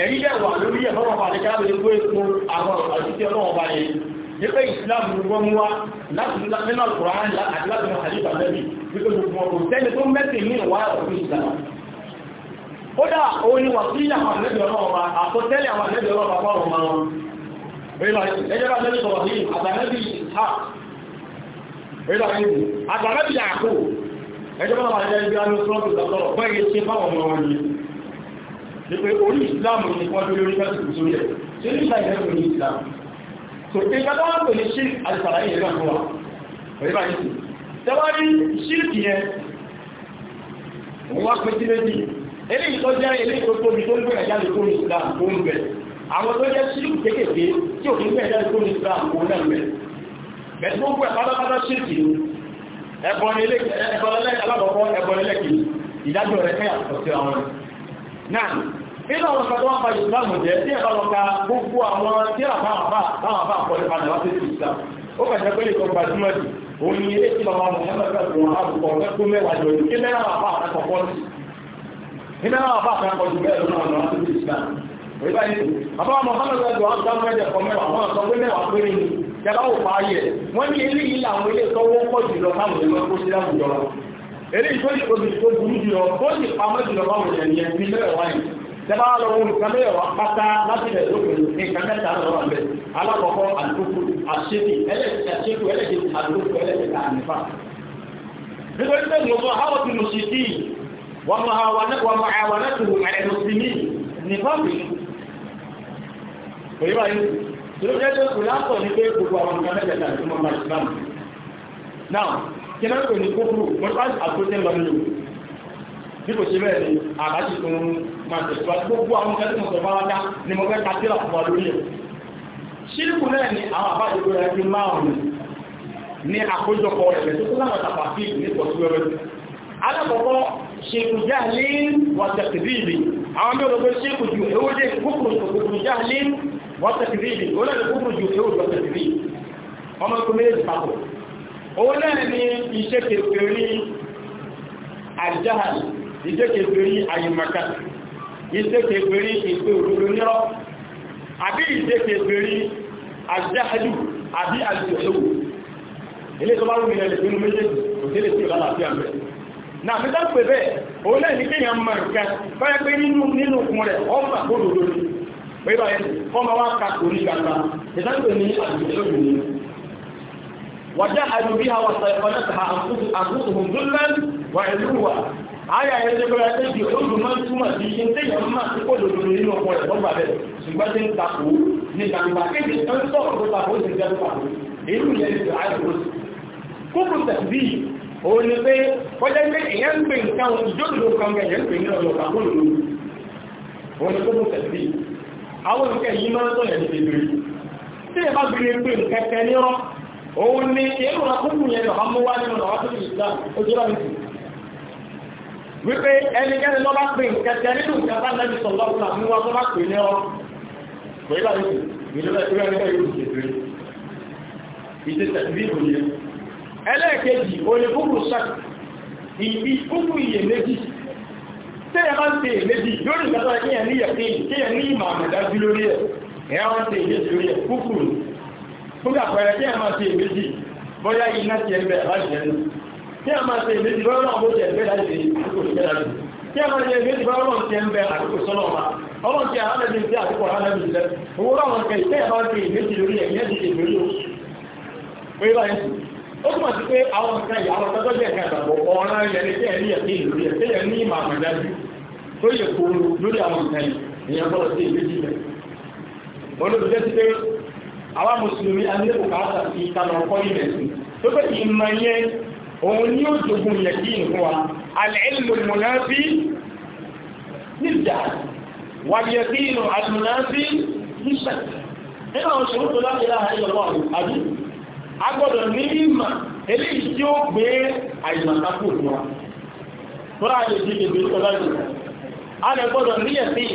ẹ̀rí yẹ̀ lórí ẹ̀ pàdé káàbẹ̀ epo epo àwọn àtúntì ọlọ́ọ̀bá yìí ní ìsìláàmù wá ẹjọ́bá lẹ́bí sọ̀rọ̀ ní àgbàlẹ́bí ha ẹjọ́bá lẹ́bí àgbàlẹ́bí àkó ẹjọ́bá wà jẹ́ ibi alẹ́ sọ́ọ̀tù ìdàtọ̀rọ̀ pẹ́yẹ ṣe fáwọn ọmọ wọn ni ní pé orí ìsìláàmù ní wọ́n tó lórí fẹ́sì tó yẹ ṣe ní ìgbà ìrẹ́kù ní ìsìláàmù tó ìgbà tó wọ́n pè ní ṣí àìsàlàyé ìrẹ́ fún wa ẹjọ́bá yìí tẹ́wàá ní ṣíìkì yẹn òun wá pẹ́ sí méjì eléyìí tó jẹ́ eléyìí tó tóbi tó ń gbẹ̀rẹ̀ jáde tó ní ìsìláàmù tó ń bẹ̀rẹ̀ àwọn tó jẹ́ sílù kéékèèké tí òfin bẹ̀rẹ̀ lẹ́nu fún islam kò náà mẹ́ bẹ̀rẹ̀ tó gbẹ̀ pátápátá sílùkì ní ẹbọnilẹ́ alábọ̀bọ̀ ẹbọnilẹ́ kìí ìdájọ́ rẹ̀ kẹ́yà ọ̀sẹ̀ àwọn rẹ̀ náà nínú àwọn ọ̀sẹ̀ tó wọ́n pa islam jẹ́ tí ẹ̀bá lọ ka gbogbo àwọn tí àwọn àbá àwọn àbá àkọlẹ̀ padà wá sí islam ó kàṣẹ́ pé lè kọ́ gbajúmọ̀ jù òun ni ilé tí bàbá Muhammad sọ̀rọ̀ àbùkọ̀ ọ̀fẹ́ tó àbá mohammed ẹgbẹ́ wọn gbá mẹ́jẹ kọ mẹ́wàá wọn sọ pé mẹ́wàá péré ni jẹba ò pa ayẹ wọn ní eléyìí làwọn ilé tó wọ́pọ̀ jùlọ káwọn èèyàn tó sí láwùjọ lọ eléyìí tó ní omi tó burú jùlọ tó sì pamọ́ jùlọ káwọn èèyàn yẹn ní mẹ́wàá yìí jẹba lọ wọn nǹkan mẹ́wàá pátá láti rẹ̀ lókè ní nǹkan mẹ́ta lọ́wọ́ àbẹ̀ alákọ̀ọ́kọ́ àdúgbò àṣẹ́kù ẹlẹ́sẹ̀kù ẹlẹ́sẹ̀kù àdúgbò ẹlẹ́sẹ̀kù ànífà nítorí pé mo sọ àwọn tí mo ṣe kí wọn kò yí báyìí tó ló jẹ́ tó kù látọ̀ ní pé gbogbo àwọn nǹkan mẹ́tẹ̀ẹ̀ta tó mọ́ máa ìsìlámù náà kí náà kò ní kókùrù mọ́tíwájú àkótẹ́ lọ nílò bí kò ṣe bẹ́ẹ̀ ni àbájú tó ń máa tẹ̀síwájú gbogbo àwọn nǹkan tó mọ̀ sọ̀rọ̀ wáta ni mo fẹ́ ka sílà fún wa lórí ẹ̀ ṣírìkù náà ni àwọn àbájú tó yẹ kí márùn-ún ní àkójọpọ̀ ẹ̀fẹ̀ tó tó láwọn tàfà ní pọ̀túwẹ́rẹ́ alákọ̀ọ́kọ́ ṣèkù jáàlì wàtàkìrìbì àwọn mẹ́rin ọgbẹ́ ṣèkù jù ewúdé kúkùrù jáàlì wàtàkìrìbì olóòrùn kúkùrù jù ewúdé wàtàkìrìbì ọmọ ikú méjì papọ̀ owó náà ni iṣẹ́ kèfèrí àjáhàlì iṣẹ́ kèfèrí àyèmàkà iṣẹ́ kèfèrí ìpé òdodo nírọ́ àbí iṣẹ́ kèfèrí àjáhàlì àbí àjòhòwò ilé tó bá rú mi nínú méjèèjì òjèlè sí ìlàlàfíà mẹ́rin náà mi dápè bẹ́ẹ̀ òun náà ní kéèyàn mọ̀ nǹkan báyẹ̀ pé nínú nínú kun rẹ̀ ọmọ àkóòdòdó ni pé báyẹ̀ kọ́mọ wá ka kò ní gbàgbà ìdápè ní àdìgbò ní wàjá àdùbí ha wàsà ìfọ̀nà ta àkóso hùndúnlán wà ìlú wa àyà yẹn tó bẹ̀rẹ̀ pé jù olùdó máa ń túmọ̀ sí iṣẹ́ téèyàn máa ti kó lòdòdò nínú ọkọ̀ ẹ̀ lọ́gbà bẹ̀ ṣùgbọ́n tí ń takò ní ìgbàgbà kéde tó ń sọ̀rọ̀ tó takò ó sì jẹ́ tó takò èyí ló yẹ òun ni pé kọjá pé èèyàn ń gbé nǹkan ìjọ́dúró kan gẹ̀ẹ́jẹ́ ń pè ní ọ̀rọ̀ àbúrò lórí òun ni tó mú tẹ̀sí àwọn nǹkan yìí máa ń tọ̀yẹ̀ ní bèbèrè tí ẹ bá gbé pé nǹkan tẹ ní ọ́ òun ni èrò àkókò yẹn lọ́wọ́ mú wá nínú ọ̀rọ̀ àbúrò Islam ojú bá mi sì wípé ẹnikẹ́ni lọ́ bá pè nǹkan tẹ nínú nǹkan bá lẹ́bi sọ̀lọ́ fún àmú wa tó bá pè ní ọ́ pẹ̀lú àyè ìjọba ìjọba ìjọba ìjọba ìjọba ìjọba ẹlẹ́ẹ̀kejì olùkúrù sọ́k ìbí kúrù iyèméjì tẹ́yẹ máa ń tẹ èméjì lórí ìgbàtọ̀ kíyàn ní yẹ̀kí kíyàn ní ìmọ̀ àmọ̀dájú lórí ẹ̀ ẹ̀yà wọ́n tẹ èméjì lórí ẹ̀ kúkúrù fún àpẹẹrẹ kíyàn máa tẹ èméjì bóyá iná ti ẹgbẹ́ àbájẹ́nu kíyàn máa tẹ èméjì bóyá náà bó jẹ́ ẹgbẹ́ láti àkókò ìgbẹ́lájú kíyàn máa tẹ èméjì bóyá náà ti ẹgbẹ́ àkókò sọ́nà ọ̀ma ọlọ́run ti àwọn ẹgbẹ́ ti àkókò àwọn ẹgbẹ́ ti lẹ owó láwọn kẹ ìtẹ́yà bá tẹ èméjì lórí ẹ̀ ìyẹn ti tẹ èméjì ó pé báyìí ó túmọ̀ sí pé àwọn nǹkan yìí àwọn tọ́jọ́ jẹ́ nǹkan àgbàgbọ́ ọ̀ràn yẹn ní tẹ́yẹ̀ ní ẹ̀kí ìlú yẹn tẹ́yẹ̀ ní ìmọ̀ àmọ̀dájú tó yẹ kóoru lórí àwọn nǹkan yìí ìyẹn gbọ́dọ̀ sí ìlú jílẹ̀ olóòjẹ́ sí pé àwa mùsùlùmí alẹ́kùn káàtà sí ìtànà ọkọ̀ ilẹ̀ sí tó pé ìmọ̀ yẹn òun ní ó jogun yẹ kí nǹkan wa alẹ́lò mùnáfí níjà wàlẹ̀ kí nù àlùmùnáfí níṣà nínú àwọn ṣòro tó láti láàárín ọlọ́run àdúgbò a gbọ́dọ̀ ní ìmọ̀ eléyìí tí ó gbé àìmọ̀sákò fún wa fúnra lè di ìgbé ọlọ́dún a lè gbọ́dọ̀ ní ẹ̀sìn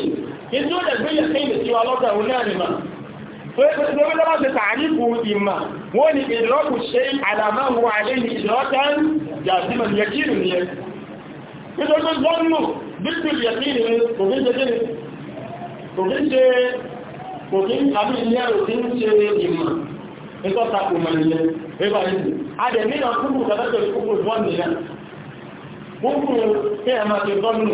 kí tí ó lè gbé ẹ̀sìn lè ti wa lọ́dọ̀ òun náà nìmọ̀ Gbogbo ọmọ ti tààríkù ìmọ̀ wọ́n ni ìdọ́kù ṣe àdàmáwò àlẹ́yìn ìdọ́kàn jàdìmọ̀ yẹ̀kìrì ni ẹ. Nítorí gbọ́nù bíkù yẹ̀kìrì ni kò kí ń ṣe kíni, kò kí ń ṣe, kò kí ń ṣe ìmọ̀. nítorí tako mọ̀lẹ́lẹ́ ẹgbà ní ìlú adẹ̀mí náà kúrò gbàdájọ́ ìkókò ìwọ́nì náà gbogbo kí ẹ máa ti gbọ́nù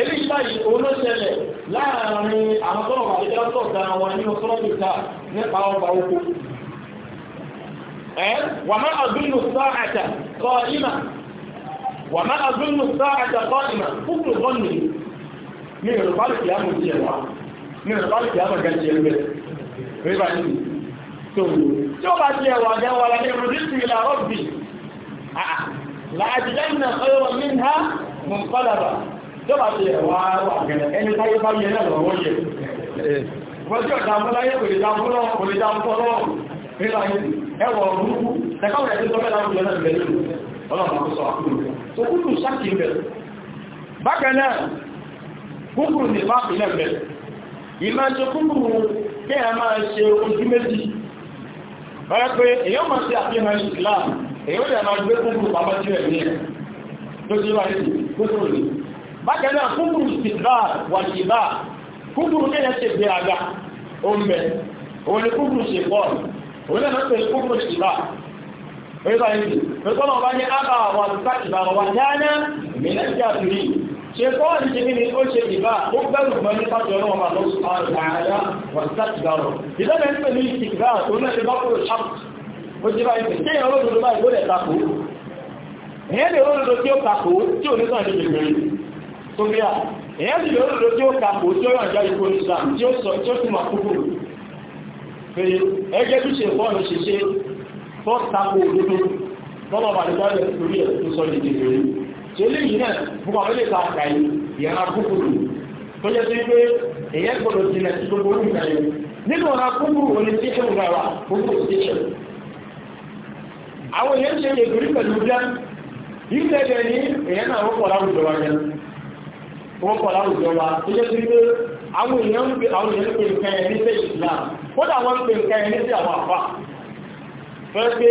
eléyìí báyìí òun ló ṣẹlẹ̀ láàárín àwọn tó wà ní ẹjọ́ ọ̀gá wọn ní ọ̀sọ́rọ̀dì ká nípa ọgbà oko ẹ wà má àdúnnù sáàtà kọ ìmà wà má àdúnnù sáàtà kọ ìmà kúrò gbọ́nù ní ìrọ̀bálùkì àmọ̀ ìjẹ̀wà ní ìrọ̀bálùkì àmọ̀ ìjẹ̀wà tí ó bá ti ẹwà gẹ́wà lẹ́yìn rúdíṣì ìlà rọ́bì láàjìlẹ́ ìnà ọyọ́ mi ha mọ̀ kọ́lábà tí ó bá ti ẹwà wà gẹ́lẹ̀ ẹni táyé bá yẹ náà lọ́wọ́ yẹ wọ́n tí ọ̀dà fúnláyé kò lè dáfún lọ́wọ́ kò lè dáfún lọ́wọ́ nígbà yìí ẹwà òrùkú lẹ́kọ̀ọ́ rẹ̀ tí tó kúrò kí ẹ máa ṣe ojú méjì bára pé èyàn máa ṣe àfihàn Islam èyàn lè máa gbé kúrò pàmọ́ sí ẹ̀ ní ẹ̀ tó ṣe wà ní kúrò ní bákan náà kúrò ìsìnbá wà ní ìbá kúrò ní ẹ̀ ṣe gbé àga oúnjẹ òun ni kúrò ṣe pọ̀ òun náà pé kúrò ìsìnbá orí báyìí pẹ̀lú ọmọ bá ní àbá àwọn àtúntà ìbára wà dáná mìíràn ṣe fọ́ọ̀lù ṣe nínú ó ṣe ìbá ó bẹ̀rù mọ́ nípa jọrọ ọmọ lọ sí àárá wàtàkìgbàrọ̀ ìlẹ́mẹ̀ ń pè ní ìsìnkìgbà tó náà ṣe bá kúrò ṣáàpù ó jẹ́ báyìí pé kéèyàn olódodo báyìí ó lẹ̀ takò èèyàn lè olódodo tí ó takò tí ò ní sàn ṣe bèbèrè tó bí à èèyàn sì lè olódodo tí ó takò tí ó yàn já ikú islam tí tó lè yìí náà fún àwọn ilé ìta àkà yìí ìyára kúkúrú tó jẹ́ sí pé èyẹ́ gbọ́dọ̀ jìnà sí gbogbo orí ìta yìí nínú ọ̀nà kúkúrú òní tí ṣe wùrà wà kúkúrú tí ṣe àwọn èyẹ́ ṣe ègbèrí pẹ̀lú jẹ́ ilé ẹgbẹ́ ní èyẹ́ náà wọ́n pọ̀ láwùjọ wa jẹ́ wọ́n pọ̀ láwùjọ wa tó jẹ́ sí pé àwọn èèyàn ń pe àwọn èèyàn ń pe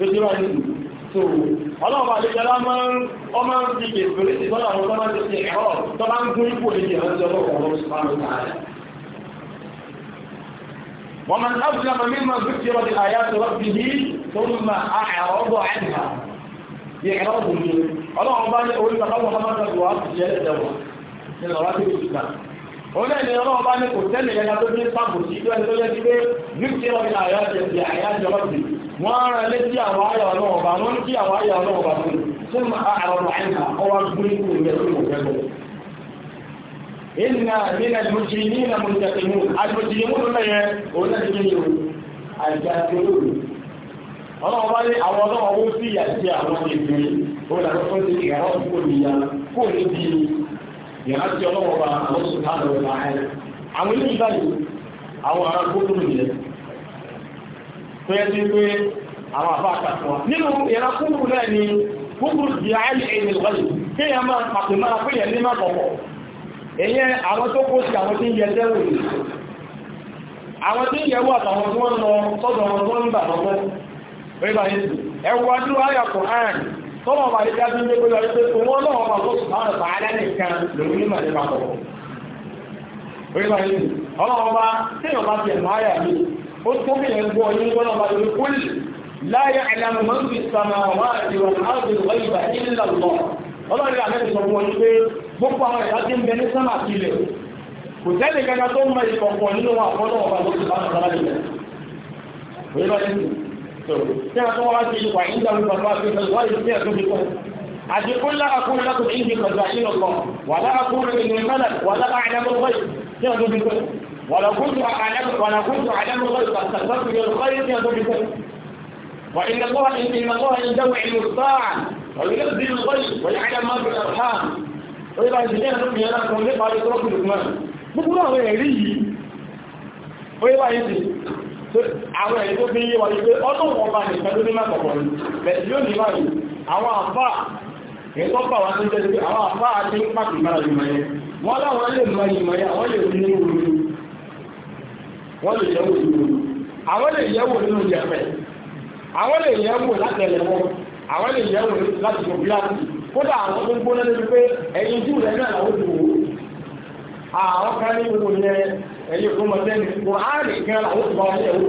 lójúmọ́ ní ìlú tó ọlọ́ọ̀bà àdéjọlá ọmọ ń fi ètò lè ti bọ́lá àwọn tọ́lá ti ṣe ẹ̀họ́ tọ́lá ń gún ipò lè jẹ́ ọjọ́ ọlọ́ọ̀bà sùpánù tààrà wọ́n máa ń áfíríkà mímọ́ gbèsè rọ̀ ní àyà tó rọ̀ fi yìí tó ń ma àrọ̀bọ̀ àìmà yẹ ẹ̀rọ̀bù ni ọlọ́ọ̀bà ní orí bàbá mọ̀ ọ̀nà ni ọlọ́run bá ní kò tẹ́lẹ̀ ẹ̀ka tó ní pàǹkù sí ìlú ẹni tó yẹ sí pé yúkẹ́ ọ̀nà àyà jẹ̀bi àyà jọba sí wọ́n ara lé sí àwọn àyà ọlọ́run ọba wọ́n ní sí àwọn àyà ọlọ́run ọba fún fún àwọn àyà ọwọ́ gbúrí kù ní ẹ̀rọ ìwọ̀fẹ́ lọ. ìnà nínà mùsùlùmí nà mùsùlùmí àlùmùsùlùmí ló mẹ́yẹ òun náà ti ní o àjà olóòrù ọlọ́run bá ní àwọn ọlọ́run ó sì yà sí àwọn ìgbìmọ̀ yàrá tí ọlọ́wọ́ bá àwọn àwọn ilé àwọn tọ́lọ̀ ọba àti ìyá tó ń dé pẹ̀lú ọdún pé òun ọlọ́wọ́ ọba tó sùn láwọn ọba alẹ́ nìkan lòun ní màdé papọ̀. orí bá yẹn ọlọ́wọ́ ọba téèyàn bá ti ẹ̀mọ́ ayà mi ó tó bí ẹ̀ ń gbọ́ ọyún gbọ́dọ̀ ọba lórí kúlì láyé àlàmù mọ́ fi sàmà wá ìwà áàbì wá ti ń bẹ ní sámà sílẹ̀ kò sẹ́ni kankan عندي قل لا أكون لكم عندي خزائن الله ولا أكون من الملك ولا أعلم الغيب ولا كنت أعلم ولا كنت أعلم الغيب فاستغفرت من الخير يا بكر وإن الله إن الله عنده علم الساعة وينزل الغيب ويعلم ما في الأرحام وإذا جئنا نبني أنا كم نبقى يترك الإثمان بقول الله يا ريجي وإذا àwọn èyí tó fi yé wáyé pé ọdún wọn bá nìkan ló ní má kọ̀kọ̀ ní bẹ̀ẹ̀ yóò ní báyìí àwọn àfá èyí tó bà wá tó jẹ́ pé àwọn àfá àti ń pàtì mára ìmọ̀ yẹn wọ́n láwọn lè mọ ìmọ̀ yẹn àwọn lè ní orí wọ́n lè yẹ̀wò ìlú àwọn lè yẹ̀wò nínú yẹ̀fẹ̀ àwọn lè yẹ̀wò láti ẹ̀lẹ́wọ́ àwọn lè yẹ̀wò láti gbògbìláàtì kódà ẹ̀yìn òkú mọ̀ sẹ́ni kùránì gan àwọn òṣùpá wọn ṣe wò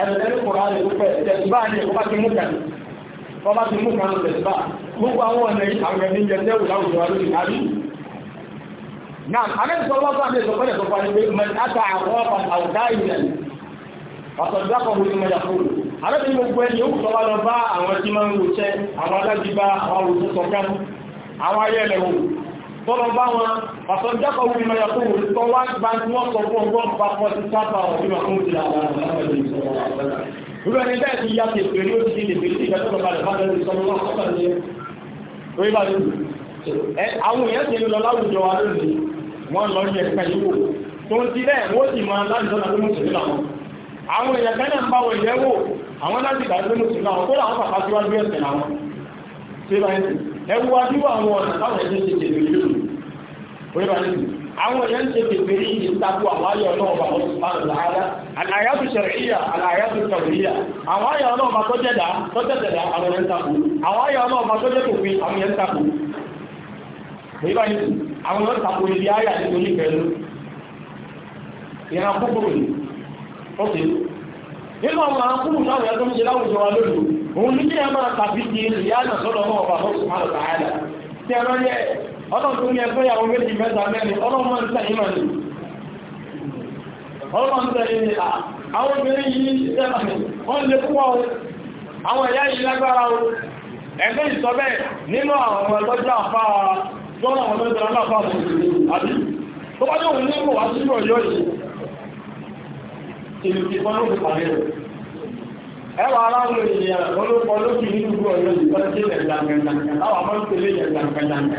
ẹ̀rẹ̀lẹ́rì kùránì púpẹ̀ tẹ̀síbá ní ẹ̀kọ́ bá ti mú kàn wọ́n bá ti mú kàn tẹ̀síbá gbogbo àwọn ọ̀nà àwọn ẹni jẹ tẹ́wù láwùjọ wa lórí àrí náà àrẹ́sì sọ wọ́n sáà lè sọ fẹ́rẹ̀ sọ fún ẹni pé mẹ́ta àtà àwọn ọ̀pá àwùdá ìlẹ̀ ọ̀sọ̀dọ́kọ̀ wo ni mo yà fún àrẹ́sì gbogbo ẹni ó sọ wá lọ bá àwọn tí máa ń wòṣẹ́ àwọn alágbèbá àwọn òṣìṣọ́ká àwọn ayẹ́lẹ̀ wò tọ́lọ bá wọn pàtàkì wí ma yàtọ̀ wò tọ́ wá gba tí wọ́n sọ fún ọgbọ́n papọ̀ ti sábà ọ̀bí ma fún ìlà Rúbẹ̀ ní bẹ́ẹ̀ ti ya tèfè ní oṣù tèfè tí ìgbà tọ́lọ bá lè bá lẹ́nu sọmọ náà sọ́kà ní orí bá lẹ́nu. Àwọn èèyàn ti lọ láwùjọ wa lónìí, wọ́n lọ yẹ ẹ̀ka yìí wò. Tó ń ti bẹ́ẹ̀ wọ́n sì máa láti sọ́nà tó mú sùn náà. Àwọn èèyàn kan náà ń bá wọ ìyẹ́ wò, àwọn láti gbà tó mú sùn náà, kó làwọn pàpà síwájú ẹ̀sẹ̀ náà. Ṣé báyìí? Ẹ wo adúgbò àwọn ọ̀nà táwọn ẹ̀sẹ̀ ṣe tèfè yìí àwọn èèyàn ṣe bèbè ní ìtakò àwọn ayọ̀ ọlọ́run bá wọn sùpá rẹ̀ láàárá àyàtò ṣẹ̀ríyà àyàtò ṣẹ̀ríyà àwọn ayọ̀ ọlọ́run bá tọ́jẹ̀dá tọ́jẹ̀dá àwọn èèyàn takò àwọn ayọ̀ ọlọ́run bá tọ́jẹ̀ kò fi àwọn èèyàn takò nígbà yìí àwọn èèyàn takò níbi ayà ní oníkẹ̀ẹ́lú ìran púpọ̀ rẹ̀ ó ti nínú àwọn akúrù náà yàtọ̀ ń ṣe láwùjọ wa lónìí òun ní kí ẹ máa tàbí di ìyá náà sọ́dọ̀ náà ọlọ́run tó ní ẹgbẹ́ ìyàwó méjì mẹ́ta mẹ́rin ọlọ́run máa ń tẹ̀yìn ọlọ́run tẹ̀yìn ní àwọn obìnrin yìí tẹ́lẹ̀ wọ́n lè púpọ̀ o nínú àwọn ọmọ ẹgbẹ́jọ́ àfáà lọ́nà àwọn sí ọ̀yọ́ yìí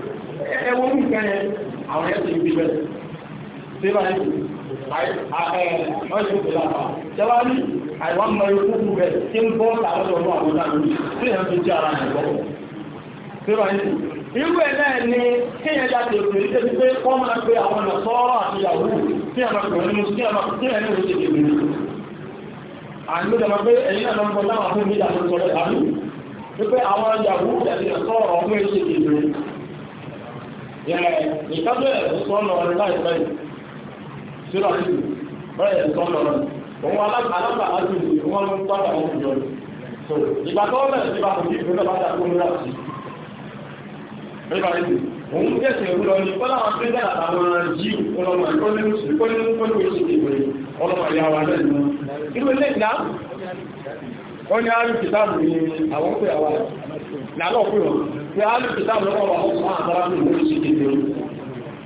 ẹwọ ní ìkẹrẹ àwọn ẹ̀sùn ìbí bẹ̀rẹ̀ tí bá ní ọjọ́ ìpìlá jẹba ní àìwọ́n mọ̀ ikú rẹ̀ tí ń bọ́ láàrín ọmọ àwọn ọmọ tí èèyàn fi jẹ́ ara rẹ̀ lọ́wọ́ tí bá irú ẹ̀ náà ni kéèyàn já ti òkè nígbà tí pé wọ́n máa pe àwọn ọ̀nà sọ́ọ́rọ̀ àti ìyàwó tí a máa pè nínú sí àmà tí ẹni ò ṣe kèké nínú àmì ìjọba pé ẹ̀yìn náà lọ́pọ̀ láwọn fún mi ìyàwó sọ́ọ́rọ̀ àbí wípé àwọn ìyàwó ẹ̀sìn sọ́ọ̀rọ̀ ọmọ ẹ̀ ṣe kèké ìkájọ́ ẹ̀sùn ọ̀nà ọ̀rẹ́ láìpẹ́ síra ìlú bẹ́ẹ̀ ẹ̀sùn ọ̀nà ọ̀rẹ́ òun alábà láti ìlú wọn ń padà wọn jọ so ìgbà tó ọ̀nà ìgbà kò ní ìfẹ́ bá dàgbò ní láti nípa ìlú òun tẹ̀sẹ̀ ìlú lọ ní kọ́lá àwọn tẹ́lẹ̀ àtàwọn jíù ọlọ́mọ ìkọ́lẹ́nu ìkọ́lẹ́nu pẹ̀lú lálọ́ pé wọn pé á lè fi dáàbò lọ́wọ́ wọn fún àgbára pé ìwé ṣe kéde o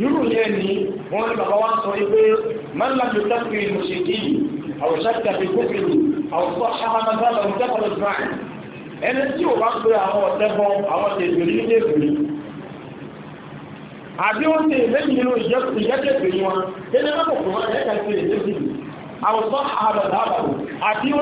irú yẹn ni wọn ní bàbá wa ń sọ pé máa ń láti dákì mo ṣe kí àwọn ṣáàtì àti gómìnà àwọn tó ṣáàmà náà lọ dẹ́kọ̀ọ́ lọ́dún báyìí ẹni tí ò bá pé àwọn ọ̀tẹ́bọn àwọn tẹ̀gbẹ̀rí nílé ìgbèrè àbí ó ṣe ìlẹ́yìn nínú ìjẹ́kẹ̀gbẹ̀ wọn tẹ́lẹ̀ mẹ́kọ̀ọ́ fún wọn ẹ̀ka ṣe ìlẹ́yìn àwòsàn àbàdàbà àbí ó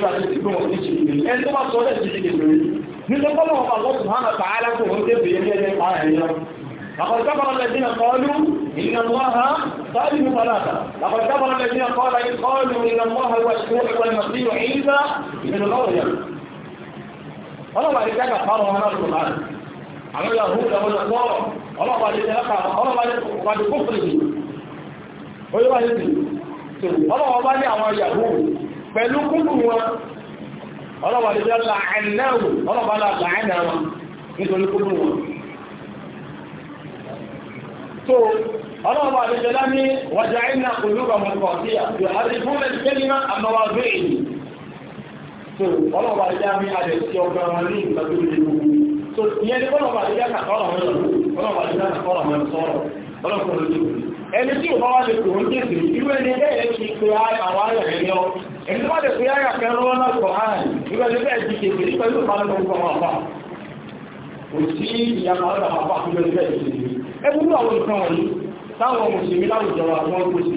bá ti ti gbọ́n ní ṣe ìgbè ẹni tó bá sọ ẹ̀ ti ṣe ìgbè rí nínú kọ́lọ̀ ọ̀pá lọ́sùn hàn tààlà kò wọ́n tẹ́ bèèrè ẹgbẹ́ pa ẹ̀yọ لقد كفر الذين قالوا إن الله ثالث ثلاثة لقد كفر الذين قالوا إن الله هو الشروع والمسيح عيسى ابن مريم ọlọ́wà ní kẹ́kà fáwọn ọmọ náà lọ́nà àwọn ìyàwó ìjọba lọ́wọ́ ọlọ́wà ní kẹ́kà ọlọ́wà ní wàdí kófìrì oyíwá yìí tó ọlọ́wà bá ní àwọn ìyàwó pẹ̀lú kúrù wọn ọlọ́wà lè jọ làánáwò ọlọ́wà làánà wọn nítorí kúrù wọn tó ọlọ́wà lè jọ lámí wàjá iná olúkọ mọ̀kànlá yóò àrífún lẹ́sí kẹ́límà àmọ́wà bẹ́ẹ̀ tó ọlọ́wà lè jọ lámí adẹ̀ sí ọgbà wọn ní ìgbà tó lè gbogbo tó ìyẹn ní ọlọ́wà lè jọ kàkọ́rọ̀ wọn lọ́wọ́ ọlọ́wà lè jọ ẹni tí ò bá wá lè kò ń tètè irú ẹni bẹ́ẹ̀ ti pe àwọn ayọ̀ ẹ̀yọ́ èyí wọ́n lè fi ayà kẹrọ náà kọ̀ hàn ìgbẹ́lẹ́ bẹ́ẹ̀ ti kèfè ní pẹ̀lú ìpàdé gbogbo àwọn àpá kò sí ìyàmà ọ̀dà àpá ìgbẹ́lẹ́ bẹ́ẹ̀ ti kèfè ẹgbùrú àwọn nǹkan wọ̀nyí táwọn mùsùlùmí láwùjọ wa wọ́n kó sí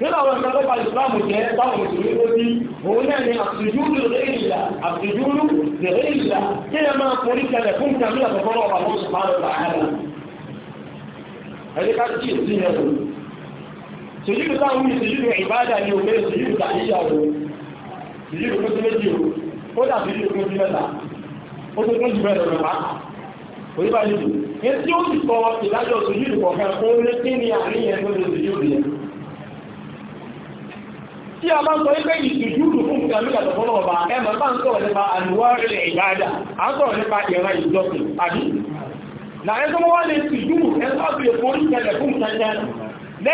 nínú àwọn nǹkan tó balẹ̀ ìsìláàmù jẹ́ táwọn mùsùlùmí kó sí òun náà ni àtìjúlù lẹ́yìnlá àtìjúlù lẹ́yìnlá kí ẹ máa forí kalẹ̀ fún kàmí àtọ̀kọ́rọ̀ ọ̀bà tó ìyí ìlú tó méjì o ó dàbí ìlú tó mẹ́ta ó tó tó jù mẹ́ta lọ́pàá òní bá yìí ní tí ó sì sọ ìdájọ́ sùjú ìlú kọ̀ọ̀kan ó lé kí ni àríyàn tó lè sùjú ìlú yẹn tí a bá ń sọ wípé ìsùjú ìlú fún ìgbà lókà tó fọ́nà ọba ẹ mọ̀ bá ń sọ̀rọ̀ nípa àlùwá ilẹ̀ ìgbàdà à ń sọ̀rọ̀ nípa ìran ìjọsìn àbí nà ẹ tó wá lè sùjú ẹ sábì èkó orí ìṣẹ̀lẹ̀ fún ìṣẹ̀lẹ̀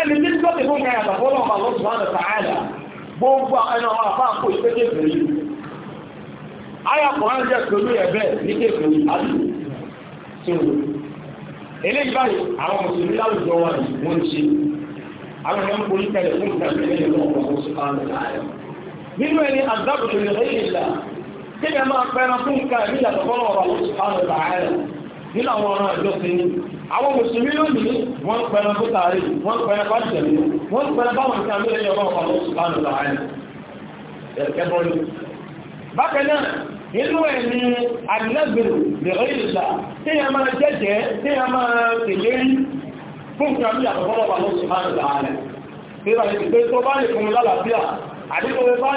lẹ́ni tí ó ti fún ìṣẹ̀lẹ̀ àtàfọ́nà ọba lọ́sùn gbogbo ẹnu àwọn àfáà kò ṣe kékeré yìí ayàpọ̀ ń jẹ́ pẹ̀lú ẹ̀bẹ̀ ní kékeré àdúgbò tí ó lò eléyìí báyìí àwọn mùsùlùmí láwùjọ wa yìí wọ́n ń ṣe àwọn ẹ̀rọ ń borí tẹ̀lé fún ìgbàgbé lẹ́yìn lọ́wọ́ ọ̀pọ̀ sí pàmò láàyè nínú ẹni àdábòtò ìrẹ̀lẹ́ ìlà kéde máa fẹ́ràn fún nǹkan ìlànà fọ́lọ́wọ́ ọ̀pọ̀ sí pàmò láàyè nínú àwọn ọ̀ràn ìjọsìn ni àwọn mùsùlùmí yóò ní wọ́n pẹ̀lú tó tààrí wọ́n pẹ̀lú bá tẹ̀lé wọ́n pẹ̀lú báwọn nǹkan ló lè yọ̀wọ́ ọ̀pọ̀ lọ́sùlùmí láàárín ẹ̀kẹ́ bọ́ọ̀lù bákan náà nínú ẹ̀ ni àdínàgbèrò lèrè ìlà tí a máa jẹ́jẹ́ tí a máa tẹ̀lé fún nǹkan bí àkọ́kọ́ ọ̀pọ̀ lọ́sùlùmí láàárín tí ẹ̀sọ́ bá lè yá àdíkò mi bá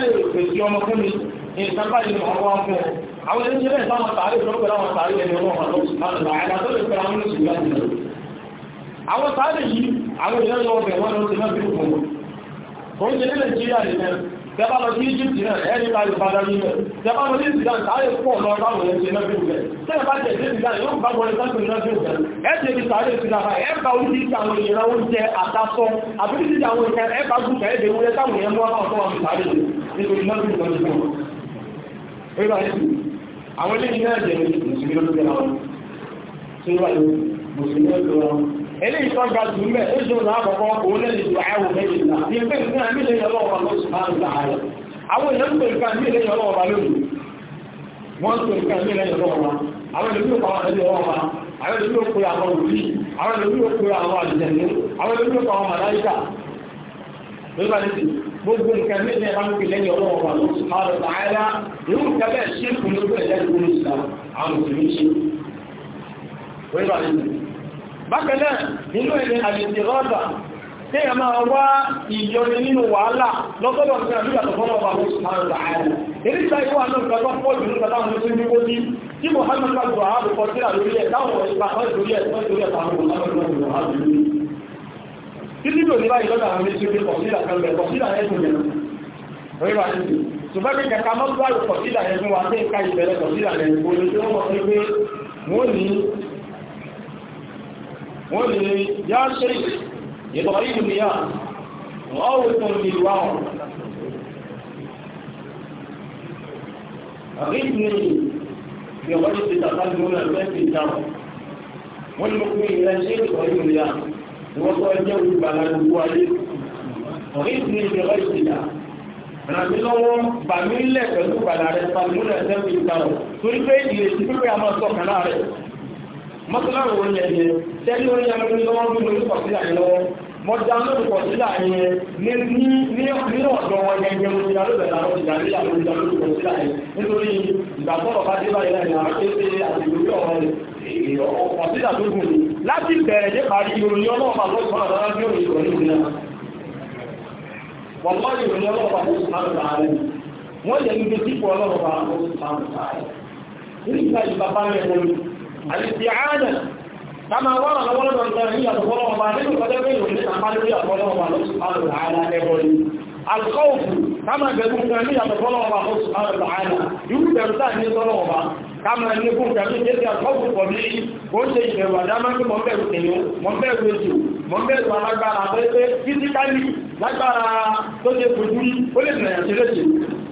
lè nǹkan báyìí lọ wá fún ọ àwọn ẹni bẹ́ẹ̀ táwọn tààrí ìfọ́pẹ́ láwọn tààrí ẹni wọn wà lọ́sùn láti láàrín àtọ́lẹ̀ ìfẹ́ àwọn olóṣèlú láti lọ àwọn tààrí yìí àwọn ìyẹn lọ bẹ̀ wọ́n lọ sí náà bí fún wọn òun jẹ́ ní nàìjíríà nìkan tẹ́bá lọ sí egypt náà ẹni bá lè padà nílẹ̀ tẹ́bá lọ sí sudan tààrí pọ̀ lọ láwọn ẹni náà bí fún tẹ́lẹ̀ bá tẹ̀lé sudan yóò bá wọlé sọ́kùnrin náà bí fún ẹ ti fi tààrí sudan ẹ bá orí ti àwọn ìran oúnjẹ àtàsọ àbí ti àwọn ìkan ẹ bá gùn kẹ́ ẹ lè wọlé sáwọn ìyẹn mọ́ àwọn tó wà ní tààrí nítorí náà bí fún ẹgbà yìí àwọn ilé iná jẹ́ mùsùlùmí ló tẹ́lá wọn tí ó wà ní mùsùlùmí ló tẹ́lá wọn ilé ìtọ́ ga jù mẹ́ ó jù náà àkọ́kọ́ òun lè lè àwọ̀ mẹ́rin náà ní ẹgbẹ́ ìpínlẹ̀ àmì ilé ìyọ́lọ́ ọba lóṣù máa ń gbà ààrẹ àwọn èèyàn ń pè nǹkan àmì ilé ìyọ́lọ́ ọba lóṣù wọ́n àwọn èèyàn ń àwọn ẹlẹ́yọ̀ àwọn èèyàn ń àwọn òbí nígbà tí gbogbo nǹkan méjì ẹ̀rọ ń pèlẹ́ yọ̀ lọ́wọ́ wọn ọ̀rọ̀ tààrà irú nǹkan bẹ́ẹ̀ ṣe kù ní gbogbo ẹ̀dá ìgbóni ìsìlá àwọn òṣèlú ṣe nígbà tí bákan náà nínú ẹ̀rẹ́ àyètì rọ́bà tí a máa wá ìyọni nínú wàhálà lọ́sọ́dọ̀ nǹkan àbí àtọ̀fọ́nà wà ló sùmárù tààrà èyí ta ìwà náà nǹkan tó tí Muhammad bá gbọ́ àbùkọ́ sí àlórí ẹ̀ táwọn ìgbà kan ìdórí ẹ̀ tó ń dórí ẹ̀ táwọn ìgbà kan ìdórí ẹ̀ títí ní báyìí lọ́dọ̀ àwọn méjì pé kọ̀sílà kẹ́lẹ̀ kọ̀sílà ẹ̀sùn jẹ́ rírà nìtì ṣùgbọ́n pé kẹka mọ́ gbáyì kọ̀sílà ẹ̀sùn wa pé ká ìbẹ̀rẹ̀ kọ̀sílà ẹ̀sùn orí tí wọ́n mọ̀ sí pé wọ́n ní wọ́n ní yá ṣe ìtọ̀ ìlú ni yá ọ̀wọ́ ìtàn ìlú wa ọ̀ àríkìní ìwọ́n ti tàbí lórí ẹ̀sìn ìjà wọ́n ní mo pín ìrẹsì ìtọ̀ ìlú ni yá wọ́n tó ẹjẹ́ olùbàlá gbogbo ayé ọ̀rí ti ní ìjọba ìjìyà ràmí lọ́wọ́ bàmí lẹ̀ pẹ̀lú bàlá rẹ̀ pàmílẹ̀ sẹ́fì ìtàwọ̀ torí pé ìrètí pípẹ́ a máa sọ̀kan náà rẹ̀ mọ́tò láwọn orin ẹ̀yẹ tẹ́lẹ̀ orin ẹ̀yẹ lọ́wọ́ bí lórí pàṣẹ àyẹ̀lọ́wọ́ mo download kọ̀sílà yẹn ní ọ̀dọ̀ wọn kama wọ́n lọ́wọ́ lọ́wọ́ ìgbẹ̀rẹ̀ ní àtọ̀wọ́lọ́wọ́ bá nínú ọjọ́ pé ìwọ̀n ní àmà lórí àtọ̀wọ́lọ́wọ́ bá lọ́sùn àrùn àárá ẹbọ ni alkọ́ọ̀fù kama gẹ̀rù nǹkan ní àtọ̀wọ́lọ́wọ́ bá lọ́sùn àrùn àárá irú bẹ̀rù táà ní sọ́lọ́wọ́ bá kama ní fún gẹ̀rù jẹ́ sí alkọ́ọ̀fù pọ̀ ó ṣe ìbẹ̀rù àdámá tí mọ̀ bẹ̀rù tèyàn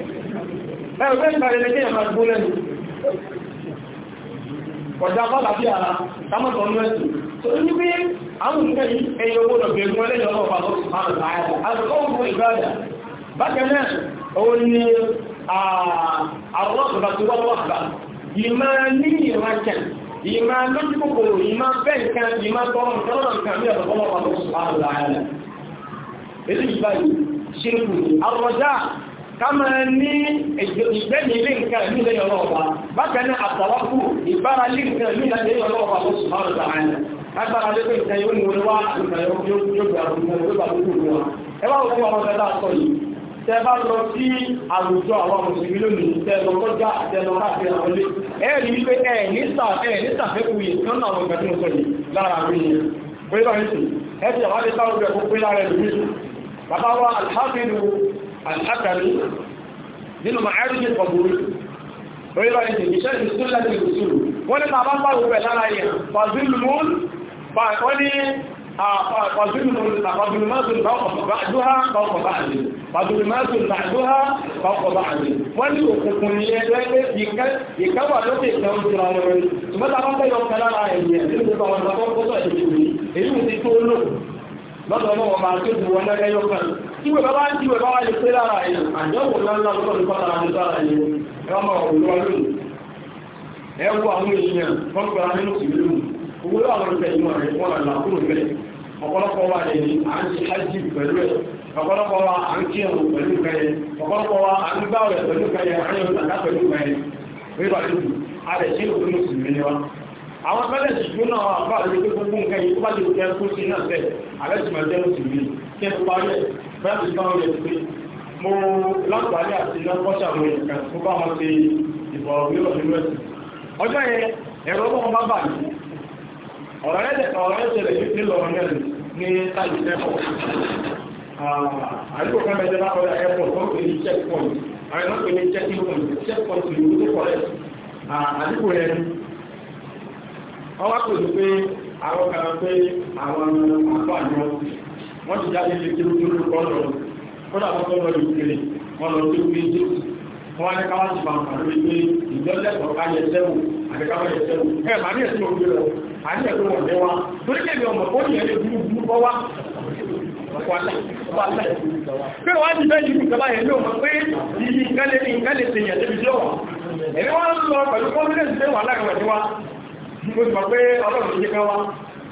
ẹgbẹ́ ìgbàlẹ̀ kí ẹ̀mà gbó lẹ́nu ọ̀dá bá làbí ara támọ̀tọ̀ ní ẹ̀sùn tó ní bí àwọn nǹkan yìí ẹ̀yẹ owó lọ bẹ̀rẹ̀ mọ́ lẹ́yìn ọlọ́pàá tó ti máa lọ àyàtọ̀ àtọ̀kọ́ òkú ìgbàlẹ̀ bákan náà òun ni àwọn ọ̀gbà tó wọ́n wà gbà ìmá ní ìrànkẹ̀ ìmá lójú kòkòrò ìmá bẹ́ nǹkan ìmá tọrọ nǹkan lọ́nà nǹkan ní ọ̀dọ̀ ọlọ́pàá tó ti máa lọ àyàtọ̀ kama ní ìgbẹ́ni ilé nǹkan ní ilé ọlọ́ọ̀bá bákan náà àtàwọ́kù ìbára lè nǹkan ní ilé ọlọ́ọ̀bá ló sì máa rọ̀ta àárín lágbára lé pé nǹkan yóò ní orí wá nǹkan yóò gbé àwọn nǹkan yóò gbà lókù ní wa ẹ wá òkú àwọn ọ̀gá sọ yìí tẹ bá lọ sí àwùjọ àwọn mùsùlùmí lónìí tẹ lọ kọjá tẹ lọ káàkiri àwọn ilé ẹ rí i pé ẹ níta ẹ níta fẹ́ kú yìí kán àwọn ìgbà tí mo sọ yìí lára àwọn ènìyàn pé báyìí sì ẹ ti àwọn àdéhùn ọgbẹ kó pé lára ẹlòmíì bàbá wa alhamdulilayi àtàkàrí nínú ma'áríkì pọ̀bùrú orílọ̀ èdè iṣẹ́ ìsúnlẹ̀ ìrùsùn wọ́n ní bàbá pàwọ̀ pẹ̀ lára yẹn pàzílùmún wọ́n ní pàzílùmún pàzílùmázùn bàkọ̀bàájúhá bàkọ̀bàájú wọ́n ní òkùnkùn ní ẹgbẹ́ ìkẹwà lókè ìkẹwà jùlọ rẹ̀ lọ́dọ̀ ọmọ ọba tó ti wọ́n lẹ́gẹ́ yóò kàn tí wọ́n bá ń jíwẹ̀ bá wá lè pé lára ẹ̀yìn àjọ́wò lọ́nà lọ́dọ̀ ní pátá ní sára ẹ̀yìn ẹ̀wọ̀n olúwa lónìí ẹ̀wọ̀ àwọn èèyàn wọ́n gbà nínú ìlú owó láwọn ìfẹ́ ìmọ̀ rẹ̀ wọ́n là kúrò bẹ́ẹ̀ ọ̀pọ̀lọpọ̀ wa lè ní à ń ṣe ájì pẹ̀lú ẹ̀ ọ̀pọ̀lọpọ̀ wa à ń kírun pẹ̀lú kẹyẹ ọ̀pọ̀lọpọ̀ wa à ń gbáwẹ̀ pẹ̀lú kẹyẹ àyẹ̀wò tàkà pẹ̀lú kẹyẹ wíwá lójú a lè ṣe òfin mùsùlùmí ni wa àwọn tọ́lẹ̀ ṣùgbọ́n náà wà bá àlejò gbogbo nǹkan yìí tó bá lè jẹ́ kó sí náà bẹ́ẹ̀ àlẹ́sìmọ̀ jẹ́ oṣù yìí kí ẹ parí ẹ̀ bẹ́ẹ̀ ti rẹ̀ pé mo lágbàálẹ̀ àti lọ́kọ́ṣà mo kan tó bá wọn ṣe ìbọ̀rọ̀ ní ọ̀dún mẹ́sì ọjọ́ yẹn ẹ̀rọ wọn bá bà ní ọ̀rọ̀ rẹ̀ ọ̀rọ̀ rẹ̀ ṣẹlẹ̀ ní pínlẹ̀ ọ̀rọ̀ mẹ́rin ní táyì lẹ́kọ̀ọ́ àdúgbò kan bẹ jẹ́ lápọ̀lá airport wọ́n pè ní checkpoint àwọn ẹ̀rọ point checkpoint ìlú tó kọ̀rẹ́ àdúgbò wọ́n wá pèsè pé àwọn kan pé àwọn àpá àjọ wọ́n ti jáde lè kí lójú lójú kọ́ lọ kódà tó tọ́ lọ ìgbèrè wọ́n lọ sí orí ìdí wọ́n wá ní káwá ti máa pàdé pé ìjọ́lẹ́kọ̀ọ́ ká yẹ sẹ́wù àti káwá yẹ sẹ́wù ẹ̀ màá ní ẹ̀sìn òkú lọ àní ẹ̀tọ́ wọn jẹ́ wa torí kẹ́mi ọmọ ó ní ẹni burú burú bọ́ wá pé wọ́n ti bẹ́ẹ̀ yìí ìjọba yẹn ló mọ̀ pé ìyí nǹkan lè ṣèyàn débi tí ó wà ẹ̀rí wọ́n lọ pẹ̀lú kọ́mílẹ̀ mo ti mọ̀ pé ọlọ́run ti jẹ́ kan wá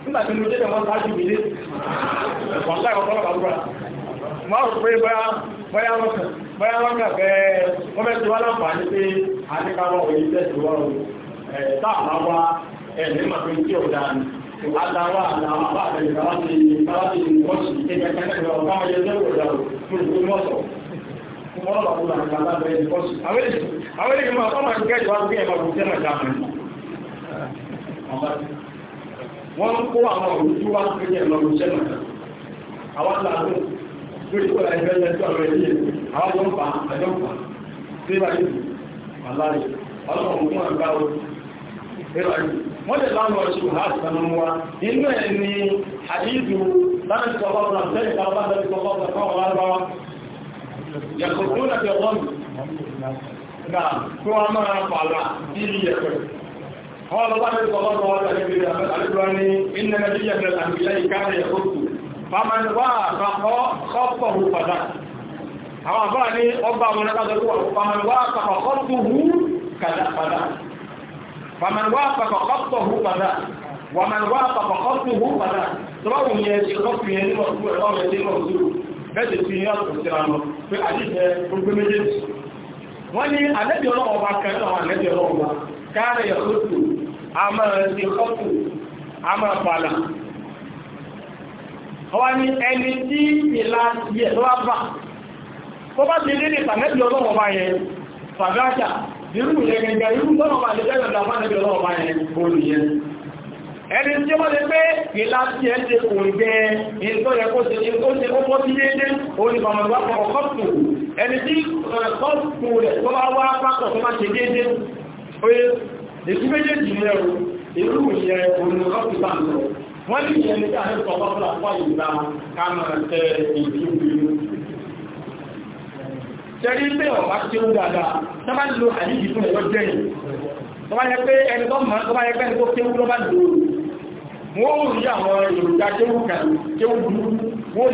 nígbà tí mo jẹ́ kan wá sáájú mi lé wọ́n láì ọ̀pọ̀lọpọ̀ àdúrà mo á rò pé bóyá bóyá wọ́n kàn bóyá wọ́n kàn fẹ́ wọ́n fẹ́ ti wá láǹfààní pé àdékáwọ́ òye tẹ̀sí wọ́n o táàmà wá ẹ̀mí mà pé tí ọ̀dà ni aláwọ̀ aláwọ̀ bá àtẹ̀lẹ̀ káwá ti káwá ti wọ́n sì kékeré kẹ́kẹ́ ọ̀gá ọ̀gá ọ̀gá ọ̀gá ọ̀gá ọ̀gá Àwọn èdè máa tọ́ máa ń wọ́n kó àwọn òjú wá ń pèjẹ lọ́rùn iṣẹ́ náà àwọn àlàáfẹ́ lórí kó láì fẹ́ lẹ́tọ́ ọ̀rọ̀ ẹ̀yẹ àwọn jọ ń pa àjọ ń pa sí ìbáyé aláàrẹ ọlọ́run fún àgbà ó ìbáyé wọ́n lè láwọn ọ̀ṣù ha sanu wa inú ẹ̀ ni àdídù láti sọ̀rọ̀ náà lẹ́yìn tá a bá lẹ́yìn sọ̀rọ̀ náà fáwọn arábáwá yàtọ̀ tó lẹ́yìn ọ̀gbọ́n mi náà kó a máa pààlà bí ilé ẹ̀kọ́ قال الله صلى الله عليه وسلم إن نبيا من الأنبياء كان يخط فمن وافق خطه فذاك àwọn àbá ní ọba àwọn ẹgbàgbàgbà pàmàlúwà pàkọ̀kọ́tùhù kàdàpàdà pàmàlúwà pàkọ̀kọ́tùhù padà wàmàlúwà pàkọ̀kọ́tùhù padà tọ́wọ́ yẹ ìrọ́pù yẹn níwọ̀n wọ́n ní àlẹ́bí ọlọ́wọ́ bá kan náà àlẹ́bí ọlọ́wọ́ bá káàrẹ̀ yẹ kótó a máa ṣe kótó a máa bàlà wọ́n ní ẹni tí ìlà yẹ lọ́wọ́ bá kó bá ti léde tàlẹ́bí ọlọ́wọ́ bá yẹn fàgáṣà irú yẹn gẹ́gẹ́ irú lọ́wọ́ bá lè jẹ́ lọ́wọ́ àlẹ́bí ọlọ́wọ́ bá yẹn kó nìyẹn ẹni tí wọ́n lè pé ìlà tí ẹ ṣe kò ń gbẹ ìtọ́ yẹ kó ṣe ó bọ́ sí déédéé ó ní bàmọ̀lúwà kọ̀ọ̀kọ́ ẹni tí eh, kọ́ọ̀tù rẹ̀ tó bá wá pápọ̀ tó má ṣe déédé oye èsì méjèèjì rẹ̀ o èrú ìyẹn òun kọ́ọ̀tù bá ń lọ wọ́n ní ìyẹn ní ká ní sọ fọ́fọ́ àpá ìgbà ká máa tẹ ìdí òbínú jẹ́rí pé ọ̀pá tí ó dáadáa tó bá lo àyíjì fún ẹ̀yọ́ jẹ́yìn tó bá yẹ pé ẹni tó mọ̀ tó bá yẹ pé ẹni tó kéwú ló bá lò ó wọ́n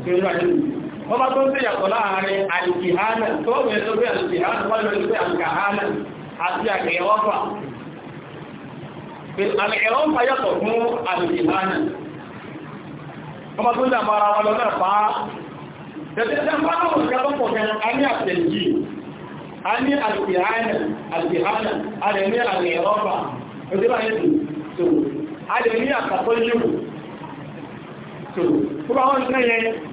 òfin ìlú àdéhùn wọ́n bá tó ń tẹ̀yàtọ̀ láàárín àlìkìhánà tó wọ́n yẹn tó pé àlìkìhánà wọ́n lọ sí àlìkàhánà àti àkẹyẹwọ́fà àkẹyẹwọ́fà yàtọ̀ fún àlìkìhánà wọ́n bá tó ń dàmọ́ ara wọn lọ náà fàá tẹ̀tẹ̀tẹ̀ bá wọn kí a tó pọ̀ kẹ́ a ní àtẹ̀jì a ní àlìkìhánà àlìkìhánà a lè ní àkẹyẹwọ́fà òdí bá yẹn tó a lè ní àkàtọ́ yìí tó tó bá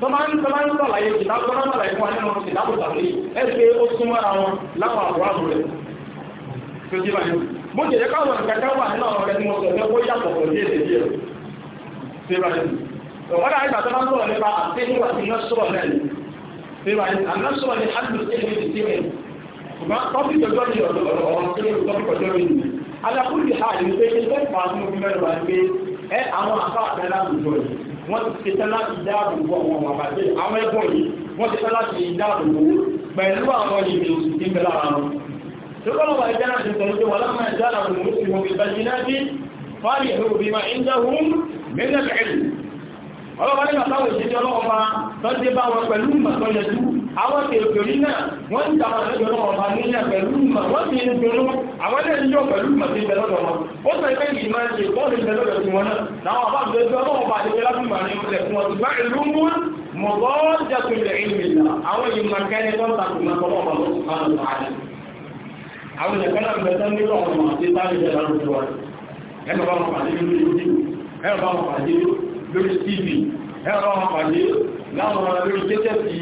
tọ́mọ́n tọ́mọ́n sàlàyé ìdájọ́ náà sàlàyé fún wa nínú ìdájọ́ sàlàyé ẹ ṣe ó sún mọ́ra wọn láwọn àbúrò àbúrò rẹ̀ tó jí báyìí bó ṣe yẹ káwọn nǹkan kan wà nínú àwọn ọ̀rẹ́ tí mo sọ pé ó yàtọ̀ pọ̀ díẹ̀ díẹ̀ díẹ̀ ṣe báyìí ọ̀wọ́n dà ìgbà tọ́mọ́n sọ̀rọ̀ nípa àtẹ́yìn àti nọ́sọ̀rọ̀ náà ṣe báyìí ànọ́sọ̀rọ̀ ni hàdùn ṣùgbọ́n tọ́pì tọ́jọ́ ni ọ̀dọ̀ ọ̀rọ̀ ọ̀rọ̀ tó lè tọ́pì tọ́jọ́ ni fún mi mẹ́rin wá pé ẹ àwọn àfáà fẹ́ láwùjọ yìí wọ́n ti ṣe tán láti dáàbòbò àwọn ọmọ àbàjẹ́ àwọn ẹgbọ́n yìí wọ́n ti tán láti dáàbòbò pẹ̀lú àwọn ìrìn òsì tí ń bẹ lára wọn. Tọ́lọ́wà wà láwọn ìdára òun ó bá jiná bí ọlọ́pàá nígbà táwọn ìṣẹ́jọ́ ọlọ́pàá tó dé bá wọn pẹ̀lú ìmọ̀ tó yẹjú àwọn kèrèkèrè náà wọ́n ń tàbí ìṣẹ́jọ́ ọlọ́pàá nílẹ̀ pẹ̀lú ìmọ̀ wọ́n ti ń dúró àwọn ilé ìjọ pẹ̀lú ìmọ̀ ti bẹ̀rẹ̀ lọ́wọ́ ó sọ pé kì í máa ṣe bọ́ọ̀lù ìṣẹ́jọ́ rẹ̀ fún wọn náà làwọn àbá gbé ẹgbẹ́ ọlọ́pàá àti ìṣẹ́jọ́ fún màrí ilẹ̀ fún ọdún bá ìlú mú mọ̀gọ́ jẹ́kulẹ̀ ìlú àwọn ìmọ̀ kẹ́ni tó ń takùn mọ́ ọlọ́pàá pàdé lórí lórí tv ẹ̀rọ àpàdé láwọn lórí jẹ́jẹ́sì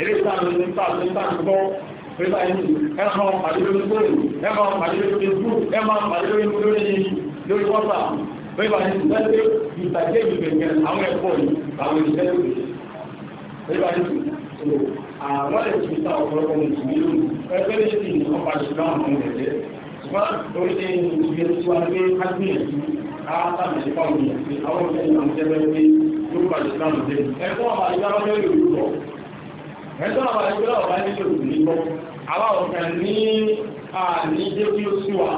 eréṣàmì nípa nípa gbọ́ pẹ̀lú àìní ẹ̀rọ àpàdé lórí fóònù ẹ̀rọ àpàdé lórí facebook ẹ̀rọ àpàdé lórí lórí whatsapp pẹ̀lú àìní lẹ́sẹ̀ ìtàjẹ́ ìgbẹ̀gbẹ̀ àwọn ẹ̀kọ́ yìí àwọn ìṣẹ́ lórí pẹ̀lú àìní àwọn ẹ̀sìn ìta ọ̀pọ̀lọpọ̀ mùsùlùmí lónìí ẹgbẹ́ lè ṣe ìnìkan pàṣẹ láwọn ọmọ ẹ̀jẹ̀ ṣùgbọ́n oríṣi ìgbésí wa gbé kágbìyànjú káàkiri ṣe fáwọn èèyàn pé àwọn ọ̀sẹ̀ ìlànà jẹ́bẹ́ pé yóò bá ìsìlámù jẹ́ ẹ̀kọ́ àwọn ìjọba mẹ́rin òjú bọ̀ ẹ̀tọ́ àwọn ìjọba ọ̀bá ní ṣe òkú nígbọ́ àwọn ọ̀kẹ́ ní àní jẹ́ kí ó sí wa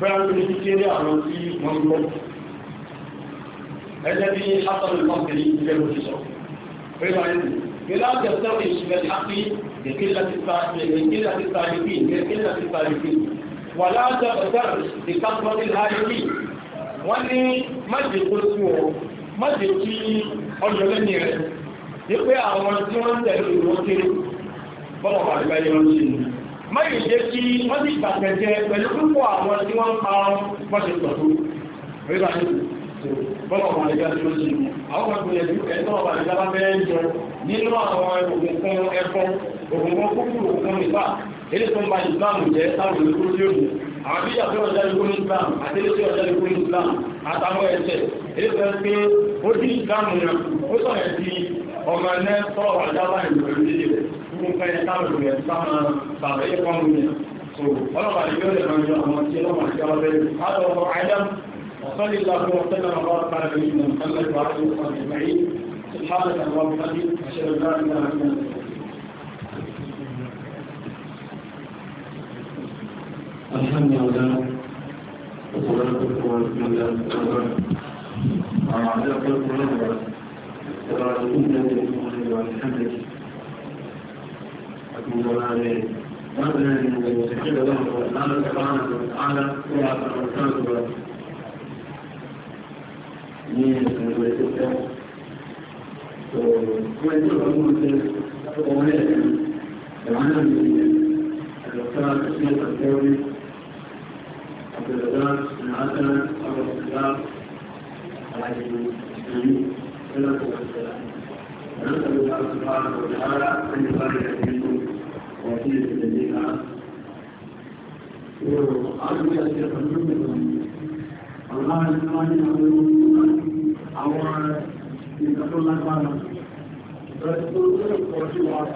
bẹ́ẹ̀ ló ní kékeré àwọn tí wọ́n gbọ́ ẹgbẹ́ bí látọ̀lù kọ́ńtẹ̀lì ìjẹ́ bó ti sọ بلا تستوي اسم الحق لقلة الصادقين لقلة الصادقين ولا تغتر بكثرة الهاربين wọ́n ní májè kó sí ma májè kí ọjọ́ lẹ́yìn rẹ̀ ní pé àwọn tí wọ́n tẹ̀lé ìwọ́n kéré bọ́lá wà nígbà yẹn ni máyì jẹ́ kí wọ́n ti gbàgbẹ́jẹ pẹ̀lú púpọ̀ àwọn tí wọ́n pa ni àwọn àwọn bí ìyàtọ̀ ọjà ikú ní Islam àti ilé ọjà ikú ní Islam àtàwọn ẹ̀ṣẹ̀ ilé fẹ́ pé ó dí Islam yẹn ó sọ ẹ̀ sí ọmọ ẹ̀ sọ̀rọ̀ àjábá ìlú pẹ̀lú ilé rẹ̀ fún fẹ́ sáwọn ìlú ẹ̀ sáwọn bàbá yẹ kọ́ mú yẹn so ọlọ́pàá ìlú ọjà máa ń yọ àwọn tí ọlọ́pàá ti ọlọ́pàá ìlú àtọ̀ ọmọ àyà وصلى الله وسلم وبارك على نبينا محمد وعلى اله وصحبه اجمعين سبحانك اللهم وبحمدك اشهد ان الحمد لله والصلاة والسلام على رسول الله وعلى آله وصحبه وسلم أكمل الله ربنا من المستحيل له والآن سبحانه وتعالى سورة الرسالة من المدرسة وكما يقول الأمور في العالم الأستاذ الشيخ الثوري عبد الرزاق بن حسن أبو الصداق الحاج المسلمين سنة والسلام ونسأل الله سبحانه وتعالى أن يبارك فيكم وفي الذين وأرجو أن يتقبلكم الله سبحانه وتعالى أولا يتقبل الله سبحانه وتعالى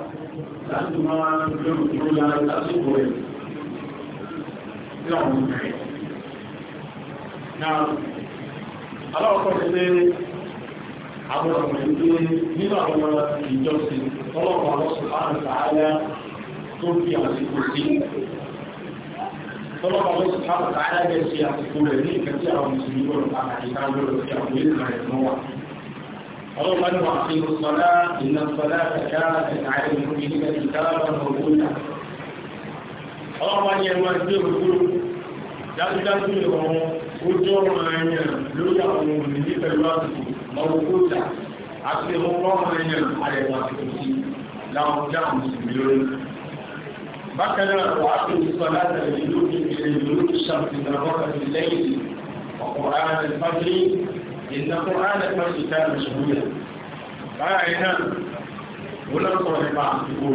لأنما يقول لها الأسفل يوم náà aláwọ̀kọ́ ti pé àwọn ọmọ ìlú nínú àwọn ìjọsìn ọlọ́pàá lọ́sùn láàrín sàárá tó fi àsìkò sí ọlọ́pàá lọ́sùn láàrín sàárá jẹ́ sí àsìkò rẹ̀ ní ìkẹ́ tí àwọn mùsùlùmí gbọ́dọ̀ pàtàkì ká gbọ́dọ̀ sí àwọn ilé ìrìn mọ́ wa ọlọ́pàá ní wàá fi sọlá ìlà sọlá kẹkẹ́ àìsàn ìlú ìgbẹ́ ìkárà ọlọ́pàá ní ẹ̀rọ ẹgbẹ́ òkúrò dájúdájú ìrọ̀rùn ó jọ ọ̀ranyàn lórí àwọn òmìnirí pẹ̀lú àsìkò ọgbọ́gbọ́ta àti ọgbọ́ ọ̀ranyàn àyẹ̀wò àsìkò sí láwọn jáà mùsùlùmí lórí bákan náà wà á tó sọlá tẹ̀lé lórí ìrìn lórí ṣàfihàn wákàtí lẹ́yìn ọ̀pọ̀rán ìfájì ìnáwó ánàkọ́ ìtàn ìṣòwúyà báyìí náà wọ́n lọ sọ̀rọ̀ nípa àsìkò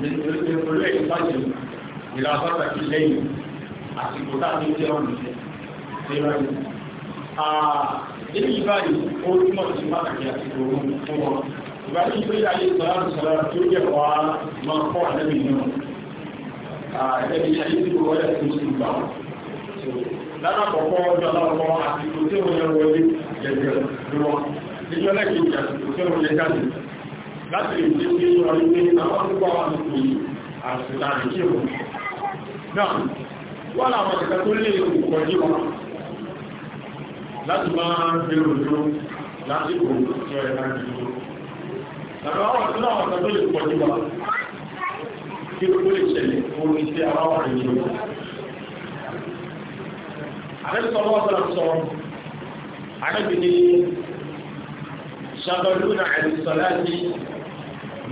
ní ìpínlẹ̀ ìfájì ìlàsọ́tà kìlẹ́yìn àsìkò táàbí jẹ́ ọ̀nà ìrẹ́lú. Eléyìí báyìí ó túmọ̀ sí pàtàkì àsìkò òun fún wọn. Ìgbà tí ayé sọ̀rọ̀ tó jẹ́ wà máa kọ́ àlẹ́bí náà. Ẹ̀ẹ́dẹ̀bí ayé tí wọ́n. Lára kọ̀kọ́ ọjọ́ òun. Náà, wọ́n làwọn ìgbà tó lè kọjú wọn láti máa ń fi òjò láti kò ṣe ẹ̀ka ìlú. Àbí àwọn tó láwọn ìgbà tó lè kọjú wọn kí ó lè ṣẹlẹ̀ orin sí àwọn ìlú. Àrẹ́sọ̀ lọ́wọ́ sọ̀rọ̀ sọ, àrẹ́bì ni ṣàbẹ̀lúnà àìsọ̀láti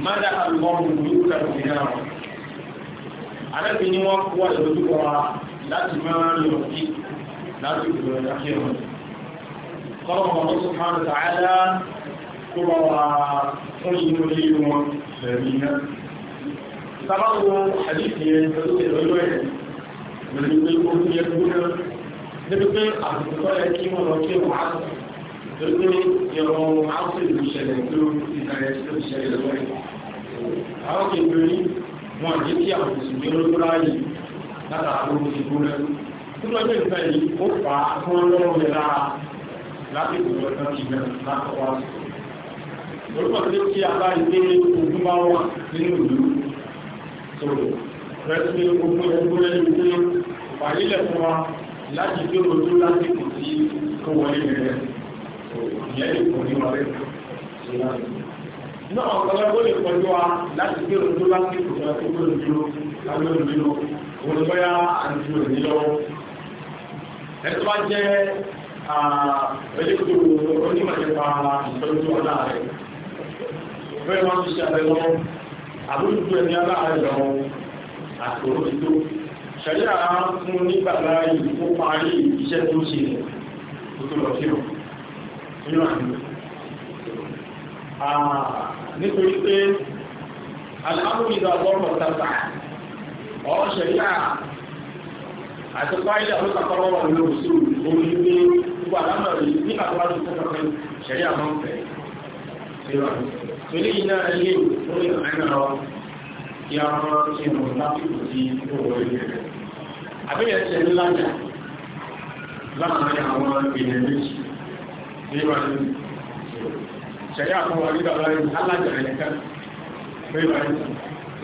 mádà àlùmọ́rùn-ún ní ìlú Kàdùnà. Àrẹ́bì ni wọ́n kú àìlójúkọ̀ wa láti máa ń lọ sí láti ìgbìmọ̀ ìdájẹ́ wọn. kọ́lọ̀ wọn tó máa ń tààdá kó bá wà fún inú ilé wọn lẹ́bí iná. sábàwọ̀ àdìsí yẹn pẹ̀lú ìrọ̀lú ẹ̀ lórí pé ó fi ẹkú náà níbi pé àtúntò ẹ kí wọn tó ìkàlẹ̀ tó ṣẹlẹ̀ lọ́wọ́ àwọn kèbèrè wọn àti tí àwọn òṣèlú ló ráyè lára àwọn ìṣúná tó lọ́jọ́ ìfẹ́ yìí ó fà á fún ọlọ́run yẹn lára láti kò lọ sí ìgbà láti wá sí. orúkọ tí ó kí abá ilé ogun bá wà nínú ìlú sọ̀rọ̀ rẹ́sí ogun ogun rẹ̀ ní pé fàyílẹ̀ fún wa láti gbé ojú láti kò sí kó wọlé rẹ̀ ìyẹn náà ọ̀pọ̀lọpọ̀ lè kọjú wa láti gbé ojú láti kò sí kó wọlé rẹ̀ olùgbọ́yá àti òní lọ́wọ́ ẹ̀tọ́ bá jẹ́ ẹ̀lẹ́kùtò onímọ̀jẹ̀pá ìtọ́jú ọ̀la rẹ̀ fẹ́ máa ń ṣe lọ àbójútó ẹni aláàrẹ lọ àtòrò nítorí pé aláàbò ìgbà bọ́ọ̀mọ̀ tàbí ọ̀rọ̀ ṣẹ̀yà àti páìlì àwọn kàkọ́rọ́ wà nínú òṣèlú ní gbogbo àlámà àwọn ènìyàn méjì síra ní ṣẹ̀yà fún wa nígbà láyé alájà ẹ̀yẹ kan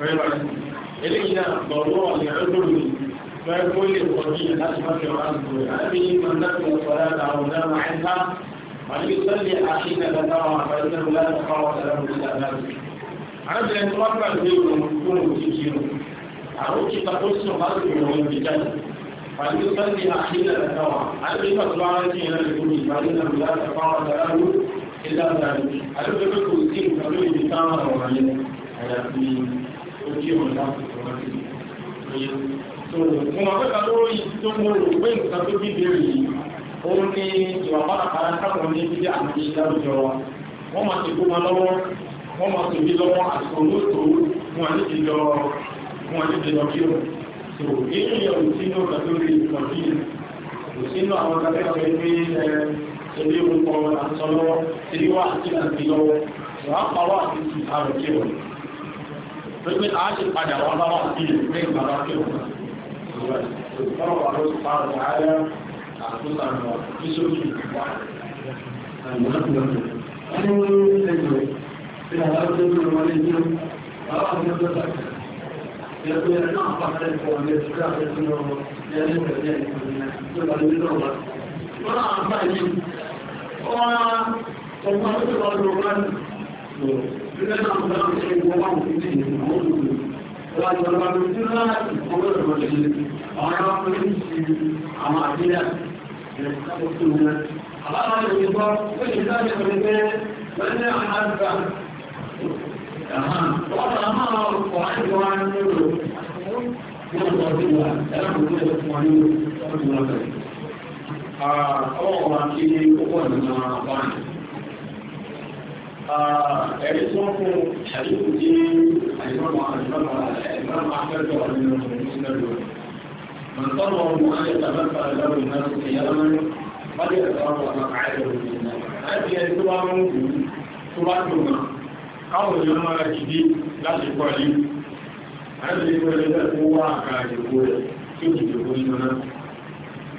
fẹ́ràn eléyìí náà lọ́wọ́ ọ̀lẹ́ ẹgbẹ̀rún فيقول كل الوجيه نسمة عنه هذه من نسل الصلاة أو نام عنها أن يصلي حين ذكرها فإنه لا تقاوة له إلا ذلك عبد يتوقع منكم كونوا تجيرون عروك تقص قلبه والبدن فأن يصلي حين ذكرها هذه مطلعة إلى الكل فإنه لا تقاوة له إلا ذلك ألو بكم تجيرون فمن بكامة وغيره ojú ọ̀nà láti ìwọ̀n sí oyè so mo máa fẹ́ta lórí tó mo rò pé nǹkan tó bí bèrè yìí ó ní ìwà pàtàkàrà káwọn ní bíi àti ìdájọ́ wa wọ́n máa ti kó wọn lọ́wọ́ wọ́n máa ti bí lọ́wọ́ so nínú ìyẹn ò sínú ọ̀gá tó rí ìtàn bí kò sínú àwọn akẹ́kọ̀ọ́ pé ẹ ẹbí orúkọ àtọ́ lọ́wọ́ ẹbí wà àti àti pé a padà wọn bá wà sí ìpín ìgbàlá kí o sọ̀rọ̀ wà ló pa ọ̀rọ̀ ayé àtúntà lọ ní sókè wà tó ní náà pàṣẹ ìfọ̀ ní ẹni Àwọn ọmọ akíní ó pọ̀ nínú àwọn àpáyìn. ẹ̀rí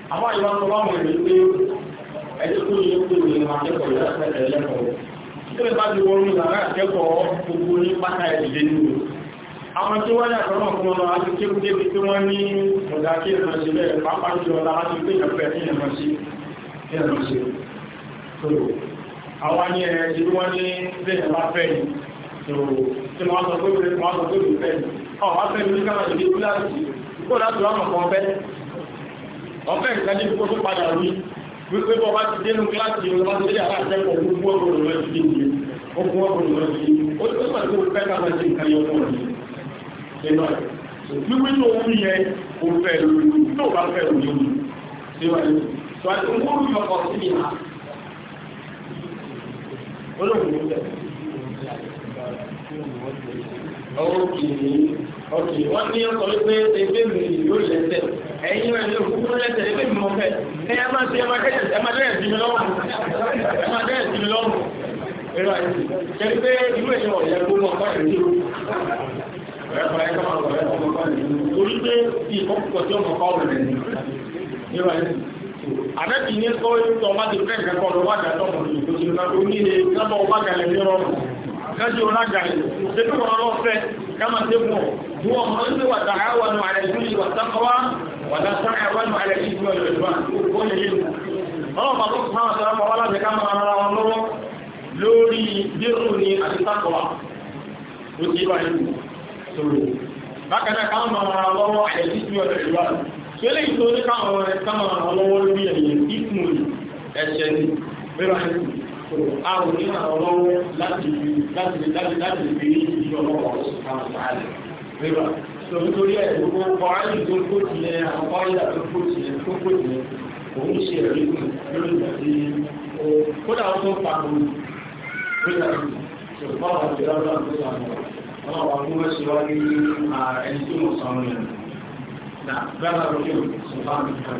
Àwọn ìwà tó bá mọ̀ ẹ̀mí pé ẹjọ́ tó yẹ kó ìwé máa kẹ́kọ̀ọ́ yàtọ̀ ẹ̀lẹ́kọ̀ọ́ tẹ́lẹ̀ bá ti wọ́n lára o àwọn tí wọ́n yà kọ́nà fún ọmọ àti kí wọ́n débi tí wọ́n ní ọ̀dá kí ẹ̀mọ̀ sí lẹ́ pàápàá jù ọ̀dá láti pé ìyàfẹ́ ní ẹ̀mọ̀ sí ẹ̀mọ̀ sí so àwọn ní ẹ̀ tí wọ́n ní bẹ́ẹ̀ bá fẹ́ ni so tí wọ́n sọ pé wọ́n sọ pé wọ́n fẹ́ ni ọ̀ wá fẹ́ ni káwọn ìdílé kúláàsì kó láti wọ́n mọ̀ kọ́ fẹ́ wípé bọ́ bá ti dénú kíláàsì yìí bá ti dé àrà àjẹ́kọ̀ọ́ gbogbo ọgbọ̀n rẹ̀ ti dé ìdí ogun ọgbọ̀n rẹ̀ ti dé ó ti pàṣẹ òfẹ́ ká máa ṣe nǹkan yọ fún ọ̀rẹ́ nínú ẹ̀ wípé tó ń yẹ òfẹ́ lórí tó bá fẹ́ òní omi síwájú tó ń kó lùyọ sí ìhà olóògùn ó tẹ̀. ọ̀rọ̀ kìí ọ̀kì wọ́n ní ọkọ̀ wípé ẹgbẹ́ mi yóò lẹ́sẹ̀ ẹ̀yìn rẹ̀ ló kúkú lẹ́sẹ̀ ẹgbẹ́ mi mọ̀ fẹ́ ẹ ẹ máa ṣe ẹ máa kẹ́yẹ̀ ẹ máa dẹ́rẹ̀ sí mi lọ́rùn ẹ máa dẹ́rẹ̀ sí mi lọ́rùn ẹ̀rọ àìsí ṣẹ́ni pé irú ẹ̀yìn ọ̀yẹ́ gbogbo ọ̀pá ìlú ẹ̀fà ẹ̀ka máa wọ̀ ẹ̀fà ọ̀pá ìlú torí pé ti ìkọ́kùkọ̀ tí ọmọ kọ́ rẹ̀ ní ẹ̀rọ àìsí àbẹ́bí ní kọ́ ètò ọmọ ti fẹ́ ìkẹ́kọ̀ọ́ ọ̀rọ̀ wájà tọ́mọ̀ ní ìgbésí náà ó ní ilé sábà ọmọ gàlẹ̀ ní ọrọ̀ kájú ọ̀rọ̀ gàlẹ̀ ṣe tó ọ̀rọ̀ fẹ́ كما تبنوا هو من وتعاونوا على البر والتقوى ولا تعاونوا على الإثم والعدوان كل علم ọlọ́pàá tó fún àwọn ọ̀sán ọwọ́ láti ká máa ra wọn lọ́wọ́ lórí bírù ni àti tákọ̀wà ó ti wà nínú sọ̀rọ̀ bákan náà káwọn máa ra lọ́wọ́ àyẹ̀sí sí ọ̀dọ̀ ìwà tí ó lè tó ní káwọn ọ̀rẹ́ káwọn ra lọ́wọ́ lórí ẹ̀yẹ̀ ìkùn ẹ̀ṣẹ̀ ni pẹ̀lú àyẹ̀sí àwọn onímọ̀ ọlọ́wọ́ láti láti láti láti fi ìṣe ọlọ́wọ́ àwọn àlẹ́ rírà tó nítorí ẹ̀ gbogbo tó kó tilẹ̀ àwọn kọ́ọ̀lì tó kó tilẹ̀ tí ó kódà ó Nà bẹ́ẹ̀ bá lọ́jọ́ sùn bá mi kàn.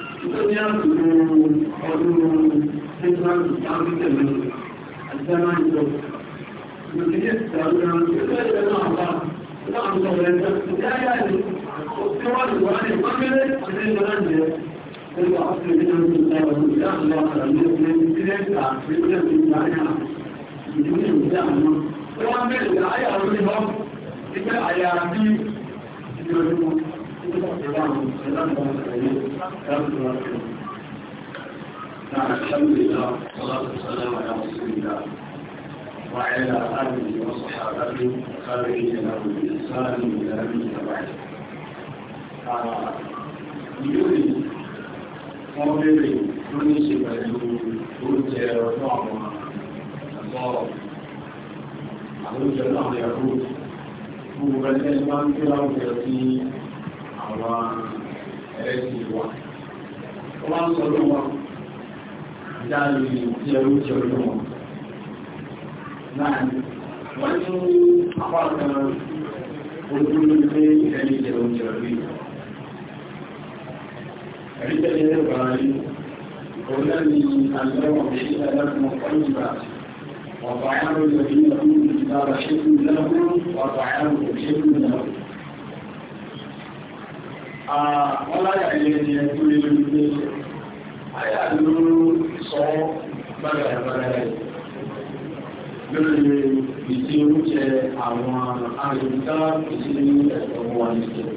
tó ní àtúrò ọdún central africa lọ àtìsáná ìjọ ìgbésẹ̀ ìtàwọn ìgbésẹ̀ náà bá láàrín ọ̀rẹ́ ìdáyà ni ó wà ní wà ní pápẹ́lẹ́ àti ìjọba jẹ́ ẹgbẹ́ ọ̀pẹ́ ìjọba ìjọba ìjọba ìjọba ìjọba ìjọba ìjọba ìjọba ìdílé ìdílé àwọn ọmọ wọn bẹ̀rẹ̀ àyà orí lọ ìgbẹ́ àyà bí ìdílé ọdún الحمد لله والصلاة والسلام على رسول الله وعلى آله وصحابته وخارجين له بإحسان إلى يوم بعد. Yuri wọ́n bèèrè ló ní ṣe pẹ̀lú oúnjẹ ọdún àwọn ẹ̀sọ́ àwọn oúnjẹ náà yàgò gbogbo ẹgbẹ́ máa ń gbé láwùjọ sí àwọn ẹlẹ́sìn wa wọ́n sọ lọ́wọ́ dáàlì tí ẹrú jẹ́ olóòwò láàrin wọ́n ní apákan ojúlé ẹni oúnjẹ rí ẹ̀rí tẹ́lẹ̀ ẹ̀rọ rí òun náà ni àlẹ́wọ̀n wọ́n láyà ilé ní ẹgbẹ́ ilé ilé àyà ló sọ gbàgbàgbàgbà lórí ìdí oúnjẹ àwọn àyíká ìdí ẹ̀tọ́ wa nìkan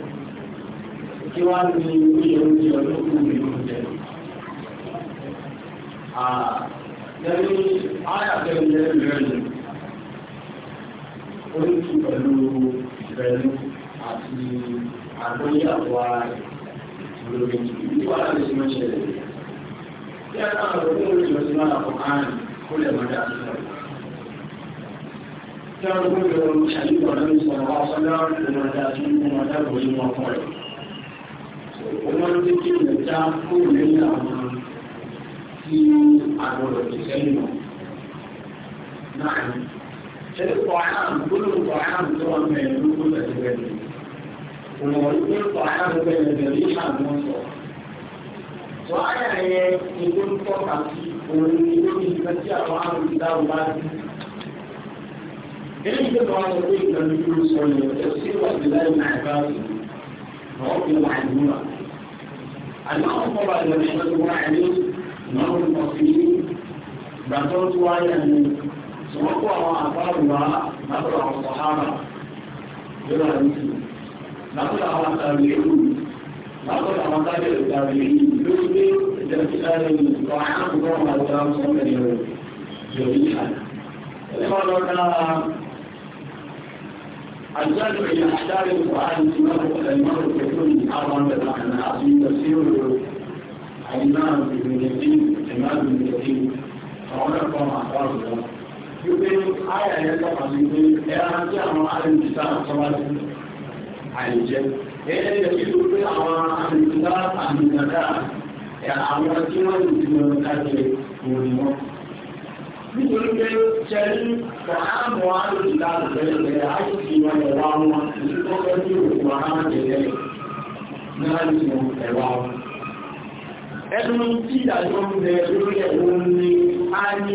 kí wá ní ilé oúnjẹ olókùn ní oúnjẹ lẹ́yìn àyà tẹ̀lé ìrẹ́lẹ̀ orí pẹ̀lú ìrẹ́lẹ̀ àti àgbóyàwó àwọn tí àgbọ̀dọ̀ ti sẹ́yìn lọ. ṣe é kọ̀ áàrùn gbólóhùn kọ̀ áàrùn tó wà mẹ́rin ló kó ونقول طعامك الذبيحة المنصر وأنا يكون فقطي ويكون يتمتع طعام الكتاب بعد كيف بعض الطيب لم يكون صلى تفسير عبد الله بن عباس رضي الله عنهما أنه طبعا لم يحدث عليه نور المصريين بطلت وايا سوقوا وأثاروا ما نقرأ الصحابة بلا مثل نقول عن التابعين نقول عن تابع التابعين يثبت الاستدلال الطعام وهم الكلام صلى الله عليه وسلم الزاد إلى أحكام القرآن سماه المرء يكون أربعا بدعنا عظيم تفسير الإمام ابن كثير الإمام ابن كثير فهنا قام أحوال الله يبين آية يتقى من ذلك يا أنت أمر أهل الكتاب صلى الله عليه وسلم àìjẹ́. Ẹ̀yẹ́ lè fi tó pé àwọn àmìlá àmìlàdá àwọn tí wọ́n lè fi wọn kájẹ òun wọn. Nítorí pé Jẹ́rí Kàámù Àlùdílá lẹ́lẹ̀ àìsí wọn ẹ̀wà wọn ní tó fẹ́ bí òkú aráàlẹ̀ náà ní wọn ẹ̀wà wọn. Ẹnu tí ìdájọ́ ń bẹ lórí Wọ́n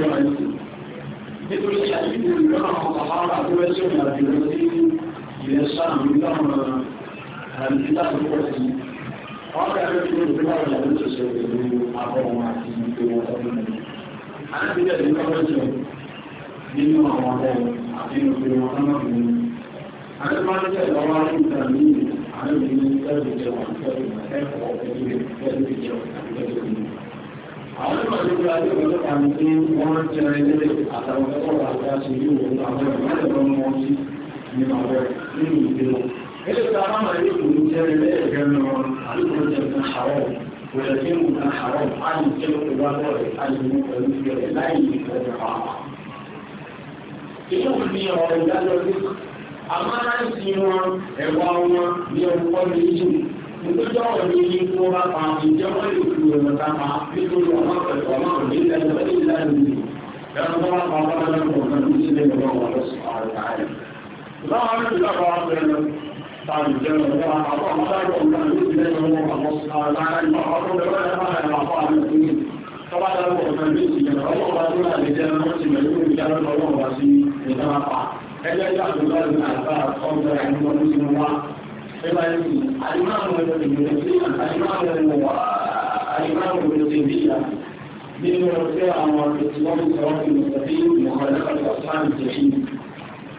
yọ àìsí nítorí àìyí ìrìnlọ́nà ọ̀pàá àti wẹ́sẹ̀ ìrìnàjò lọ sí ilẹ̀ sáà nílọ́nà àìyíláàdúgbò sí wọ́n kẹ́rẹ́ tí ó gbé láwọn ìyàwó tó ṣe àwọn ìgbà tó àmọ́ láì wọn ẹ̀wà wọn ní ọkọ̀ méjì ìtọ́jọ́ ọ̀rẹ́ yìí kó bá pa ìjọba yóò fi ọ̀rọ̀ ta pa nítorí ọmọ pẹ̀lú ọmọ òní lẹ́nu lẹ́nu lẹ́nu ni lẹ́nu tó bá pa ọmọ lẹ́nu ọ̀nà ní ilé ìwọ̀n wọn lọ sí ọ̀rọ̀ táyà. Báwo ni ìjọba bá lọ? Báwo ni ìjọba bá wà pẹ̀lú ọmọ ọ̀nà ní ilé ìwọ̀n wọn lọ sí ọ̀rọ̀ táyà? Báwo ni ìjọba bá wà pẹ̀lú ọmọ lẹ́nu ọ̀nà ní ilé ìwọ̀n wọn lọ sí ọ̀rọ̀ الإمام ابن الإمام ابن تيمية من رفع أمر الإسلام صراط المستقيم مخالفة أصحاب الجحيم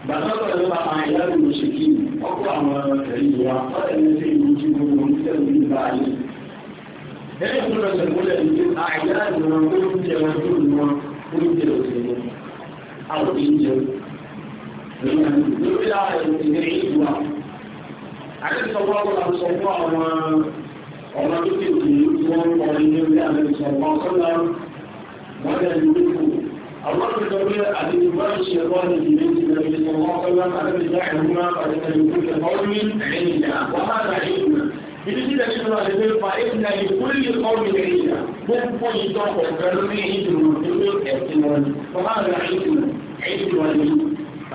بخاطر لما أعياد المشركين أقوى أمر الكريم وأقوى الذي يجيبهم ومكتب من بعيد هل يقول رسول الله أن أعياد من قلت يوجد من قلت يوجد أو إنجل من أن يبلع العيد واحد àdébísọ̀wọ́ ọ̀la sọ fún àwọn ọmọ tó ti di wọn kọ ilé ilé àdébísọ̀wọ́ sọ́la wọn lè ní ìlú. àwọn tó sọ pé àdébísọ̀wọ́ ṣe kọ́ ní ìdílé ti lè fi sọ̀wọ́ sọ́la àdébísọ̀ ẹ̀rúnmá àdébísọ̀ ọ̀rí ẹ̀yìnà wọ́n máa ra ẹ̀yìnà. Ibi tí ìdájọ́ ìjọba ti fẹ́ fa èyí náà ní kúrò ní ọ̀rọ̀ ìrìnà gbogbo ìjọ ọ̀gá lórí ìdùnnú nínú ẹ̀sìn wọn. Bàbá àgbà ìdùnnú ẹ̀yìn wọn ni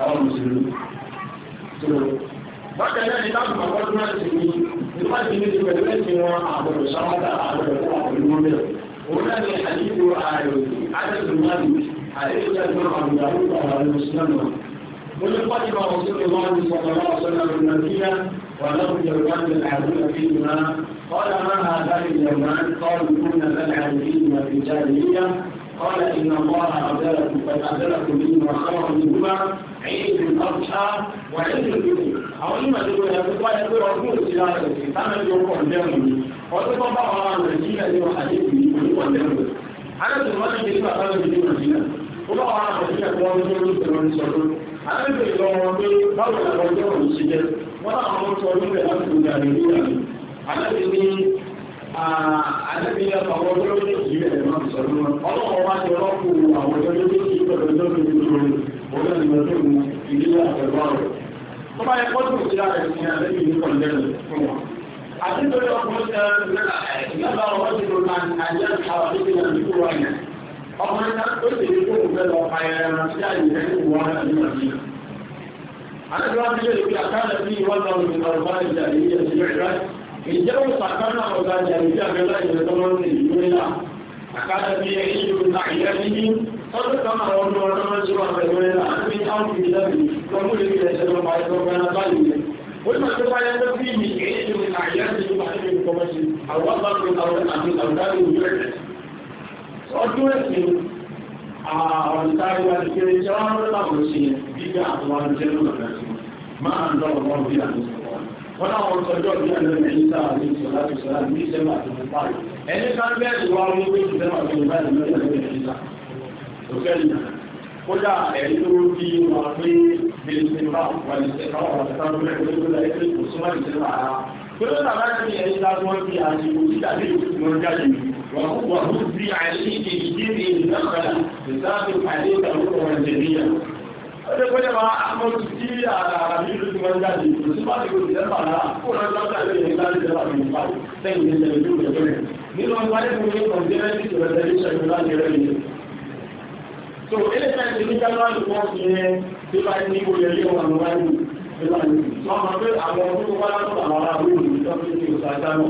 àwọn mùsùlùmí. bákan náà ní káàkiri àwọn ọdún láti ṣe yìí nípa ti ní ti pẹ̀lú ẹ̀sìn wọn àbọ̀dọ̀ sáwọ́dà àbọ̀dọ̀ fún àbọ̀dọ̀ wọn bẹ̀rẹ̀ òun náà ní àdínkù ààrẹ àdínkù náà àdínkù náà fún àbùdá àbúrò àwọn ìṣúná náà قل قدم رسول الله صلى الله عليه وسلم المدينه وله يومان يلعبون فيهما قال ما هذان اليومان قالوا كنا نلعب فيهما في جاهليه قال إن الله قد فأبدلكم منه وخيرا منهما عيد الأضحى وعيد الفطر أو إما تقول يا فتوى يقول رسول الله أنا يقول دمي وتطبع على المدينة وحديثه ويقول دمي أنا تقول لك إذا قال بدون المدينة وضع على المدينة وأنا تقول المدينة أنا في المدينة بáwo la ọjọ́ òun ṣe jẹ́ wọ́n náà àwọn ọmọ tó ọdún rẹ̀ láti gbogbo àgbègbè rẹ̀ àlẹ́ àdébíyẹ àwọn ọjọ́ méjì rẹ̀ náà sọ̀rọ̀ náà ọlọ́wọ́ wá ti rọ́pò àwọn ọjọ́ méjì pẹ̀lú ọjọ́ méjì rẹ̀ ọjọ́ ìgbẹ́jọ́ mu ìdílé àtẹ̀wá rẹ̀ tó bá yẹ kọ́tù sí ààrẹ sí àdébíyẹ ní kọ̀ǹdẹ́nù fún wọn. àdébíyẹ ọkùnrin kan lábàá ọwọ́ ti lọ́nà àjẹ́ àwọn àdébíyẹ ní kúrò àyà ọkùnrin kan tó ti rí fóun fẹ́ lọ ayẹyẹ sí àyẹ̀yẹ́ ní wọn àdébíyẹ àdébíyẹ ti lè fi àkáàlẹ̀ sí ìwọ́n náà ní ọ̀rọ̀ ìjẹ́ òṣàkánà ọ̀gájà ìjẹ́ àgbẹ̀lá ìjẹ́ tó wọ́n ti ìlú nílà àkádà bí i ìlú àìyá níbi ọdún kan àwọn ọdún ọdún wọn ti wà pẹ̀lú nílà àti àwọn ìdábì lọ́mú lè fi ẹ̀ṣẹ̀ lọ́pàá ẹ̀ṣẹ̀ ọ̀gáná báyìí ó ní àti báyá tó bí i ìlú àìyá níbi àti ìkọmọ̀sí àwọn àbáfẹ́ àwọn àti àwùdárí ìlú rẹ̀ ọdún ẹ̀sìn àwọn ìtàrí wa ti kéré jẹ́ wọn lọ́wọ́ sí i bí i àwọn àjẹ́lú màá ń lọ́wọ́ bí i àtúnṣe wọ́n náà wọ́n sọjọ́ ní ẹ̀lẹ́ ìṣẹ́ta àti ìṣọ́lá ìṣọ́lá ní ìṣẹ́mà tó ń pààrọ̀ ẹni ká bẹ́ẹ̀ wá mú pé ìṣẹ́mà tó ń báyìí ní ẹ̀lẹ́ ìṣẹ́ta tó kẹ́lì kódà ẹ̀yí tó ń fi wọn pé bèèrè bá wà ní ìṣẹ́ta wà ní ìṣẹ́ta lórí ẹgbẹ́ tó lọ ẹgbẹ́ tó súnmọ́ ìṣẹ́ta ara pé ó nàbá ti ẹ̀yí tá wọ́n fi àsìkò títà ní ìṣùgbọ́n jáde wọ́n kú wà ó ti àìsí ìdí ìdí ìdí ìdí ìdí ṣe pé jẹ́ máa mọ́ sí àrà ní ìlú tí wọ́n jáde ìlú tí wọ́n ti kò jẹ́ bàrá kó lọ lọ́ta ilé ìlú láti jẹ́ bàrá nípa lẹ́yìn ilẹ̀ ìlú ìjọba nínú ọdún wáyé fún mi kàn jẹ́ ti rẹ̀ tẹ̀lé ìṣẹ̀lú láti rẹ̀ yìí. so ilé ìfẹ́ ti ní january wọ́n fi yẹ bí bá ní oyè ilé wọn àwọn wáyé nípa ní. wọ́n mọ̀ pé àwọn ọdún tó wáyé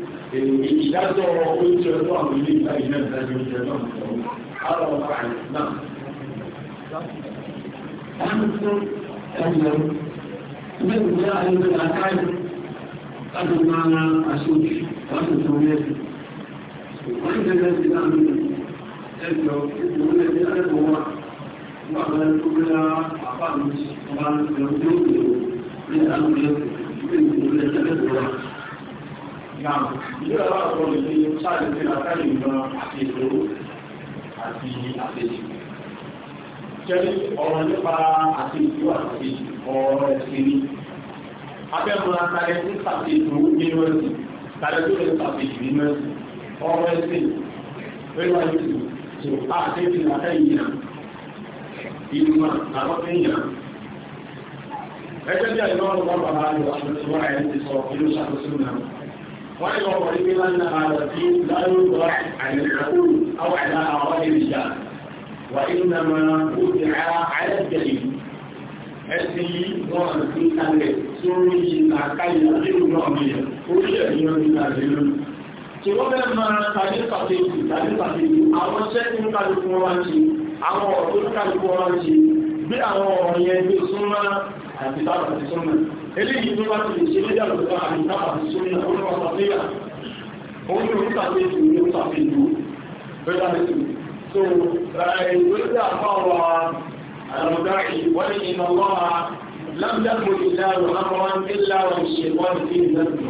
ìdájọ́ oúnjẹ ọdún àwọn ilé ìgbà ìlẹ́ ìdájọ́ oúnjẹ náà àwọn ọ̀pá náà ẹgbẹ̀rún mẹ́rin ní àìyẹ̀ àkáyì láti máa ra aṣojú láti tó mẹ́rin wọ́n ń gẹ́gẹ́ sí náà nínú ẹgbẹ̀rún ìgbẹ̀rún ẹgbẹ̀rún ẹgbẹ̀rún wà wọ́n bá lẹ́nu tó gbẹ́ra àpá mi wọ́n bá lẹ́nu tó gbẹ́ra ní àwọn ẹgbẹ̀rún ẹgbẹ̀rún ẹgbẹ̀rún náà ìlera wà tó lè fi sáàlì pé látàrí ìran àti ètò àti àtẹ̀jì jẹ́ ọ̀rọ̀ nípa àti ìlú àti ọ̀rọ̀ ẹ̀sìn ni abẹ́mọ̀ra tàbí tó sàfihàn nínú ẹ̀sìn tàbí tó lè sàfihàn nínú ẹ̀sìn ọ̀rọ̀ ẹ̀sìn pẹ̀lú àyẹ̀sìn tó àtẹ̀jì látàrí ìran ìlúmọ̀ àwọn èèyàn ẹgbẹ́ bí àìmọ́ ọ̀rọ̀ bàbá rẹ̀ wà lọ́wọ́ àìsí sọ ìlú ṣàkóso náà وعظ طبيبا ان هذا الدين لا يوضع عن العقول او على اعراض الرجال وانما وضع على الدليل ẹsìn yìí wọ́n ti kalẹ̀ tí ó rí àkáyà nínú náà ní ẹ̀ orílẹ̀ ní ọdún ìtàlẹ̀ lónìí. tí wọ́n bẹ́ẹ̀ máa tàbí pàtẹ́kì tàbí pàtẹ́kì àwọn iṣẹ́ tí ó kálukú wọn wá sí àwọn ọ̀rọ̀ tó kálukú wọn wá sí gbé àwọn ọ̀rọ̀ yẹn gbé súnmọ́ àti táwọn àti súnmọ́. eléyìí tó bá ti lè ṣe méjì àlùkò àyíká àti sóyún àwọn ọmọ sàfíà òun ni òun tàbí ètò ìlú tàbí ìlú bẹ́ẹ̀ láti tù so ìwé tí a fà wà àlùdá ìwọ́n ní iná wọ́n a lábílẹ̀ kò ní ìlà rẹ̀ wọ́n máa ń gbé láwọn ìṣe wọ́n ti ń lẹ́nu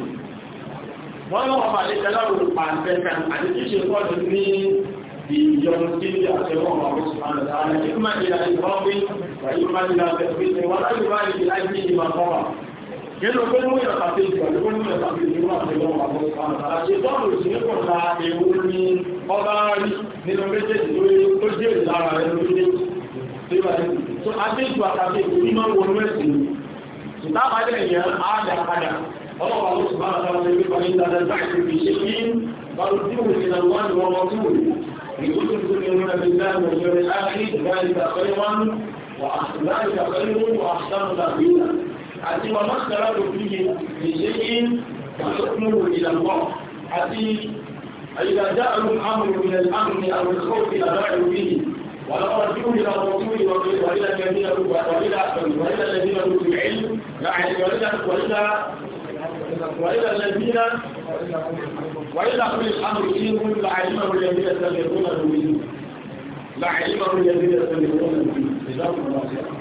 wọ́n lọ́wọ́ bá lè tẹ́lá rò pàṣẹ kan àti ṣíṣe wọ́n ti ní ìjọba tí àtẹ̀wọ̀n àwọn sùpàdé àti ìmọ̀ ìlà ìfọ́wé ìmọ̀ ìlà ìfọ́wé wọ́n láti bá ìlà ìfọ́wé nínú pé mú ìyàtà tí ìjọ ìwé ní ìyàtà tí ìjọ náà ti lọ́wọ́ àwọn ìpàdé àti bọ́ọ̀lù òṣèré kò ta ewu ní ọba rí nínú méjèèjì tó jẹ́ ìlara rẹ̀ lórílẹ̀ tó adé ìjọ àtàkì ìjọ nínú wọnú ẹ̀sìn ìtàbàdé ìyẹn àádà padà ọlọ́wọ́ àwọn ìṣùgbọ́n àtàwọn ìwé pàdé ìdájọ́ ìgbàgbé ìṣe kí bàrùdíwò ìlànà wọn ni wọn mọ يقول المؤمنون بالله واليوم الآخر ذلك خيرا وأحسن ذلك خير وأحسن تأويلا àti màmá sara lòdì ìṣẹ́yẹ ìṣọ́kùnrin ìlànà àti àyíkájá àrùn àmùrù ilẹ̀ àmùrù àwọn ìṣọ́kùnrin ìlànà ìwé ولقد رجعوا الى الرسول والى الذين والى الذين اوتوا العلم والى الذين والى اولي الامر فيهم لعلمه الذين يستمعون به لعلمه الذين يستمعون منهم جزاكم الله خيرا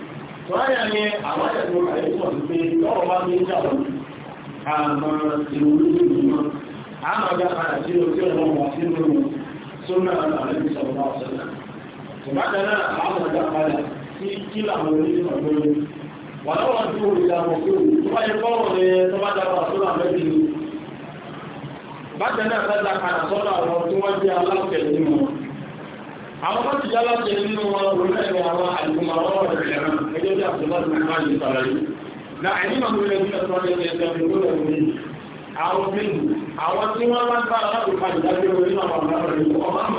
Sọ́yà ni àwọn ẹ̀sùn àìsàn A máa náà àwọn ọ̀gá padà sí tí wọ́n jẹ́ àwọn tó ti já láti nínú wọn orílẹ̀-èdè àwọn àdìgbòmọ̀ àwọn ọ̀rẹ́ rẹ̀ náà gẹ́gẹ́ bí àbúrò ní máa ń sọ̀rọ̀ yìí na àyíká mi lè ní ọ̀sán ní ẹ̀sẹ̀ mi ló lè ní àwọn bíbù àwọn tí wọ́n máa ń bá aláàbò kan ìdájọ́ orí náà wọn lára rẹ̀ wọ́n máa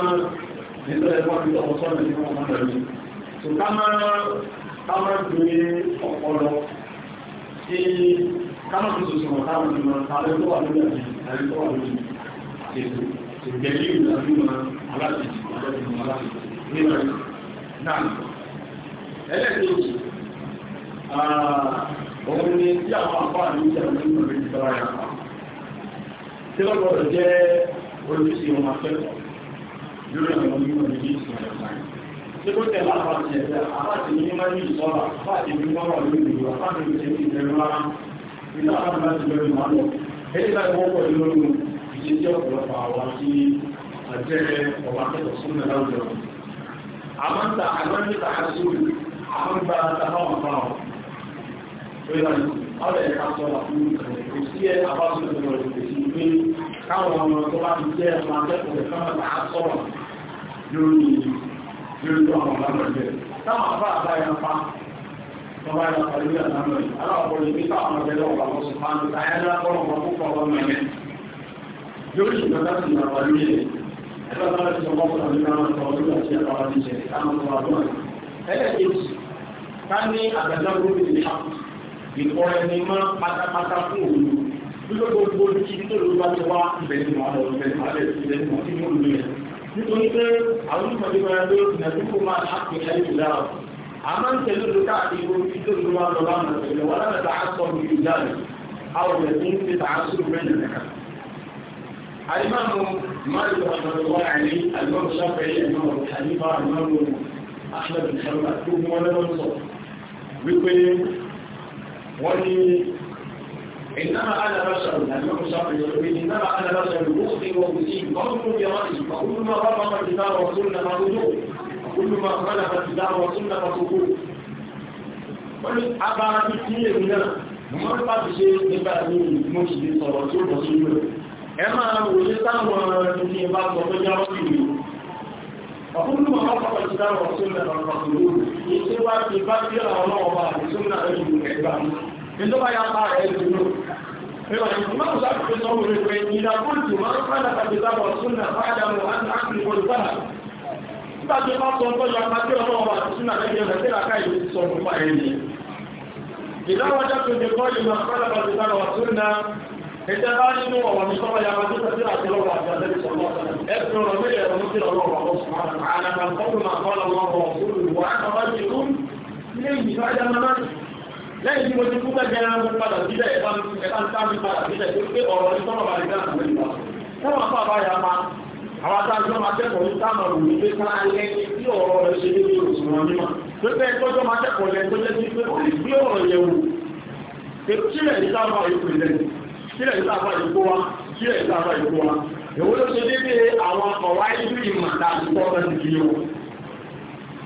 máa ìgbẹ̀lẹ́ òun ni tí àwọn àpá ní ìjà ní ìgbẹ̀lẹ́ ìjọba rẹ̀ pa tí wọ́n gbọ́dọ̀ jẹ́ olùsí wọn akẹ́kọ̀ọ́ lórí àwọn onímọ̀ ní ìsìn ọ̀rẹ́ sáyẹn tí ó tẹ̀ láwọn àti ẹ̀fẹ́ àbájì ní mímọ́ ní ìsọ́lá fáàdì ní mọ́rọ̀ lórí ìlú àpáàdì ní ìṣẹ́ ìṣẹ́ ńlá ti jẹ́ ọ̀pọ̀lọpọ̀ àwọn tí àjẹ́ ọba akẹ́kọ̀ọ́ sún náà láwùjọ. àwọn ta àwọn níta aṣọ àwọn gba táwọn ọ̀pá ọ̀ pẹ̀lú àwọn ẹ̀ka sọ àfihàn kò sí ẹ̀ àbáṣọ ìrọ̀lẹ́ kò sí pé káwọn ọmọ tó bá ti jẹ́ ọmọ akẹ́kọ̀ọ́ rẹ̀ káwọn ta sọ̀rọ̀ lórí lórí àwọn ọ̀làmọ̀ rẹ̀ táwọn afá àbáyé apá yóò ṣe ìgbàlá sí ìyàwó ayé ẹ̀ ẹ̀fẹ́ bá ti sọ fọ́fọ́ ní káwọn sọ ọdún àti ẹ̀fà wa ti jẹ káwọn sọ àdúrà ẹlẹ́kejì ká ní àgbàdo lórí ìlà ìkọ́ ẹni mọ́ pátápátá fún òun nígbà gbogbo ibi tó lóba ti wá ibẹ̀ ni wọ́n lọ ibẹ̀ ni wọ́n lẹ̀ ibẹ̀ ni wọ́n ti mú ìlú yẹn nítorí pé àwọn ìmọ̀lẹ́ máa lé ìnàdúgbò máa ṣàpè ayé ìdára àmọ́ الإمام مالك رحمه الله عليه الإمام الشافعي الإمام أبو حنيفة الإمام أحمد بن حنبل الكوفي ولا منصور بيقول إيه؟ ولي إنما أنا بشر الإمام الشافعي يقول إنما أنا بشر أخطئ وأصيب بظلم برأيي فكل ما رفض الكتاب والسنة فغدوه وكل ما خالف الكتاب والسنة فسقوط ولي أبى كثير من أنا mo máa ń bá ti ṣe nígbà míì mo sì ẹ máa wòye sáwọn ẹni ìbá sọ̀tọ́ jáwọ́ sí ìlú ọkùnrin mọ̀ máa sọ̀tọ̀ sí dáwọ̀ sí ìlú ọ̀rọ̀ ìlú yìí tí wá ti bá bí àwọn ọba àti súnmọ́ ẹni ìlú ẹgbà ní tó bá yá pa ẹ̀ ti lò Ewa ni kuma ku zaɓi ku sauwa ne kai ina kuntu ma kada ka bi zaɓa sunna ba da mu an akli ko ba. Ba ke ma son ko ya ma kira ko ba sunna da ke da kira kai son ko ba ne. Idan wajen ku ne ko ina kada ka bi zaɓa sunna ẹjẹ́ bá nínú ọ̀rọ̀ ní sọ́wọ́ yàrá tó tẹ̀sí àti ọ̀rọ̀ àti àtẹ́lẹ̀ sọ̀rọ̀ ẹ̀sìn ọ̀rọ̀ mí ẹ̀rọ ní sílẹ̀ ọ̀rọ̀ ọ̀rọ̀ sùmọ́nà àlàmà kọ́kù máa kọ́ lọ́wọ́ ọ̀rọ̀ olùwà àkọ́kọ́ ti rú ní ìgbà jámánà lẹ́yìn tí mo ti kúkẹ́ jẹ́ ẹran padà sílẹ̀ ẹ̀bá ń sáàmì padà sílẹ̀ tó pé ọ̀rọ̀ ní sọ́wọ́ bá nígbà náà lẹ́yìn wọn fà bá yà máa àwọn adájọ́ máa kẹ́kọ̀ọ́ ní sáàmà rò ní pé sáà lẹ́yìn tí ọ̀rọ̀ rẹ̀ ṣe débi òṣùwọ̀n mímọ́ pé bẹ́ẹ̀ tọ́jọ́ máa kẹ́kọ̀ọ́ lẹ́yìn tó pé ó gbé ọ̀rọ̀ yẹ̀wò ètò sílẹ̀ ní sáàmà ìpìlẹ̀ kílẹ̀ ìlú àbá wa kílẹ̀ ìlú àbá wa èwo ló ṣe déédéé àwọn ọ̀wá ìlú ìmọ̀ láti kọ́ ọ́nà ti kiri wọn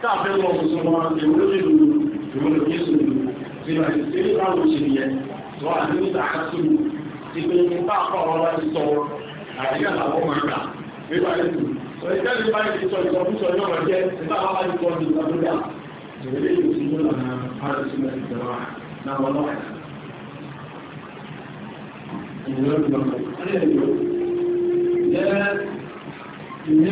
káàfẹ́ wọn kò sọ wọn èwo ló ṣe lòlù èwo ló ṣe lòlù ìgbà tí ó bá wò ṣe nìyẹn wọn àti ní sàkásù ìpè nípa àpá ọ̀rọ̀ láti sọ àdéhà làwọn máa gbà nípa ètò ìjọba ìjọba ìjọba ìjọba ìjọba jẹ́ nípa àwọn àjùkọ́ ìjọba tó dà ìrẹ̀lẹ̀ ìjọba ìjọba náà Wọ́n ní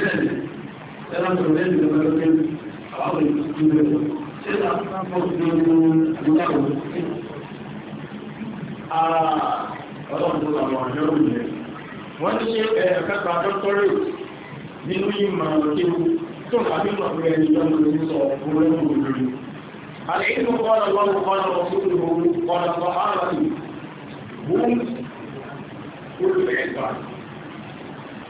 ẹ̀ẹ̀kẹta dọ́kọ́rẹ̀ nínú ìmọ̀ òkèrú tó tàbí ọ̀pẹ́ ẹni lọ́nà ní sọ ọ̀pọ̀ ẹ̀mù òjòrò. Àlẹ́ ìlú kọ́nà lọ́nà kọ́nà ọ̀sọ́rọ̀ ọ̀rọ̀ kọ́nà كل العلم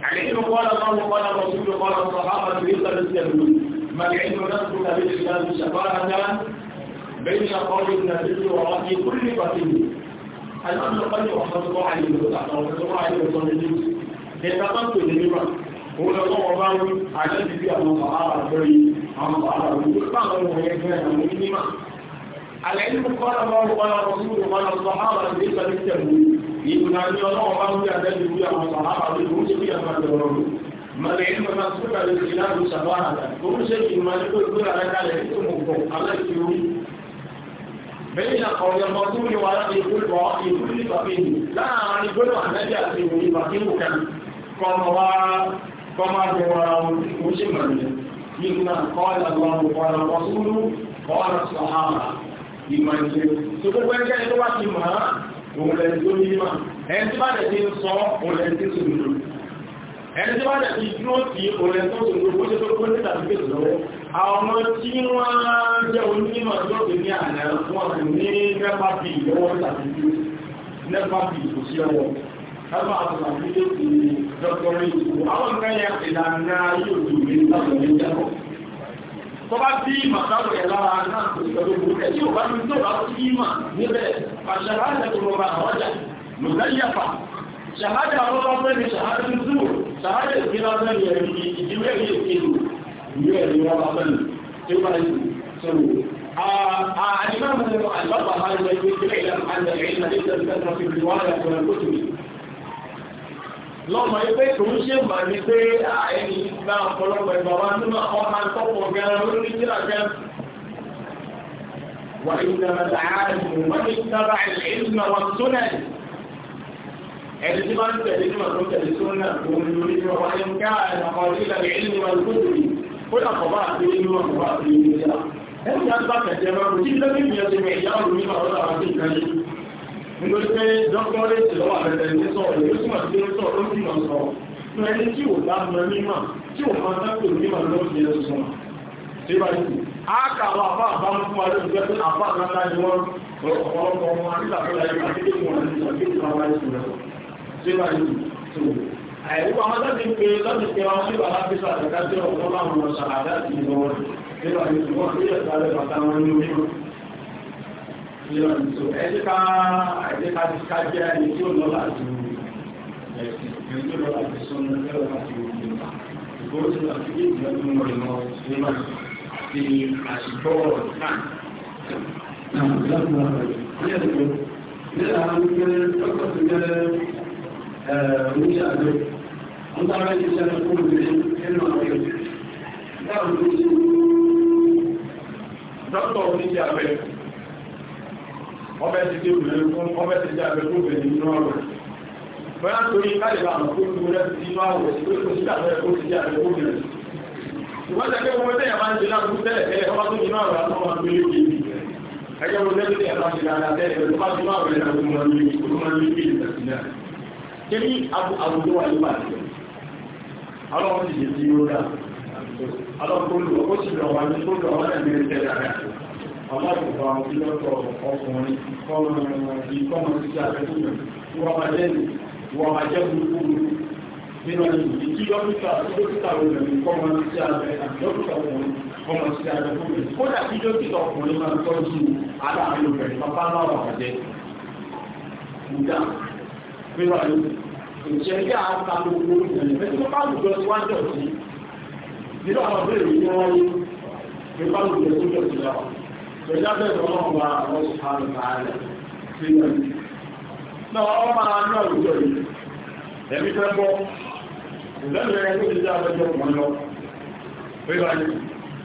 عليه يعني قال الله قال الرسول قال الصحابة يقدر يستدلون ما العلم نذكر بالإسلام شفاعة بين قول النبي ورأي كل قتيل الأمر قد يحفظ الله عليه وسلم وحفظ الله عليه وسلم يتقدم جميعا هو الله على الذي من الصحابة الكريم عن الصحابة الكريم أمر الصحابة الكريم العلم قال الله قال رسوله قال الصحابة ليس بالتمويل يقول أن الله قال يا ذلك يا صحابة ليس بالتمويل ما العلم مسبوق على الخلاف سباحة كل شيء ما يقول على كلام مكتوب على الكيوي بين قول المرسول ورد كل واحد كل فقيه لا يعني كل واحد جاء في فقيه كان كما كما هو مسلم منه قال الله قال الرسول قال الصحابة ìmọ̀ ìṣe tó gbogbo ẹgbẹ́ ẹni tó bá ti mọ̀ án òun lẹ́ni tó ní mọ̀ ẹni tó bá dẹ̀ ti ń sọ òun lẹ́ni tó sòdòdò ẹni tó bá dẹ̀ ti dúró tí òun lẹ́ni tó sòdòdò bó ṣe tó kó ní tàbí lọ́wọ́ àwọn ọmọ tí wọ́n jẹ́ onímọ̀ lóde ní àná wọn sì ní nẹ́pà bí ìlọ́wọ́ tàbí ní ìlànà tó bá bí ìmọ̀ láwọ̀ ẹ̀ lára náà kò ìgbàlódé ẹ̀ tí ò bá ní tó bá sí ìmọ̀ níbẹ̀ àṣàlàyé tó lọ́ba àwọn ọjà lùdáyàfà ṣàhádà ọlọ́pẹ́ ni ṣàhádà tó ṣàhádà ìgbìlọ́pẹ́ ni ẹ̀rí ìdíwẹ̀ ní èkéèrò ìwé ẹ̀rí wọn bá fẹ́lú tí wọ́n ti sọ̀rọ̀ àdìmọ́ àwọn àlọ́pàá máa ń lọ ìgbésẹ̀ ìlànà àti ẹ̀rí ìlànà lọ́mọ ẹgbẹ́ tó ń ṣe mà ní pé ẹni gba ọ̀pọ̀lọpọ̀ ìbàwá nínú ọmọ àtọ́pọ̀ gẹ́rẹ́ lórí tíra gẹ́rẹ́. وإنما العالم من اتبع العلم والسنن التي من تلزم كنت السنة ومن يريد وإن كان قليل العلم والكفر كل قضاء العلم وقضاء العلم لله. هل ينبغي الجماعة جدا من يجمع يوم من أولا عزيز nítorí pé dọ́kítọ́rẹ́tì lọ́wọ́ àbẹ̀tẹ̀ ní sọ̀rọ̀ èyí túmọ̀ sí pé sọ̀rọ̀ ló ń bímọ sọ fún ẹni tí ò bá mọ mímọ̀ tí ò máa dákò mímọ̀ ló ń yẹ sọ tí bá yìí á kà àwọn àbá àbá ń fún wa lóṣù jẹ́ pé àbá àgbàlá ni wọ́n ọ̀pọ̀lọpọ̀ wọn àtìgbàgbọ́lá yìí àti kéwọn àti ìgbàgbọ́ àwọn àìsàn rẹ̀ tí bá yìí tó àìwú àwọn láti pé láti pé wọn sí bàbá fi sàtẹ̀ká tí ìlọ́nìtò ẹ̀ẹ́dẹ́ká ẹ̀ẹ́dẹ́ká ti kájẹ́ ẹni tí ó lọ láti ẹ̀sìn ẹni tí ó lọ láti sọ́nà ẹ̀rọ láti òkè ìgbóhùn tí wọ́n ti gbé ìjọba mọ̀ ìmọ̀ ìmọ̀ ti àṣìkò náà. Nílẹ̀ àwọn ìgbẹ́ ọkọ̀ ti gbẹ́ orí àjọ, wọ́n tàbí ìṣẹ́ ẹ̀kọ́ obìnrin nínú àwọn ìlú. Dáàbò tó ṣe dọ́tọ̀ oníṣẹ́ abẹ́rẹ́ ọbẹ̀ ti dé ìrìnlẹ̀ fún ọbẹ̀ ti jẹ́ àbẹ̀kú bẹ̀rẹ̀ nínú ọ̀rọ̀ bọ́yá torí káàdìbà àwọn tó ń gbọ́dẹ̀ sí inú àwọ̀ tó kò sí àbẹ̀kú ti jẹ́ àbẹ̀kú bẹ̀rẹ̀ ṣùgbọ́n jẹ́ pé wọ́n mẹ́tẹ́ yà máa ń ṣe láàbù tẹ́lẹ̀ tẹ́lẹ̀ ọba tó nínú àwọ̀ àtọ́ máa ń gbélé kí ni ẹjọ́ mo lẹ́gbẹ̀ẹ́ tẹ́lẹ̀ máa ń ṣe dáadáa tẹ́lẹ̀ tó bá tún àwọ̀ ẹ̀dá tó máa ń lé kí ló máa ń lé kí lè tẹ̀sí náà kí ni àwùjọ wà ní bàtẹ́ ọlọ́run ti ṣe sí yóò dá ọlọ́run tó lù ọ́ ó sì lọ wá ní tó lọ wá náà ní ẹ̀ṣẹ̀ dáadáa aláàbòbá ìlọ́tọ̀ ọkùnrin ìkọ́mọ títí àfẹ́sùnmọ̀ wọ́n máa jẹ́ gbogbo nínú ìlú tí dókítà dókítà obìnrin kọ́mọ títí àfẹ́ àti dókítà ọkùnrin kọ́mọ títí àfẹ́ fúnbìnrin kódà tí dókítà ọkùnrin máa ń tọ́jú aláàbò obìnrin pápá náà wà jẹ́ ìdá nínú ìlú ìṣẹ̀lẹ̀ àtàkùn obìnrin fẹ́ tí wọ́n bá lùjọ síwájú ọ̀sìn nínú àwọn ọ̀bẹ̀rẹ̀ yìí wọ́n wáyé nípa lùjọ síwájú ọ̀sìn pẹ̀lú abẹ́rẹ́ ọlọ́run wa àwọn ìṣàlù ààrẹ sí ẹ̀mí. náà wọ́n máa ní àwùjọ yìí ẹ̀mí fẹ́ bọ́ ìlẹ́nu ẹ̀rọ tó ti dá abẹ́jọ́ wọn lọ. pé báyìí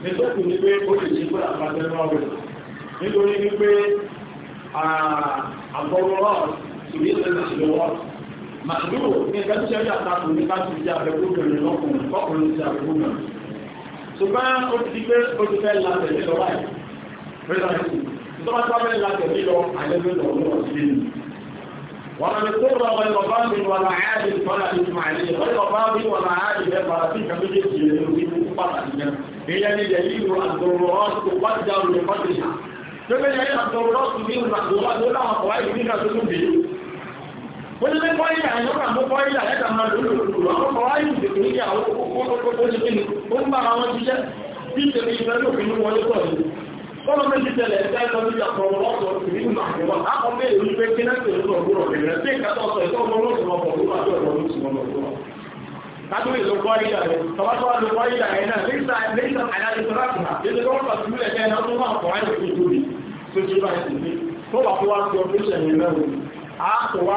nítorí ni pé ó lè ṣe pé àpàtẹ náà wẹ̀ nítorí ni pé àbọ̀wọ́ ìgbésẹ̀ ti ṣe wọ́n. màdúró ní ẹgbẹ́ tó ṣe ọjà àtakò ní káàkiri ti àbẹ̀kúnrin lọ́kùnrin kọ́kùnrin ti àbẹ̀kúnrin. ṣùgbọ́n ó ti di pé ó ti fẹ́ la tẹ̀lé lọ́wọ́ yìí ومن اضطر غير باب ولا عاد فلا اثم عليه غير باب ولا عاد فلا تلك بجد يذهب فقط هي دليل الضرورات تقدر بقدرها ثم هي الضرورات من المحظورات ولا قواعد منها تكون wọ́n lé kọ́ílà ẹ̀yọ́kà mú kọ́ílà ẹ̀ta máa lòlò lòlò àwọn kọ́wáyé ìdèkùn ní àwọn òkú ó ń bá àwọn jíjẹ́ bí ìdèkùn ìfẹ́ lòfin wọlé pọ̀ Bọ́lá méjì tẹ̀lé ẹ̀dá ẹ̀dá lórí àpọ̀lọ́ ọ̀sọ̀ ìrìn màkìwọ́. Àkọ́ bẹ́ẹ̀ ló pé kí náà tẹ̀lé ọ̀gbọ́n ọ̀gbọ́n rẹ̀ sí ìkàtọ̀ ọ̀sọ̀ ìtọ́ ọmọ olóṣùwọ̀n ọ̀pọ̀ ló máa jọ ọ̀rọ̀ olóṣùwọ̀n ọ̀gbọ́n. Kátó ìlú kọ́ ìyá rẹ̀, tọ́wọ́ tó wà ló kọ́ ìyá rẹ̀ náà, nígbà nígbà àyájọ́ tó láti hà, èdè lọ́wọ́ pàtó ìlẹ̀ kẹ́ náà tó máa kọ̀ ayé tó tóbi tó ti bá ti ní. Tó bá tó wá sí ọdún ìṣẹ̀yìn náà, a kò wá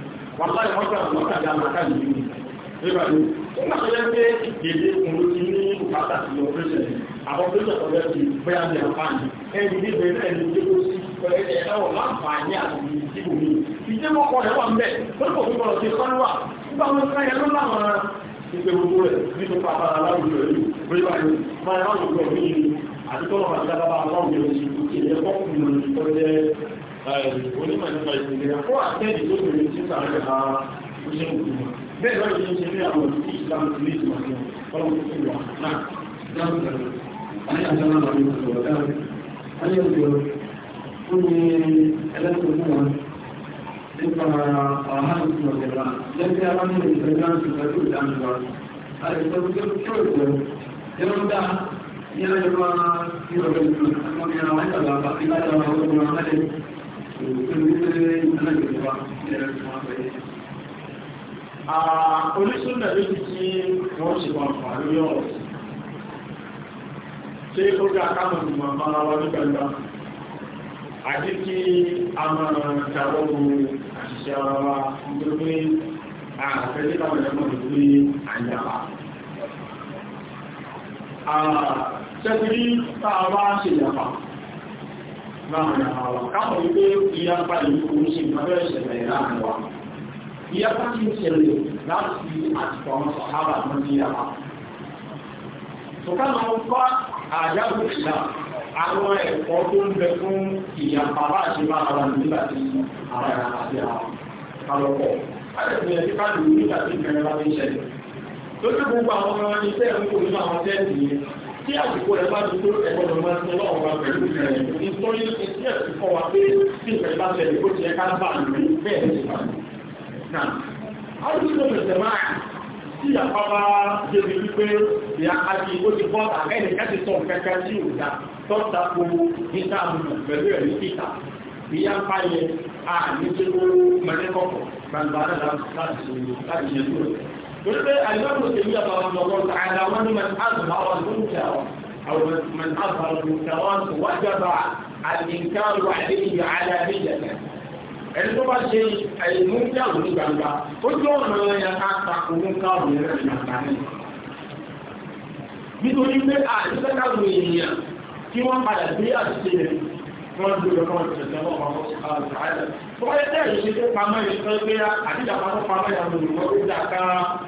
wàhálà ìwọ́jà mọ́tàdé àmàkà nìyí nígbà tó nígbà tó yẹ pé ìdèdè kùn ló ti ní bùkátà sí ọ̀pẹ́sẹ̀ àwọn ọ̀pẹ́sẹ̀ tó yẹ ti bẹ́yà ní àǹfààní ẹni ní bẹ̀rẹ̀ ẹni tó kó sí ẹ̀rọ láǹfààní àti ìdìbò mi ìdí mọ́ kọ́ rẹ̀ wà ń bẹ̀ lọ́pọ̀ tó kọ̀ sí sọ́nùwà nígbà wọn ká yẹ ló láwọn ìgbẹ́ gbogbo rẹ̀ nínú pàpà aláwùjọ yìí bóyá báyìí máa yẹ láwùjọ mi àti tọ́lọ̀ àti onímọ̀ nípa ìpínlẹ̀ fún àtẹ́jì tó bèèrè tí sàárẹ̀ ha ṣe ń kú bẹ́ẹ̀ lọ́rọ̀ tó ṣe ní àwọn òṣìṣẹ́ ìsìlámù tí ní ìtumọ̀ sí ọlọ́run tó wà náà dáhùn sẹ́rẹ̀ ayé àjọ́nà àwọn ìṣòro dáhùn ayé òjò ó ní ẹlẹ́kùn fún wọn nípa ọ̀hán ìtumọ̀ ìjọba lẹ́gbẹ́ aláwọ̀ ìṣẹ̀lẹ̀ náà ti fẹ́ tó dáhùn wa àìsọ tó tó ìjọ ẹ̀rọ dá ní ayé wa ní ọ̀rẹ́ ìtumọ̀ Ah, Oníṣúnà ló ti tí wọ́n ṣe wà fà lórí ọ̀rọ̀. Ṣé ó dá káàmù màmá wa ní gbàgbà? Àti kí a máa jàwọ́ àṣìṣẹ́ ara wa nítorí àfẹ́ láàrin àwọn káwọn wípé ìyapa ìlú kò ń ṣe ìgbàgbọ́ ìṣẹ̀lẹ̀ láàrin wa ìyapa ti ń ṣẹlẹ̀ láti àtìkọ àwọn sàhábà tó ń yapa ṣùgbọ́n àwọn bá àyàwó ìlà àwọn ẹ̀kọ́ tó ń bẹ fún ìyapa bá ṣe máa ara nígbà tí ara ẹ̀ àti àlọ́pọ̀ àtẹ̀sẹ̀ ẹ̀ bá lù nígbà tí ìfẹ́ bá ti ṣẹlẹ̀ lójú gbogbo àwọn ọmọ iṣẹ́ tí àsìkò rẹ̀ bá ti tó ẹ̀gbọ́dọ̀ máa ti lọ́wọ́ wa pẹ̀lú ìrìn nítorí etí ẹ̀sìn kọ́ wa pé tí ìfẹ́ bá tẹ̀lé ó ti yẹ ká bá lù ú bẹ́ẹ̀ ní ìgbà náà. a ti tó tẹ̀sẹ̀ máa tí àpá bá débi wípé ìyá àti ó ti bọ́ àgẹ́ni kẹ́sì sọ kẹ́kẹ́ sí òdà tọ́ta kó níta àmùnà pẹ̀lú ẹ̀rí kíta ìyá ń báyẹ àní tó mẹ́lẹ́kọ̀ọ̀kọ̀ gbàgbà láti ṣe يقول الإمام ابن رحمه الله تعالى ومن أظهر المنكر أو من أظهر المنكرات وجب الإنكار عليه علانية ẹni tó bá ṣe ẹ̀yìnmú ní àwòrán gbangba ó jọ ọ̀nà ẹ̀yà káàkiri òun káàkiri rẹ̀ nígbà ní nítorí pé àìsíkàkàrù èèyàn tí wọ́n padà gbé àṣìṣe rẹ̀ wọ́n gbé ọkọ̀ ìṣẹ̀lẹ̀ ọmọ ọmọ ọ̀sán àìsàn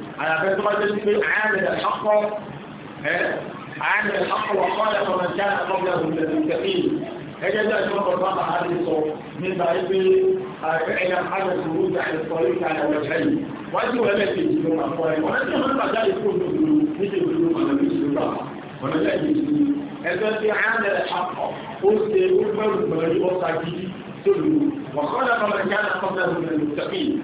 على بيت ما تجد عامل الحق إيه؟ عامل الحق وقال فمن كان قبله من الكثير هي ده شرط الرابع هذه الصور من بعيد اعلم حال الخروج عن الطريق على وجهي وانت ولا تجد يوم الطريق وانت من ذلك كله مثل اليوم على مثل ولا تجد هذا في عامل الحق قلت يقول قلت بل بل وصاكي وخلق من كان قبله من المتقين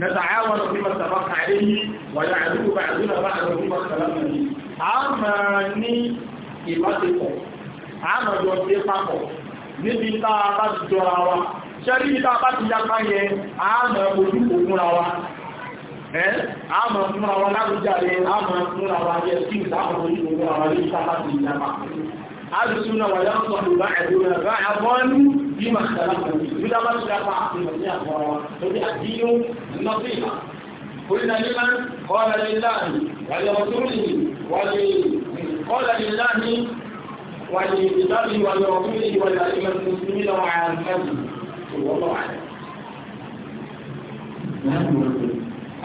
نتعاون فيما اتفقنا عليه ويعدو بعضنا بعضا فيما اختلفنا فيه àmà ní ìbáṣepọ̀ àmà jọ sí papọ̀ níbi tá a bá ti jọra wa ṣẹ́rí tá a bá ti yapa yẹ àmà ojú kò múra wa àmà múra wa lágbèjáde àmà múra wa yẹ sí ìdáàbò ojú kò múra wa ní ìta bá ti yapa أرسلنا وينصح بعدنا بعضا بما اختلفنا فيه إذا ما شاء عقل المسيح فهذه الدين النصيحة قلنا لمن قال لله ولرسوله قال لله ولكتابه ولرسوله ولأئمة المسلمين وعامتهم والله أعلم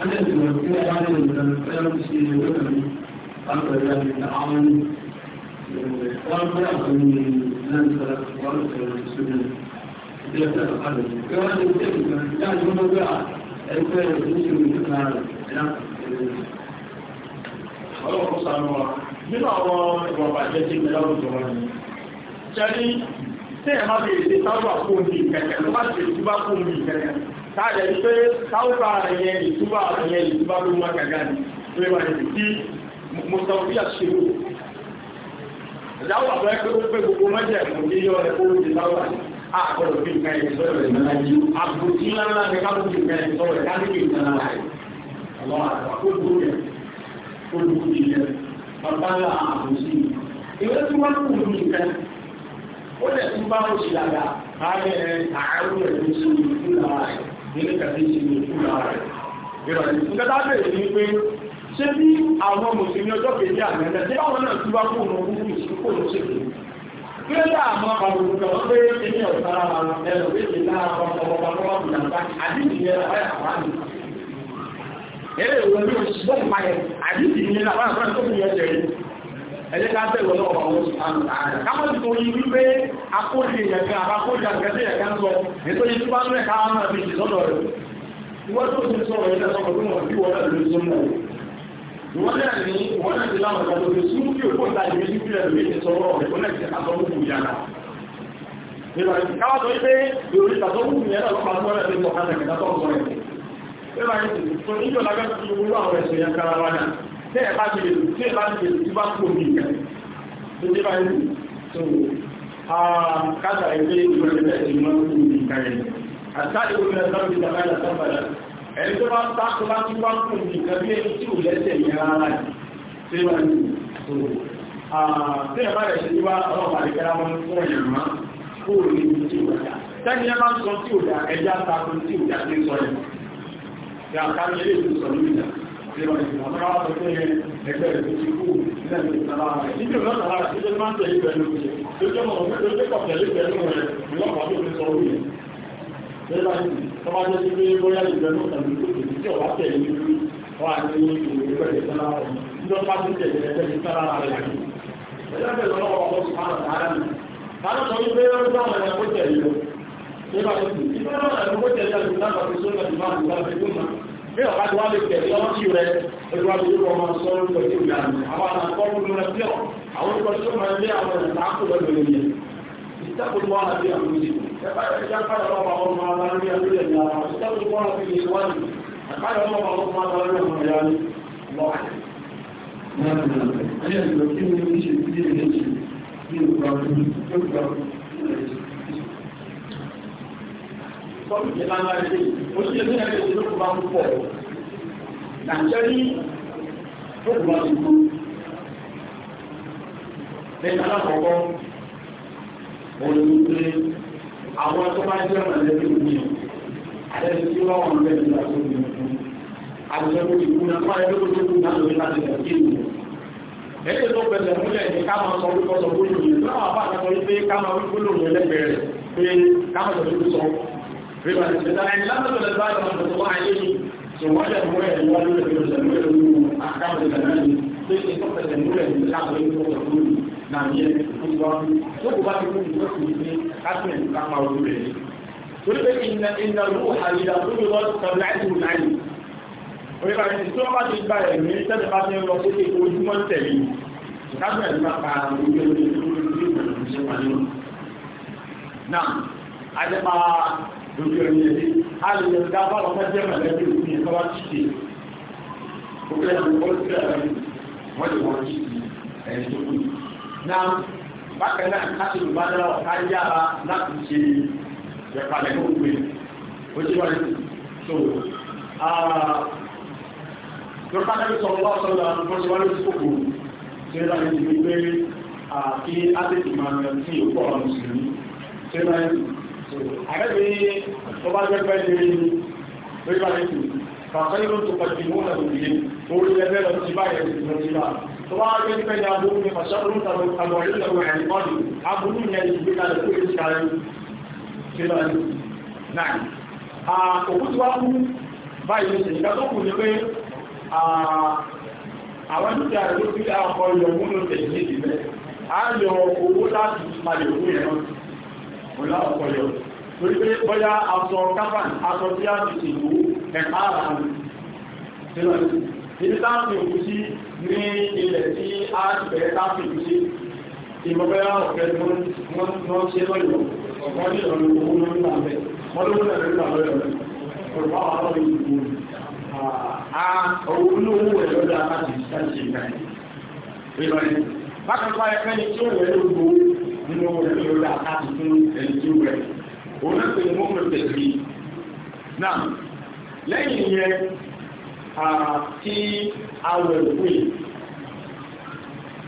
أنا أقول لك أنا أقول لك أنا أقول لك أنا أقول لك وأرجع من ننسى وأرجع من السنة جلسة القدر كمان يمكن كان هو بقى الكل يمكن من كمان Ọlọ́pọ̀ sàánú wa, nínú àwọn ìwọ̀n bàjẹ́ tí ìgbẹ̀lẹ́ ọdún wọn ni. Ṣé ní tí ẹ̀má lè ṣe táwà kó ní ìkẹ̀kẹ̀ ló bá ṣe ìtúbá kó ní ìkẹ̀kẹ̀. Káàdẹ̀ ní pé táwà rẹ̀ yẹn ìtúbà rẹ̀ yẹn ìtúbá ló mú akàgá ni. Ṣé wà ní tí mo sọ bí àṣírò ìyàwó àbọ̀ ẹgbẹ́ ó pé gbogbo mọ́jẹ̀ mú níyọ́ ẹ̀kọ́ òjì láwà àkọlù bí nǹkan ẹ̀yìn sọ́rọ̀ rẹ̀ náà yìí àbùtí ńláńlá ní káàkiri bí nǹkan ẹ̀yìn sọ́rọ̀ rẹ̀ káàkiri nǹkan ńlá rẹ̀ ọlọ́run àgbà tó dúró yẹn tó dúró yẹn ọ̀tá ńlá ní nǹkan ṣé bí àwọn mùsùlùmí ọjọ́ kejì àmẹ́lẹ̀ tí àwọn náà ti wá fún òun kúrú kò ní ṣètò kí ló dá àwọn àwòrán kan wọ́n pé ẹni ọ̀sára wa ẹ̀rọ méje lára wọn ọmọ ọmọ ọmọ ọmọ ìjàmbá àdìsí yẹn làwọn àwọn àmì eré ìwé ní oṣù tó ń payẹ àdìsí yẹn làwọn àwọn àmì tó ń yẹ jẹrẹ ẹ̀jẹ̀ ká bẹ̀rẹ̀ wọn lọ́wọ́ àwọn oṣù àmì àárẹ̀ káwọn ti tóyí wípé akóde yẹn kan àbákóde àgbẹ̀dẹ̀ yẹn kan sọ nítorí tí wọ́n mẹ́ka wọn náà fi ìsọ̀rọ̀ rẹ̀ wọ́n tó ti sọ̀rọ̀ yẹn lọ́wọ́ wọ́n náà ní wọ́n náà ti láwọn ọ̀gá lóde sún kí òkú ìta ìwé ní fílẹ̀ lóde ti sọ̀rọ̀ ọ̀rẹ́ wọ́n náà ti àtọ́ mú ìyá náà. nígbà tí káwọn sọ pé ìròyìn ìtàtọ́ mú ìyá náà lọ́pàá tó wọ́n náà ti mọ̀ ká tẹ̀kẹ́ tọ́ sọ ẹ̀. nígbà tí sọ níjọ lábẹ́ tó ti wúlò àwọn ẹ̀sẹ̀ yẹn kára wa náà tẹ́ ẹ̀ bá ti lè tẹ́ ẹ̀ bá ti lè tí bá kú omi ìkẹ́ ẹni tó bá ń bá tó bá tí wọ́n kò ní nǹkan bí ẹni tí ò lẹ́sẹ̀ yẹn rárá yìí tí wọ́n ní so ah, tí ẹ bá rẹ̀ ṣe wá ọlọ́pàá àríkẹ́lá wọn fún ẹ̀yìn mọ́ kó o ní tí ò dá tẹ́ni ẹ bá ń sọ tí ò dá ẹja ta ko tí ò dá sí sọ yìí tí a ká ní ilé ìwòsàn ní ìjà tí wọ́n ti wọ́n bá sọ pé ẹgbẹ́ rẹ̀ tó ti kú nígbà tó ti sábà rẹ̀ níbi ìwọ́n sábà rẹ̀ tó ti máa ń tẹ̀lé pẹ̀lú rẹ̀ tó jẹ́ mọ̀ lẹ́gbàá ní tọ́wájọ́ sí pé bóyá ìgbẹ̀rún tàbí tó kèsì tí ọ̀wá tẹ̀lé ní orí wà ní ìwé pẹ̀lẹ̀ sọ́lá ọ̀hún níjọ́ bá tún tẹ̀lé ẹgbẹ́ ní sára rẹ̀ yàtọ̀. ẹgbẹ́ pẹ̀lú ọlọ́wọ́ ọkọ̀ sí máa tà á nì. tààrà sọ wípé ó dá ọ̀rẹ́ ẹ̀kọ́ tẹ̀lé lọ. lẹ́gbàá tó kù ìgbẹ́ ọ̀rẹ́ ẹ̀kọ́ tẹ̀lé àti náà pàtó sọ́lá ti máa lùwà fi gbọ́n bí ọ̀gá tí wá lè tẹ̀lé ọlọ́tí rẹ̀ ẹgbẹ́ tó yóò máa sọ lórúkọ ìlú ìlànà àwọn àkọ́kọ́ lórí ọ̀rẹ́ tí ọ̀ àwọn olùkọ́ tí ó máa ń lé àwọn ẹ̀ka kò lọ́dọ̀ lórí ẹ̀ اتقوا الله في أنفسكم فقد قال الله بعضهم هذا لم يقل إلا اتقوا الله في إخوانكم فقال الله بعضهم هذا لم يقل إلا الله أعلم Nàìjíríà tó bá ń pọ̀. Lẹ́yìn alákọ̀ọ́kọ́, òní àwọn tó bá jẹ́ mọ̀lẹ́bí mi àtẹ́sí tí wọ́n wọ́n bẹ̀rẹ̀ nígbà tó ní ìlú àjẹ́kù ìlú náà wọ́n ẹgbẹ́ tó kú náà lórí láti lẹ̀ kí ìlú. ẹgbẹ́ tó bẹ̀rẹ̀ múlẹ̀ ní ká sọ wípé sọ gbólò yìí náà bá sọ wípé ká máa wípé lò ní ẹlẹ́gbẹ̀rẹ̀ pé ká sọ wípé sọ rírà ní ìgbésà ẹni lásìkò lè náà yẹ ìgbà tó kò bá ti kú ìgbà tó ní káfíẹ̀ ní kápá ojú rẹ̀ ní. torí pé ìnà ìnà ló wà ìlà tó lè lọ́dún tàbí láti wù náà yìí. orí bá ti tó bá ti gba ẹ̀ ní sẹ́ni bá ti ń lọ sókè ojúmọ́ tẹ̀lé káfíẹ̀ ní kápá ojú rẹ̀ ní lójú ẹni ẹni a lè lè dá bá ọmọ jẹ́ mẹ̀lẹ́bí òfin ẹ̀kọ́ wá títì ó kẹ́lẹ̀ ọmọ ìgbẹ́ ẹ̀rọ wọ́n lè wọ́n títì ẹni tó kù náà bákan náà káṣí ìbádọ́rọ̀ ká yára láti ṣe ìyẹ̀pàlẹ̀ tó gbé ó ti wáyé ah, tó lọ́pàá tẹ́lẹ̀ sọ̀rọ̀ wá sọ̀rọ̀ àwọn ṣe wáyé tó kò ṣe é láyé ti gbé àti ádẹ́tì máa rẹ̀ sí òkú ọ̀rọ̀ mùsùlùmí ṣe láyé àrẹ́bìnrin tó bá jẹ́ pẹ́ lè rí wáyé tó kàṣẹ́ ìlú tó pàtàkì mú ọ̀rọ̀ òbí orí ẹgbẹ́ lọ sí báyẹ̀ lọ sí báyẹ̀ سواء يجب أن يعدون فشر تبعون له عن قلبي عبدون يجب أن يكون شعر كبير نعم òkútu wá fún báyìí ṣe ìgbà tó kù ní pé àwọn tó tẹ́ àrẹ́lú sí àwọn ọmọ ìlú tẹ̀lé ìbẹ̀ a yọ owó láti palẹ̀ òkú ẹ̀rọ ọ̀lá ọ̀pọ̀lọ̀ torí pé bọ́yá aṣọ kápán aṣọ tí a ti ṣèlú ẹ̀ká àrà ibi táàpì òkú sí ní ilẹ̀ tí a ti bẹ̀rẹ̀ táàpì òkú sí ìmọ̀bẹ́rẹ́ ọ̀fẹ́ wọ́n ṣe lọ́yọ̀ wọ́n ní ọ̀rọ̀ owó lórí àbẹ̀ wọ́n ló múlẹ̀ lórí àbẹ̀ rẹ̀ ọ̀rọ̀ àwọn ọ̀rọ̀ ìgbò owó lówó ẹ̀ lọ́dọ̀ aláti ṣáṣe ìgbàlẹ̀ ìlọrin bákan bá ẹgbẹ́ ni tí ó rẹ̀ lógbó nínú rẹ̀ lọ́dọ̀ aláti fún ẹni tí ó rẹ̀ òun náà pè ní mọ́mọ́ tí awẹ̀ òkú yìí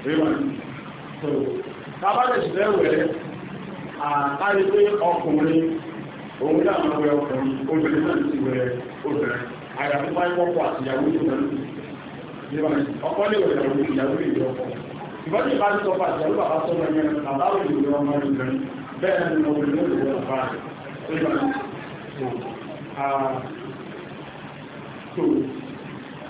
ríwọ̀n tó tábàlẹ̀ ìfẹ́wẹ̀ àtàrí pé ọkùnrin òun náà máa wẹ ọkùnrin obìnrin náà ti wẹ obìnrin àyàfi wáyé pọ́pọ̀ àtìyàwó tó náà ríwọ̀n ọkọ lè wẹ̀ ìyàwó ìyàwó ìlú ọkọ ìbọn ìbá ń sọ fún àtìyàwó bàbá tó lọ yẹn bàbá òjò ìlú ọmọ ìbìnrin bẹ́ẹ̀ ni obìnrin ó lè wẹ̀ ọ̀fà rẹ̀ ríwọ̀n tó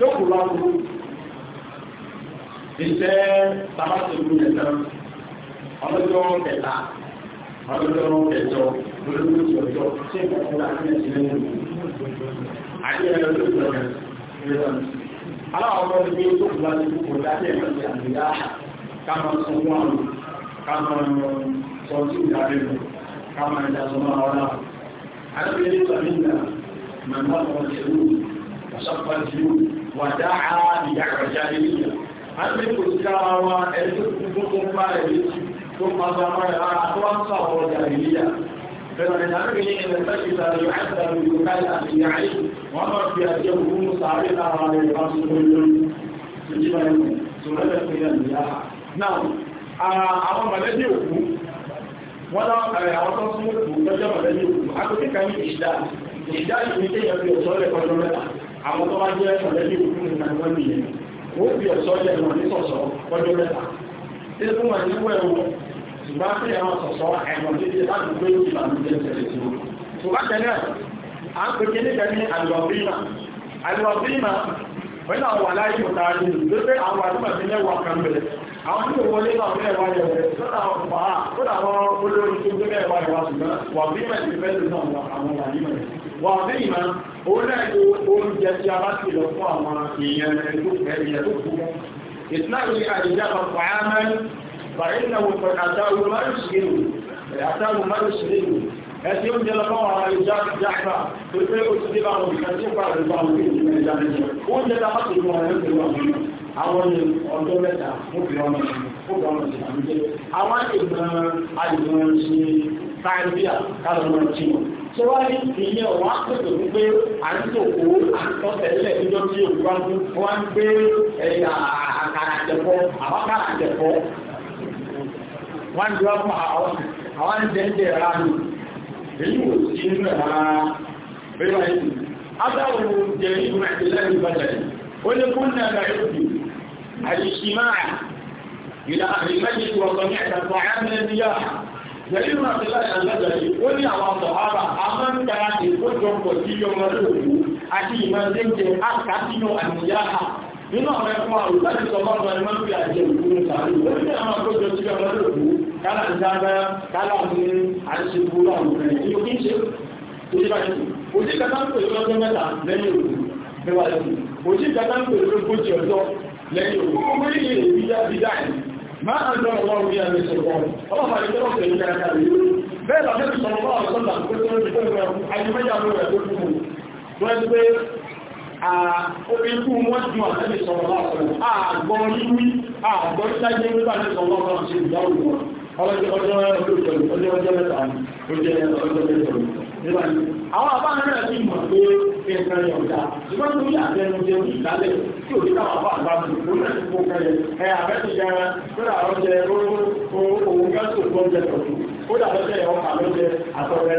tó kù wá kú iṣẹ́ tabasolu ẹ̀sẹ̀ ọlọ́jọ́ kẹta ọlọ́jọ́ kẹjọ olóòtú ọjọ́ tí ìgbàgbọ́ láti ẹ̀sìn lẹ́nu àti ẹ̀rọ tó kù ọ̀rẹ́ aláwọ̀ tó sí وشق الجيوب ودعا بدعوى جاهلية هل يكون كاوى يكون مالك ثم ضمر أتوقع وجاهلية فمن أمر إن الفجر يعذب بكاء في عليه وما في أجره صارنا على الرأس كل سجن سورة القيامة نعم àwọn mọ̀lẹ́bí òkú wọ́n láwọn àwọn tó súnmọ́ òkú lọ́jọ́ mọ̀lẹ́bí òkú akókè kan ní ìṣdá ìṣdá ìpínlẹ̀ ìyàbí ọ̀sọ́lẹ̀ kọjọ́ mẹ́ta àwọn tó bá jẹ́ ọ̀lẹ́bí òkú nìkan ni wọ́n nìyẹn ó fi ọ̀sọ́ jẹ́ ìwọ̀n ní sọ̀sọ̀ lọ́jọ́ mẹ́ta tí ó wà ní wẹ̀ wọn ṣùgbọ́n pé àwọn sọ̀sọ̀ ẹ̀wọ̀n tí ti láti gbé ìlànà jẹ́ ìṣẹ̀lẹ̀ tí ó ṣùgbọ́n tẹ́lẹ̀ à ń pèké níta ní àlùwàbímà àlùwàbímà pẹ̀lú àwọn wà láyé mọ̀ta ní ìlú pé àwọn àdúgbà ti lẹ́wọ̀ kan bẹ̀rẹ̀ àwọn tí kò wọlé náà fẹ́ wá yẹ̀ wẹ̀ tó olórin tó gbé mẹ́wàá yẹ̀ ṣùgbọ́n wà bímà ti fẹ́ náà àwọn wà wà níyìnbá òun náà ni oúnjẹ tí a bá ti lọ fún àwọn èèyàn ẹ̀dùn ẹ̀yẹ tó kú ìsìláàmù ní àdìjá kan pàámẹ́ bàyìí náà wò pẹ̀lú àtàwọn márùsìlélù àtàwọn márùsìlélù ẹ̀sì oúnjẹ lọ fún àwọn ìjà jáfà tó pé ó ti dé bá wọn ìgbà tí ó bá rẹ̀ bá wọn ní ìgbà ìjà méjì oúnjẹ tá a bá ti lọ àwọn ẹ̀rọ àwọn ọdún mẹ́ta mú fi ọmọ ìgbà mú fi ọmọ ìgbà méjì àwọn ìgbà àìgbọ̀n ṣe tàbíà kálọ̀mọ̀ tí wọ́n tó wá ní ìyẹn wọ́n á pèsè wípé à ń tòkó àtọ́tẹ̀lẹ̀ níjọ́ tí òkú wá ń wá ń gbé ẹ̀yà àkàrà àjẹ̀fọ́ àwákàrà àjẹ̀fọ́ wọ́n ń dúró fún àwọn jẹ́ǹdẹ̀ ẹ̀rá mi èyí ò sí inú ẹ̀rá bẹ́ẹ̀ wáyé adáwò jẹ́ inú ẹ̀dẹ́lẹ́ ìbàdàn ó ní kún náà Jẹ̀lú náà ti láti àlọ́jọ́ yìí, ó ní àwọn sọ̀hábà, a máa ń ta ìkójọpọ̀ sí ọmọ lóòrùn àti ìmọ̀lẹ́jẹ àkàtìyọ àmìyáha. Nínú àwọn ẹ̀kọ́ àrùn láti sọ bá ọmọ ẹ̀mọ́ fi àjẹ òkú ní sàárì. Ó ní àwọn àkójọ sí ọmọ lóòrùn, kálà ń dáná, kálà ń ní àṣìkú láwùjọ rẹ̀. Ìlú kí ń ṣe? Òṣìṣẹ́ kátà ń pè lọ́jọ́ mẹ́ta lẹ́yìn òkú. Òṣìṣẹ́ kátà ń pè lọ́jọ́ máa ń lọ ọlọ́run bí ẹni sọ̀rọ̀ ọlọ́run àti ìjọba ìjọba ìjọba ìjọba ìlú bẹ́ẹ̀ lọ sí sọ̀rọ̀ ọlọ́run sọ́nà pé tó ń pè rẹ̀ ayélujára ló rẹ̀ tó kú mu wọ́n ti pé oríkú wọ́n ju àtẹ́lẹ̀ sọ̀rọ̀ láàrín àgbọ̀n yíwí àgbọ̀n ìtajé nípa ní sọ̀rọ̀ láàrín sí ìdáwò wọn ọlọ́jọ́ ọjọ́ ọjọ́ àwọn àbá náà ti mọ̀ pé ẹ̀kan yọ̀ ọ̀dà ṣùgbọ́n tó yà lẹ́nu jẹ́ ìdálẹ̀ tí ò ní káwọn àbá àbá mi kò náà ti kó kẹlẹ̀ ẹ àbẹ́ ti jẹ kódà ọjẹ òun gẹ́sù tó jẹ tọ̀tù kódà ọjẹ ọkà lọ́jẹ àtọ̀rẹ̀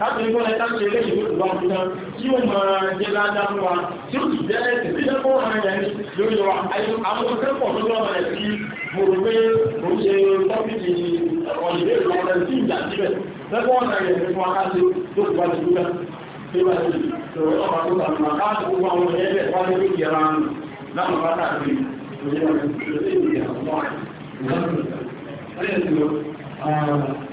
láti ní bọ́lá ìtàkì eléyìí ló ti bá tí ó máa jẹ́ dáadáa fún wa tí ó sì jẹ́ ẹ̀sìn tí ó kọ́ ara rẹ̀ lórí wa àwọn akẹ́kọ̀ọ́ tó lọ́wọ́ rẹ̀ sí gbòòrò pé kò ń ṣe sí ìjà síbẹ̀ lẹ́kọ̀ọ́ ọ̀nà rẹ̀ fún wa káṣe tó ti bá ti tí wọ́n ti sọ̀rọ̀ àwọn ẹ̀ẹ́dẹ̀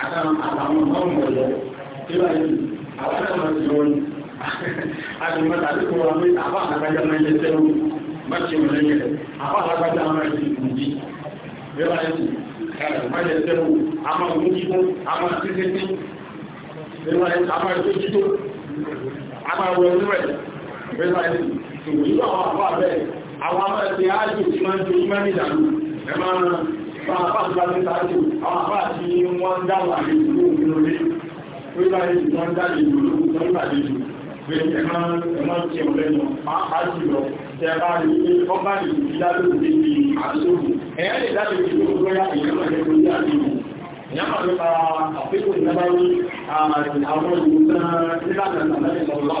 àtàwọn ọmọ ọ̀yọ́ tí wà ní àwọn ọmọ ti wọ́n àdìmọ́ tàbí kò wọ́n pé àbá àlágbájá máa ń yẹ sẹ́wọ́n má ṣe wọ́n lẹ́yìn rẹ̀ àbá àlágbájá máa ti kù jí bí wà ní ẹ̀ẹ́dẹ̀ sẹ́wọ́n a máa mú kíkó a máa ti ṣe sí bí wà ní a ń àwọn àpá àti láti sáájú àwọn àpá àti wọ́n ń dáwà ní ìlú òmìnira lé wíwá ìlú wọ́n ń dá ìlú wọ́n ń gbàlejò pé ẹ̀mọ́ ti ọ̀ lẹ́nu pàápàá jùlọ tẹ bá rí pé wọ́n bá lè fi lálóòrùn níbi àṣòwò ẹ̀yà lè láti fi tó gbọ́ yá ìyẹn máa lẹ́nu ní àṣòwò ìyẹn máa lè fa àfikún ìdábáwí àwọn ìlú náà nílànà àlẹ́ ìlọ́lọ́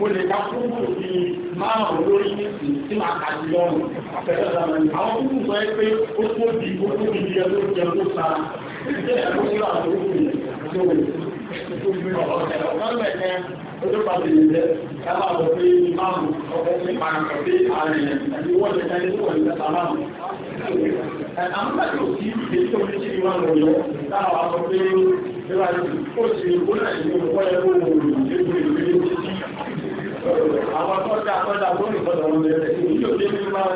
mo lè ka kúrú bí márùn lórí nísìn tí màá kà sí lọ́rùn pẹ̀lú àwọn kúrú sọ pé ó tó di ó tó di ẹ jẹ ló sa ṣé ẹ ló wúlò àwọn olóògùn ló wò ó fi ọ̀rọ̀ ọ̀rọ̀ ojú pàṣẹ yìí jẹ yàrá pé márùn ọ̀pọ̀ ní pàǹkà pé ààrẹ àti wọ́n lè tẹ́lẹ̀ tó wọ̀ ní tẹ́ta márùn. àwọn bá yóò àwọn tọ́jà tọ́jà ló ní ìfọ́dọ̀ wọn bẹ̀rẹ̀ sí ìlú òjé ní máa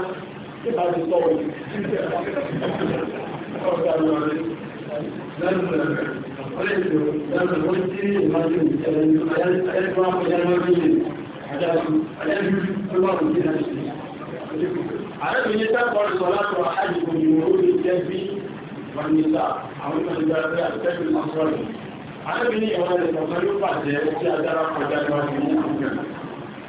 ń bá ti sọ òun ọ̀gá lọ rí lẹ́nu ọ̀rẹ́ ìlú lẹ́nu ó tí ìmájú ẹ̀ẹ́dẹ́gbọ́n àpẹẹrẹ lórí àjájú àjájú tó wà ní ìlú àrẹ́bìn ní tẹ́kọ̀ọ́rì sọ láti wà ájì kò ní oró lè jẹ́ bí wọn ní sá àwọn ìgbàlódé àti tẹ́kọ̀ọ́rì máa sọ̀rọ̀ àrẹ́bìn ní ìwọ̀n ẹ̀sọ̀ pẹ̀lú pàṣẹ tí a dára kọjá lọ́wọ́ ní àwọn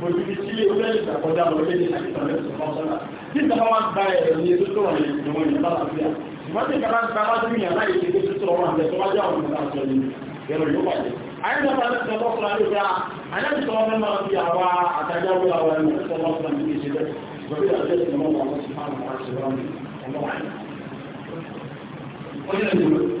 Òjúbi tí ilé orílẹ̀ ìgbàkọjá lọ́lẹ́ ní àìsànlẹ̀ ìsọ̀fọ́sọ́lá. Tí ìjọba wá ń gba ẹ̀rẹ̀ ní ètò tó wà ní ìjọba ìjọba àfíà. Ìmọ́ tí ìjọba ń gba wájú ìyàn láì ṣe tó tó wà ní ẹ̀tọ́ wájú àwọn ìjọba àjọ ni ẹ̀rọ yóò bàjẹ́. Àìsànlẹ̀ ìsọ̀fọ́sọ́lá ló dá, àìsànlẹ̀ ìsọ̀fọ́sọ́lá fi àwa àtàjáwó àwọn ìsọ̀fọ́sọ́lá ní ìṣẹ́lẹ̀. Gbogbo ìjọba ìjọba àwọn ìsọ̀fọ́sọ́lá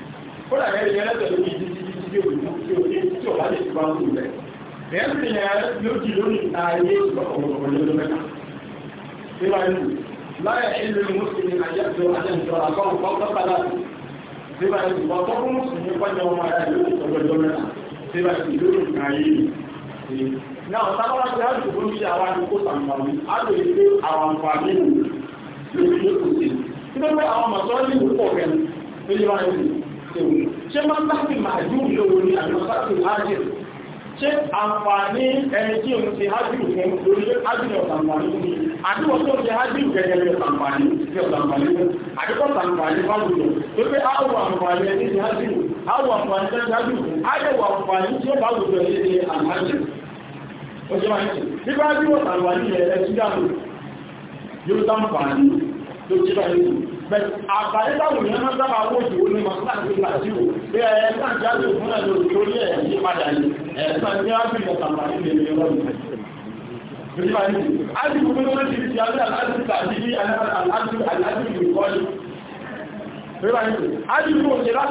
kódà rẹ̀ yẹn lẹ́tọ̀ lórí ìdí títí tí ó ní tí ó ní tí ó bá lè ti bá ń lulẹ̀ rẹ̀ ń sìn yẹn lójì lórí ìta ayé ìgbọ̀kọ̀gbọ̀kọ̀ lọ́dún mẹ́ta nígbà yìí láyà ìlú mùsùlùmí àjẹjọ àjẹjọ àkọ́wọ́ kọ́kọ́kọ́lá nígbà yìí wọ́n tọ́kú mùsùlùmí pọ́njọ́ ọmọ ayé lórí ìtọ́jọ́ mẹ́ta nígbà yìí lórí ìta ayé yìí náà sábà ti á dùn lórí àwọn àdúgbò sàmùmàmù á lè gbé àwọn àǹfààní lórí lókùnrin nígbà àwọn mọ̀sọ́lì tèwò ṣé mọ́sáàtì màájú lòwò ní àlọ́sáàtì ájì ṣé àǹfààní ẹni tí òun ti ájì fún orílẹ̀ ájì ní ọ̀sàǹfààní ní àdúgbò tó ti ájì gẹ́gẹ́ bí ọ̀sàǹfààní ní ọ̀sàǹfààní ní àdúgbò ọ̀sàǹfààní bá lùlọ tó pé áwọ̀ àǹfààní ẹni ti ájì áwọ̀ àǹfààní tó ti ájì fún ájẹ̀wọ̀ àǹfààní tí ó bá lùlọ ní ti àǹfààní àgbàdé táwọn èèyàn máa dábàá owó ìwò ní mọ̀sánàtì làtíwò bí ẹ̀ẹ́ sáàjáde òfúnlẹ̀ lórí lórí ẹ̀ yí ní ẹ̀ẹ́sàájá bí mọ̀sánàtì lè lè rọ́rùn Àjíjú òṣèré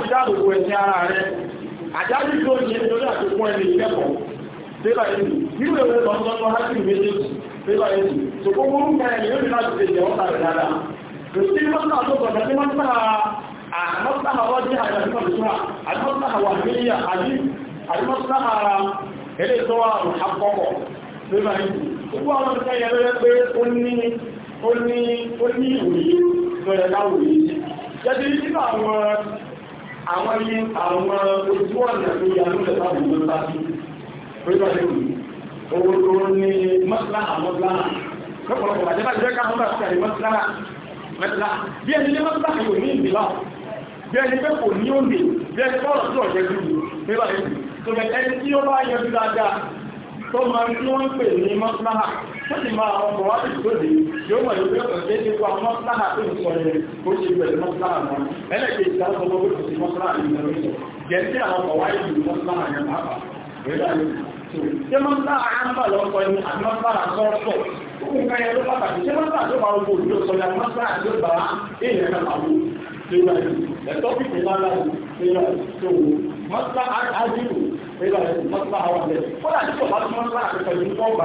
يصير مصنع الأخرى لكن مصنع المصنع الراجحة إلى المرجوع المصنع الوهمية عزيز المصنع إلى سواء محققة بما gbogbo àwọn ọ̀sán yẹn lọ́yẹ́ pé ó ní ó ní ó ní ìwòye lọ́yẹ́ láwòye jẹ́bi nínú àwọn àwọn ilé àwọn ojú ọ̀nà tó yà lóòlẹ̀ láwòye ló bá sí pẹ̀lú àdéhùn owó tó ní mọ́síláà mọ́síláà lọ́pọ̀lọpọ̀ àjẹ́bàjẹ́ káwọn bá sí àdé mọ́síláà mẹ́ta bí ẹni lé mẹ́ta yóò ní ìgbìlá bí ẹni pé kò ní òní bí ẹni tọ́rọ̀ tí ọ̀jẹ́ i nígbà yìí tó bẹ ẹni tí ó bá yẹ bí dáadáa tó máa ń tí wọ́n ń pè ní mọ́síláhà tó sì máa ọkọ̀ wá sí tó dé yóò mọ̀ lórí ọ̀sẹ̀ tó ti wá mọ́síláhà tó ń sọ yẹn ó ṣe pẹ̀lú mọ́síláhà mọ́ ẹlẹ́gbẹ̀ẹ́ ìdájọ́ lọ́wọ́ tó ti mọ́síláhà yẹn ṣé máa ń bá àánbà lọ́kọ̀ ẹni àti máa ń bá àtọ́ pọ̀ òun kan yẹn ló pàtàkì ṣé máa ń bá àtọ́ bá gbogbo òjò sọ̀rọ̀ àti máa ń bá àtọ́ bá èèyàn náà máa wù nígbà yìí ẹ̀tọ́ fìfì máa ń láyé nígbà àwọn ẹ̀ kọ́lá tí kò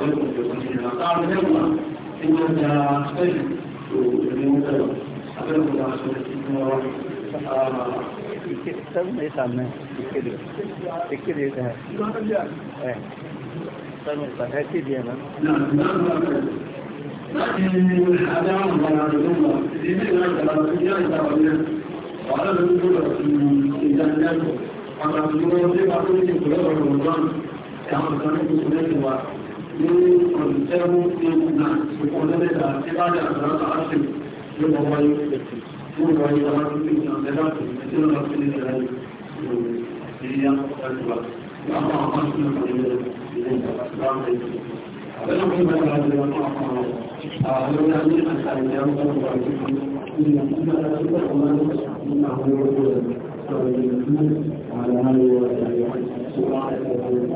wani kuma shi na ƙarar da yawa ina da sai to ne wata abin da ba su da cikin सब मेरे सामने इसके लिए इसके लिए है सब मेरे पास है चीज है ना और ní ọ̀dùnkẹ́rù ní ìgbà ìpọ̀lẹ́lẹ́dà tí bá jà àgbàrá àṣẹ yóò wọ́n wáyé fún ìwáyé wọn láti fi ìtàn ẹ̀dá tí ó lọ sí ní ìlà ìyá ẹ̀dùwà láwọn àwọn àṣẹ ìpọ̀lẹ́lẹ́dà ilé ìjọba Àwọn ọmọ ìgbà àti àwọn ọmọ àwọn ọmọ ní àṣàrí àwọn ọmọ àti ìgbà ìgbà àti àwọn ọmọ àwọn ọmọ ìgbà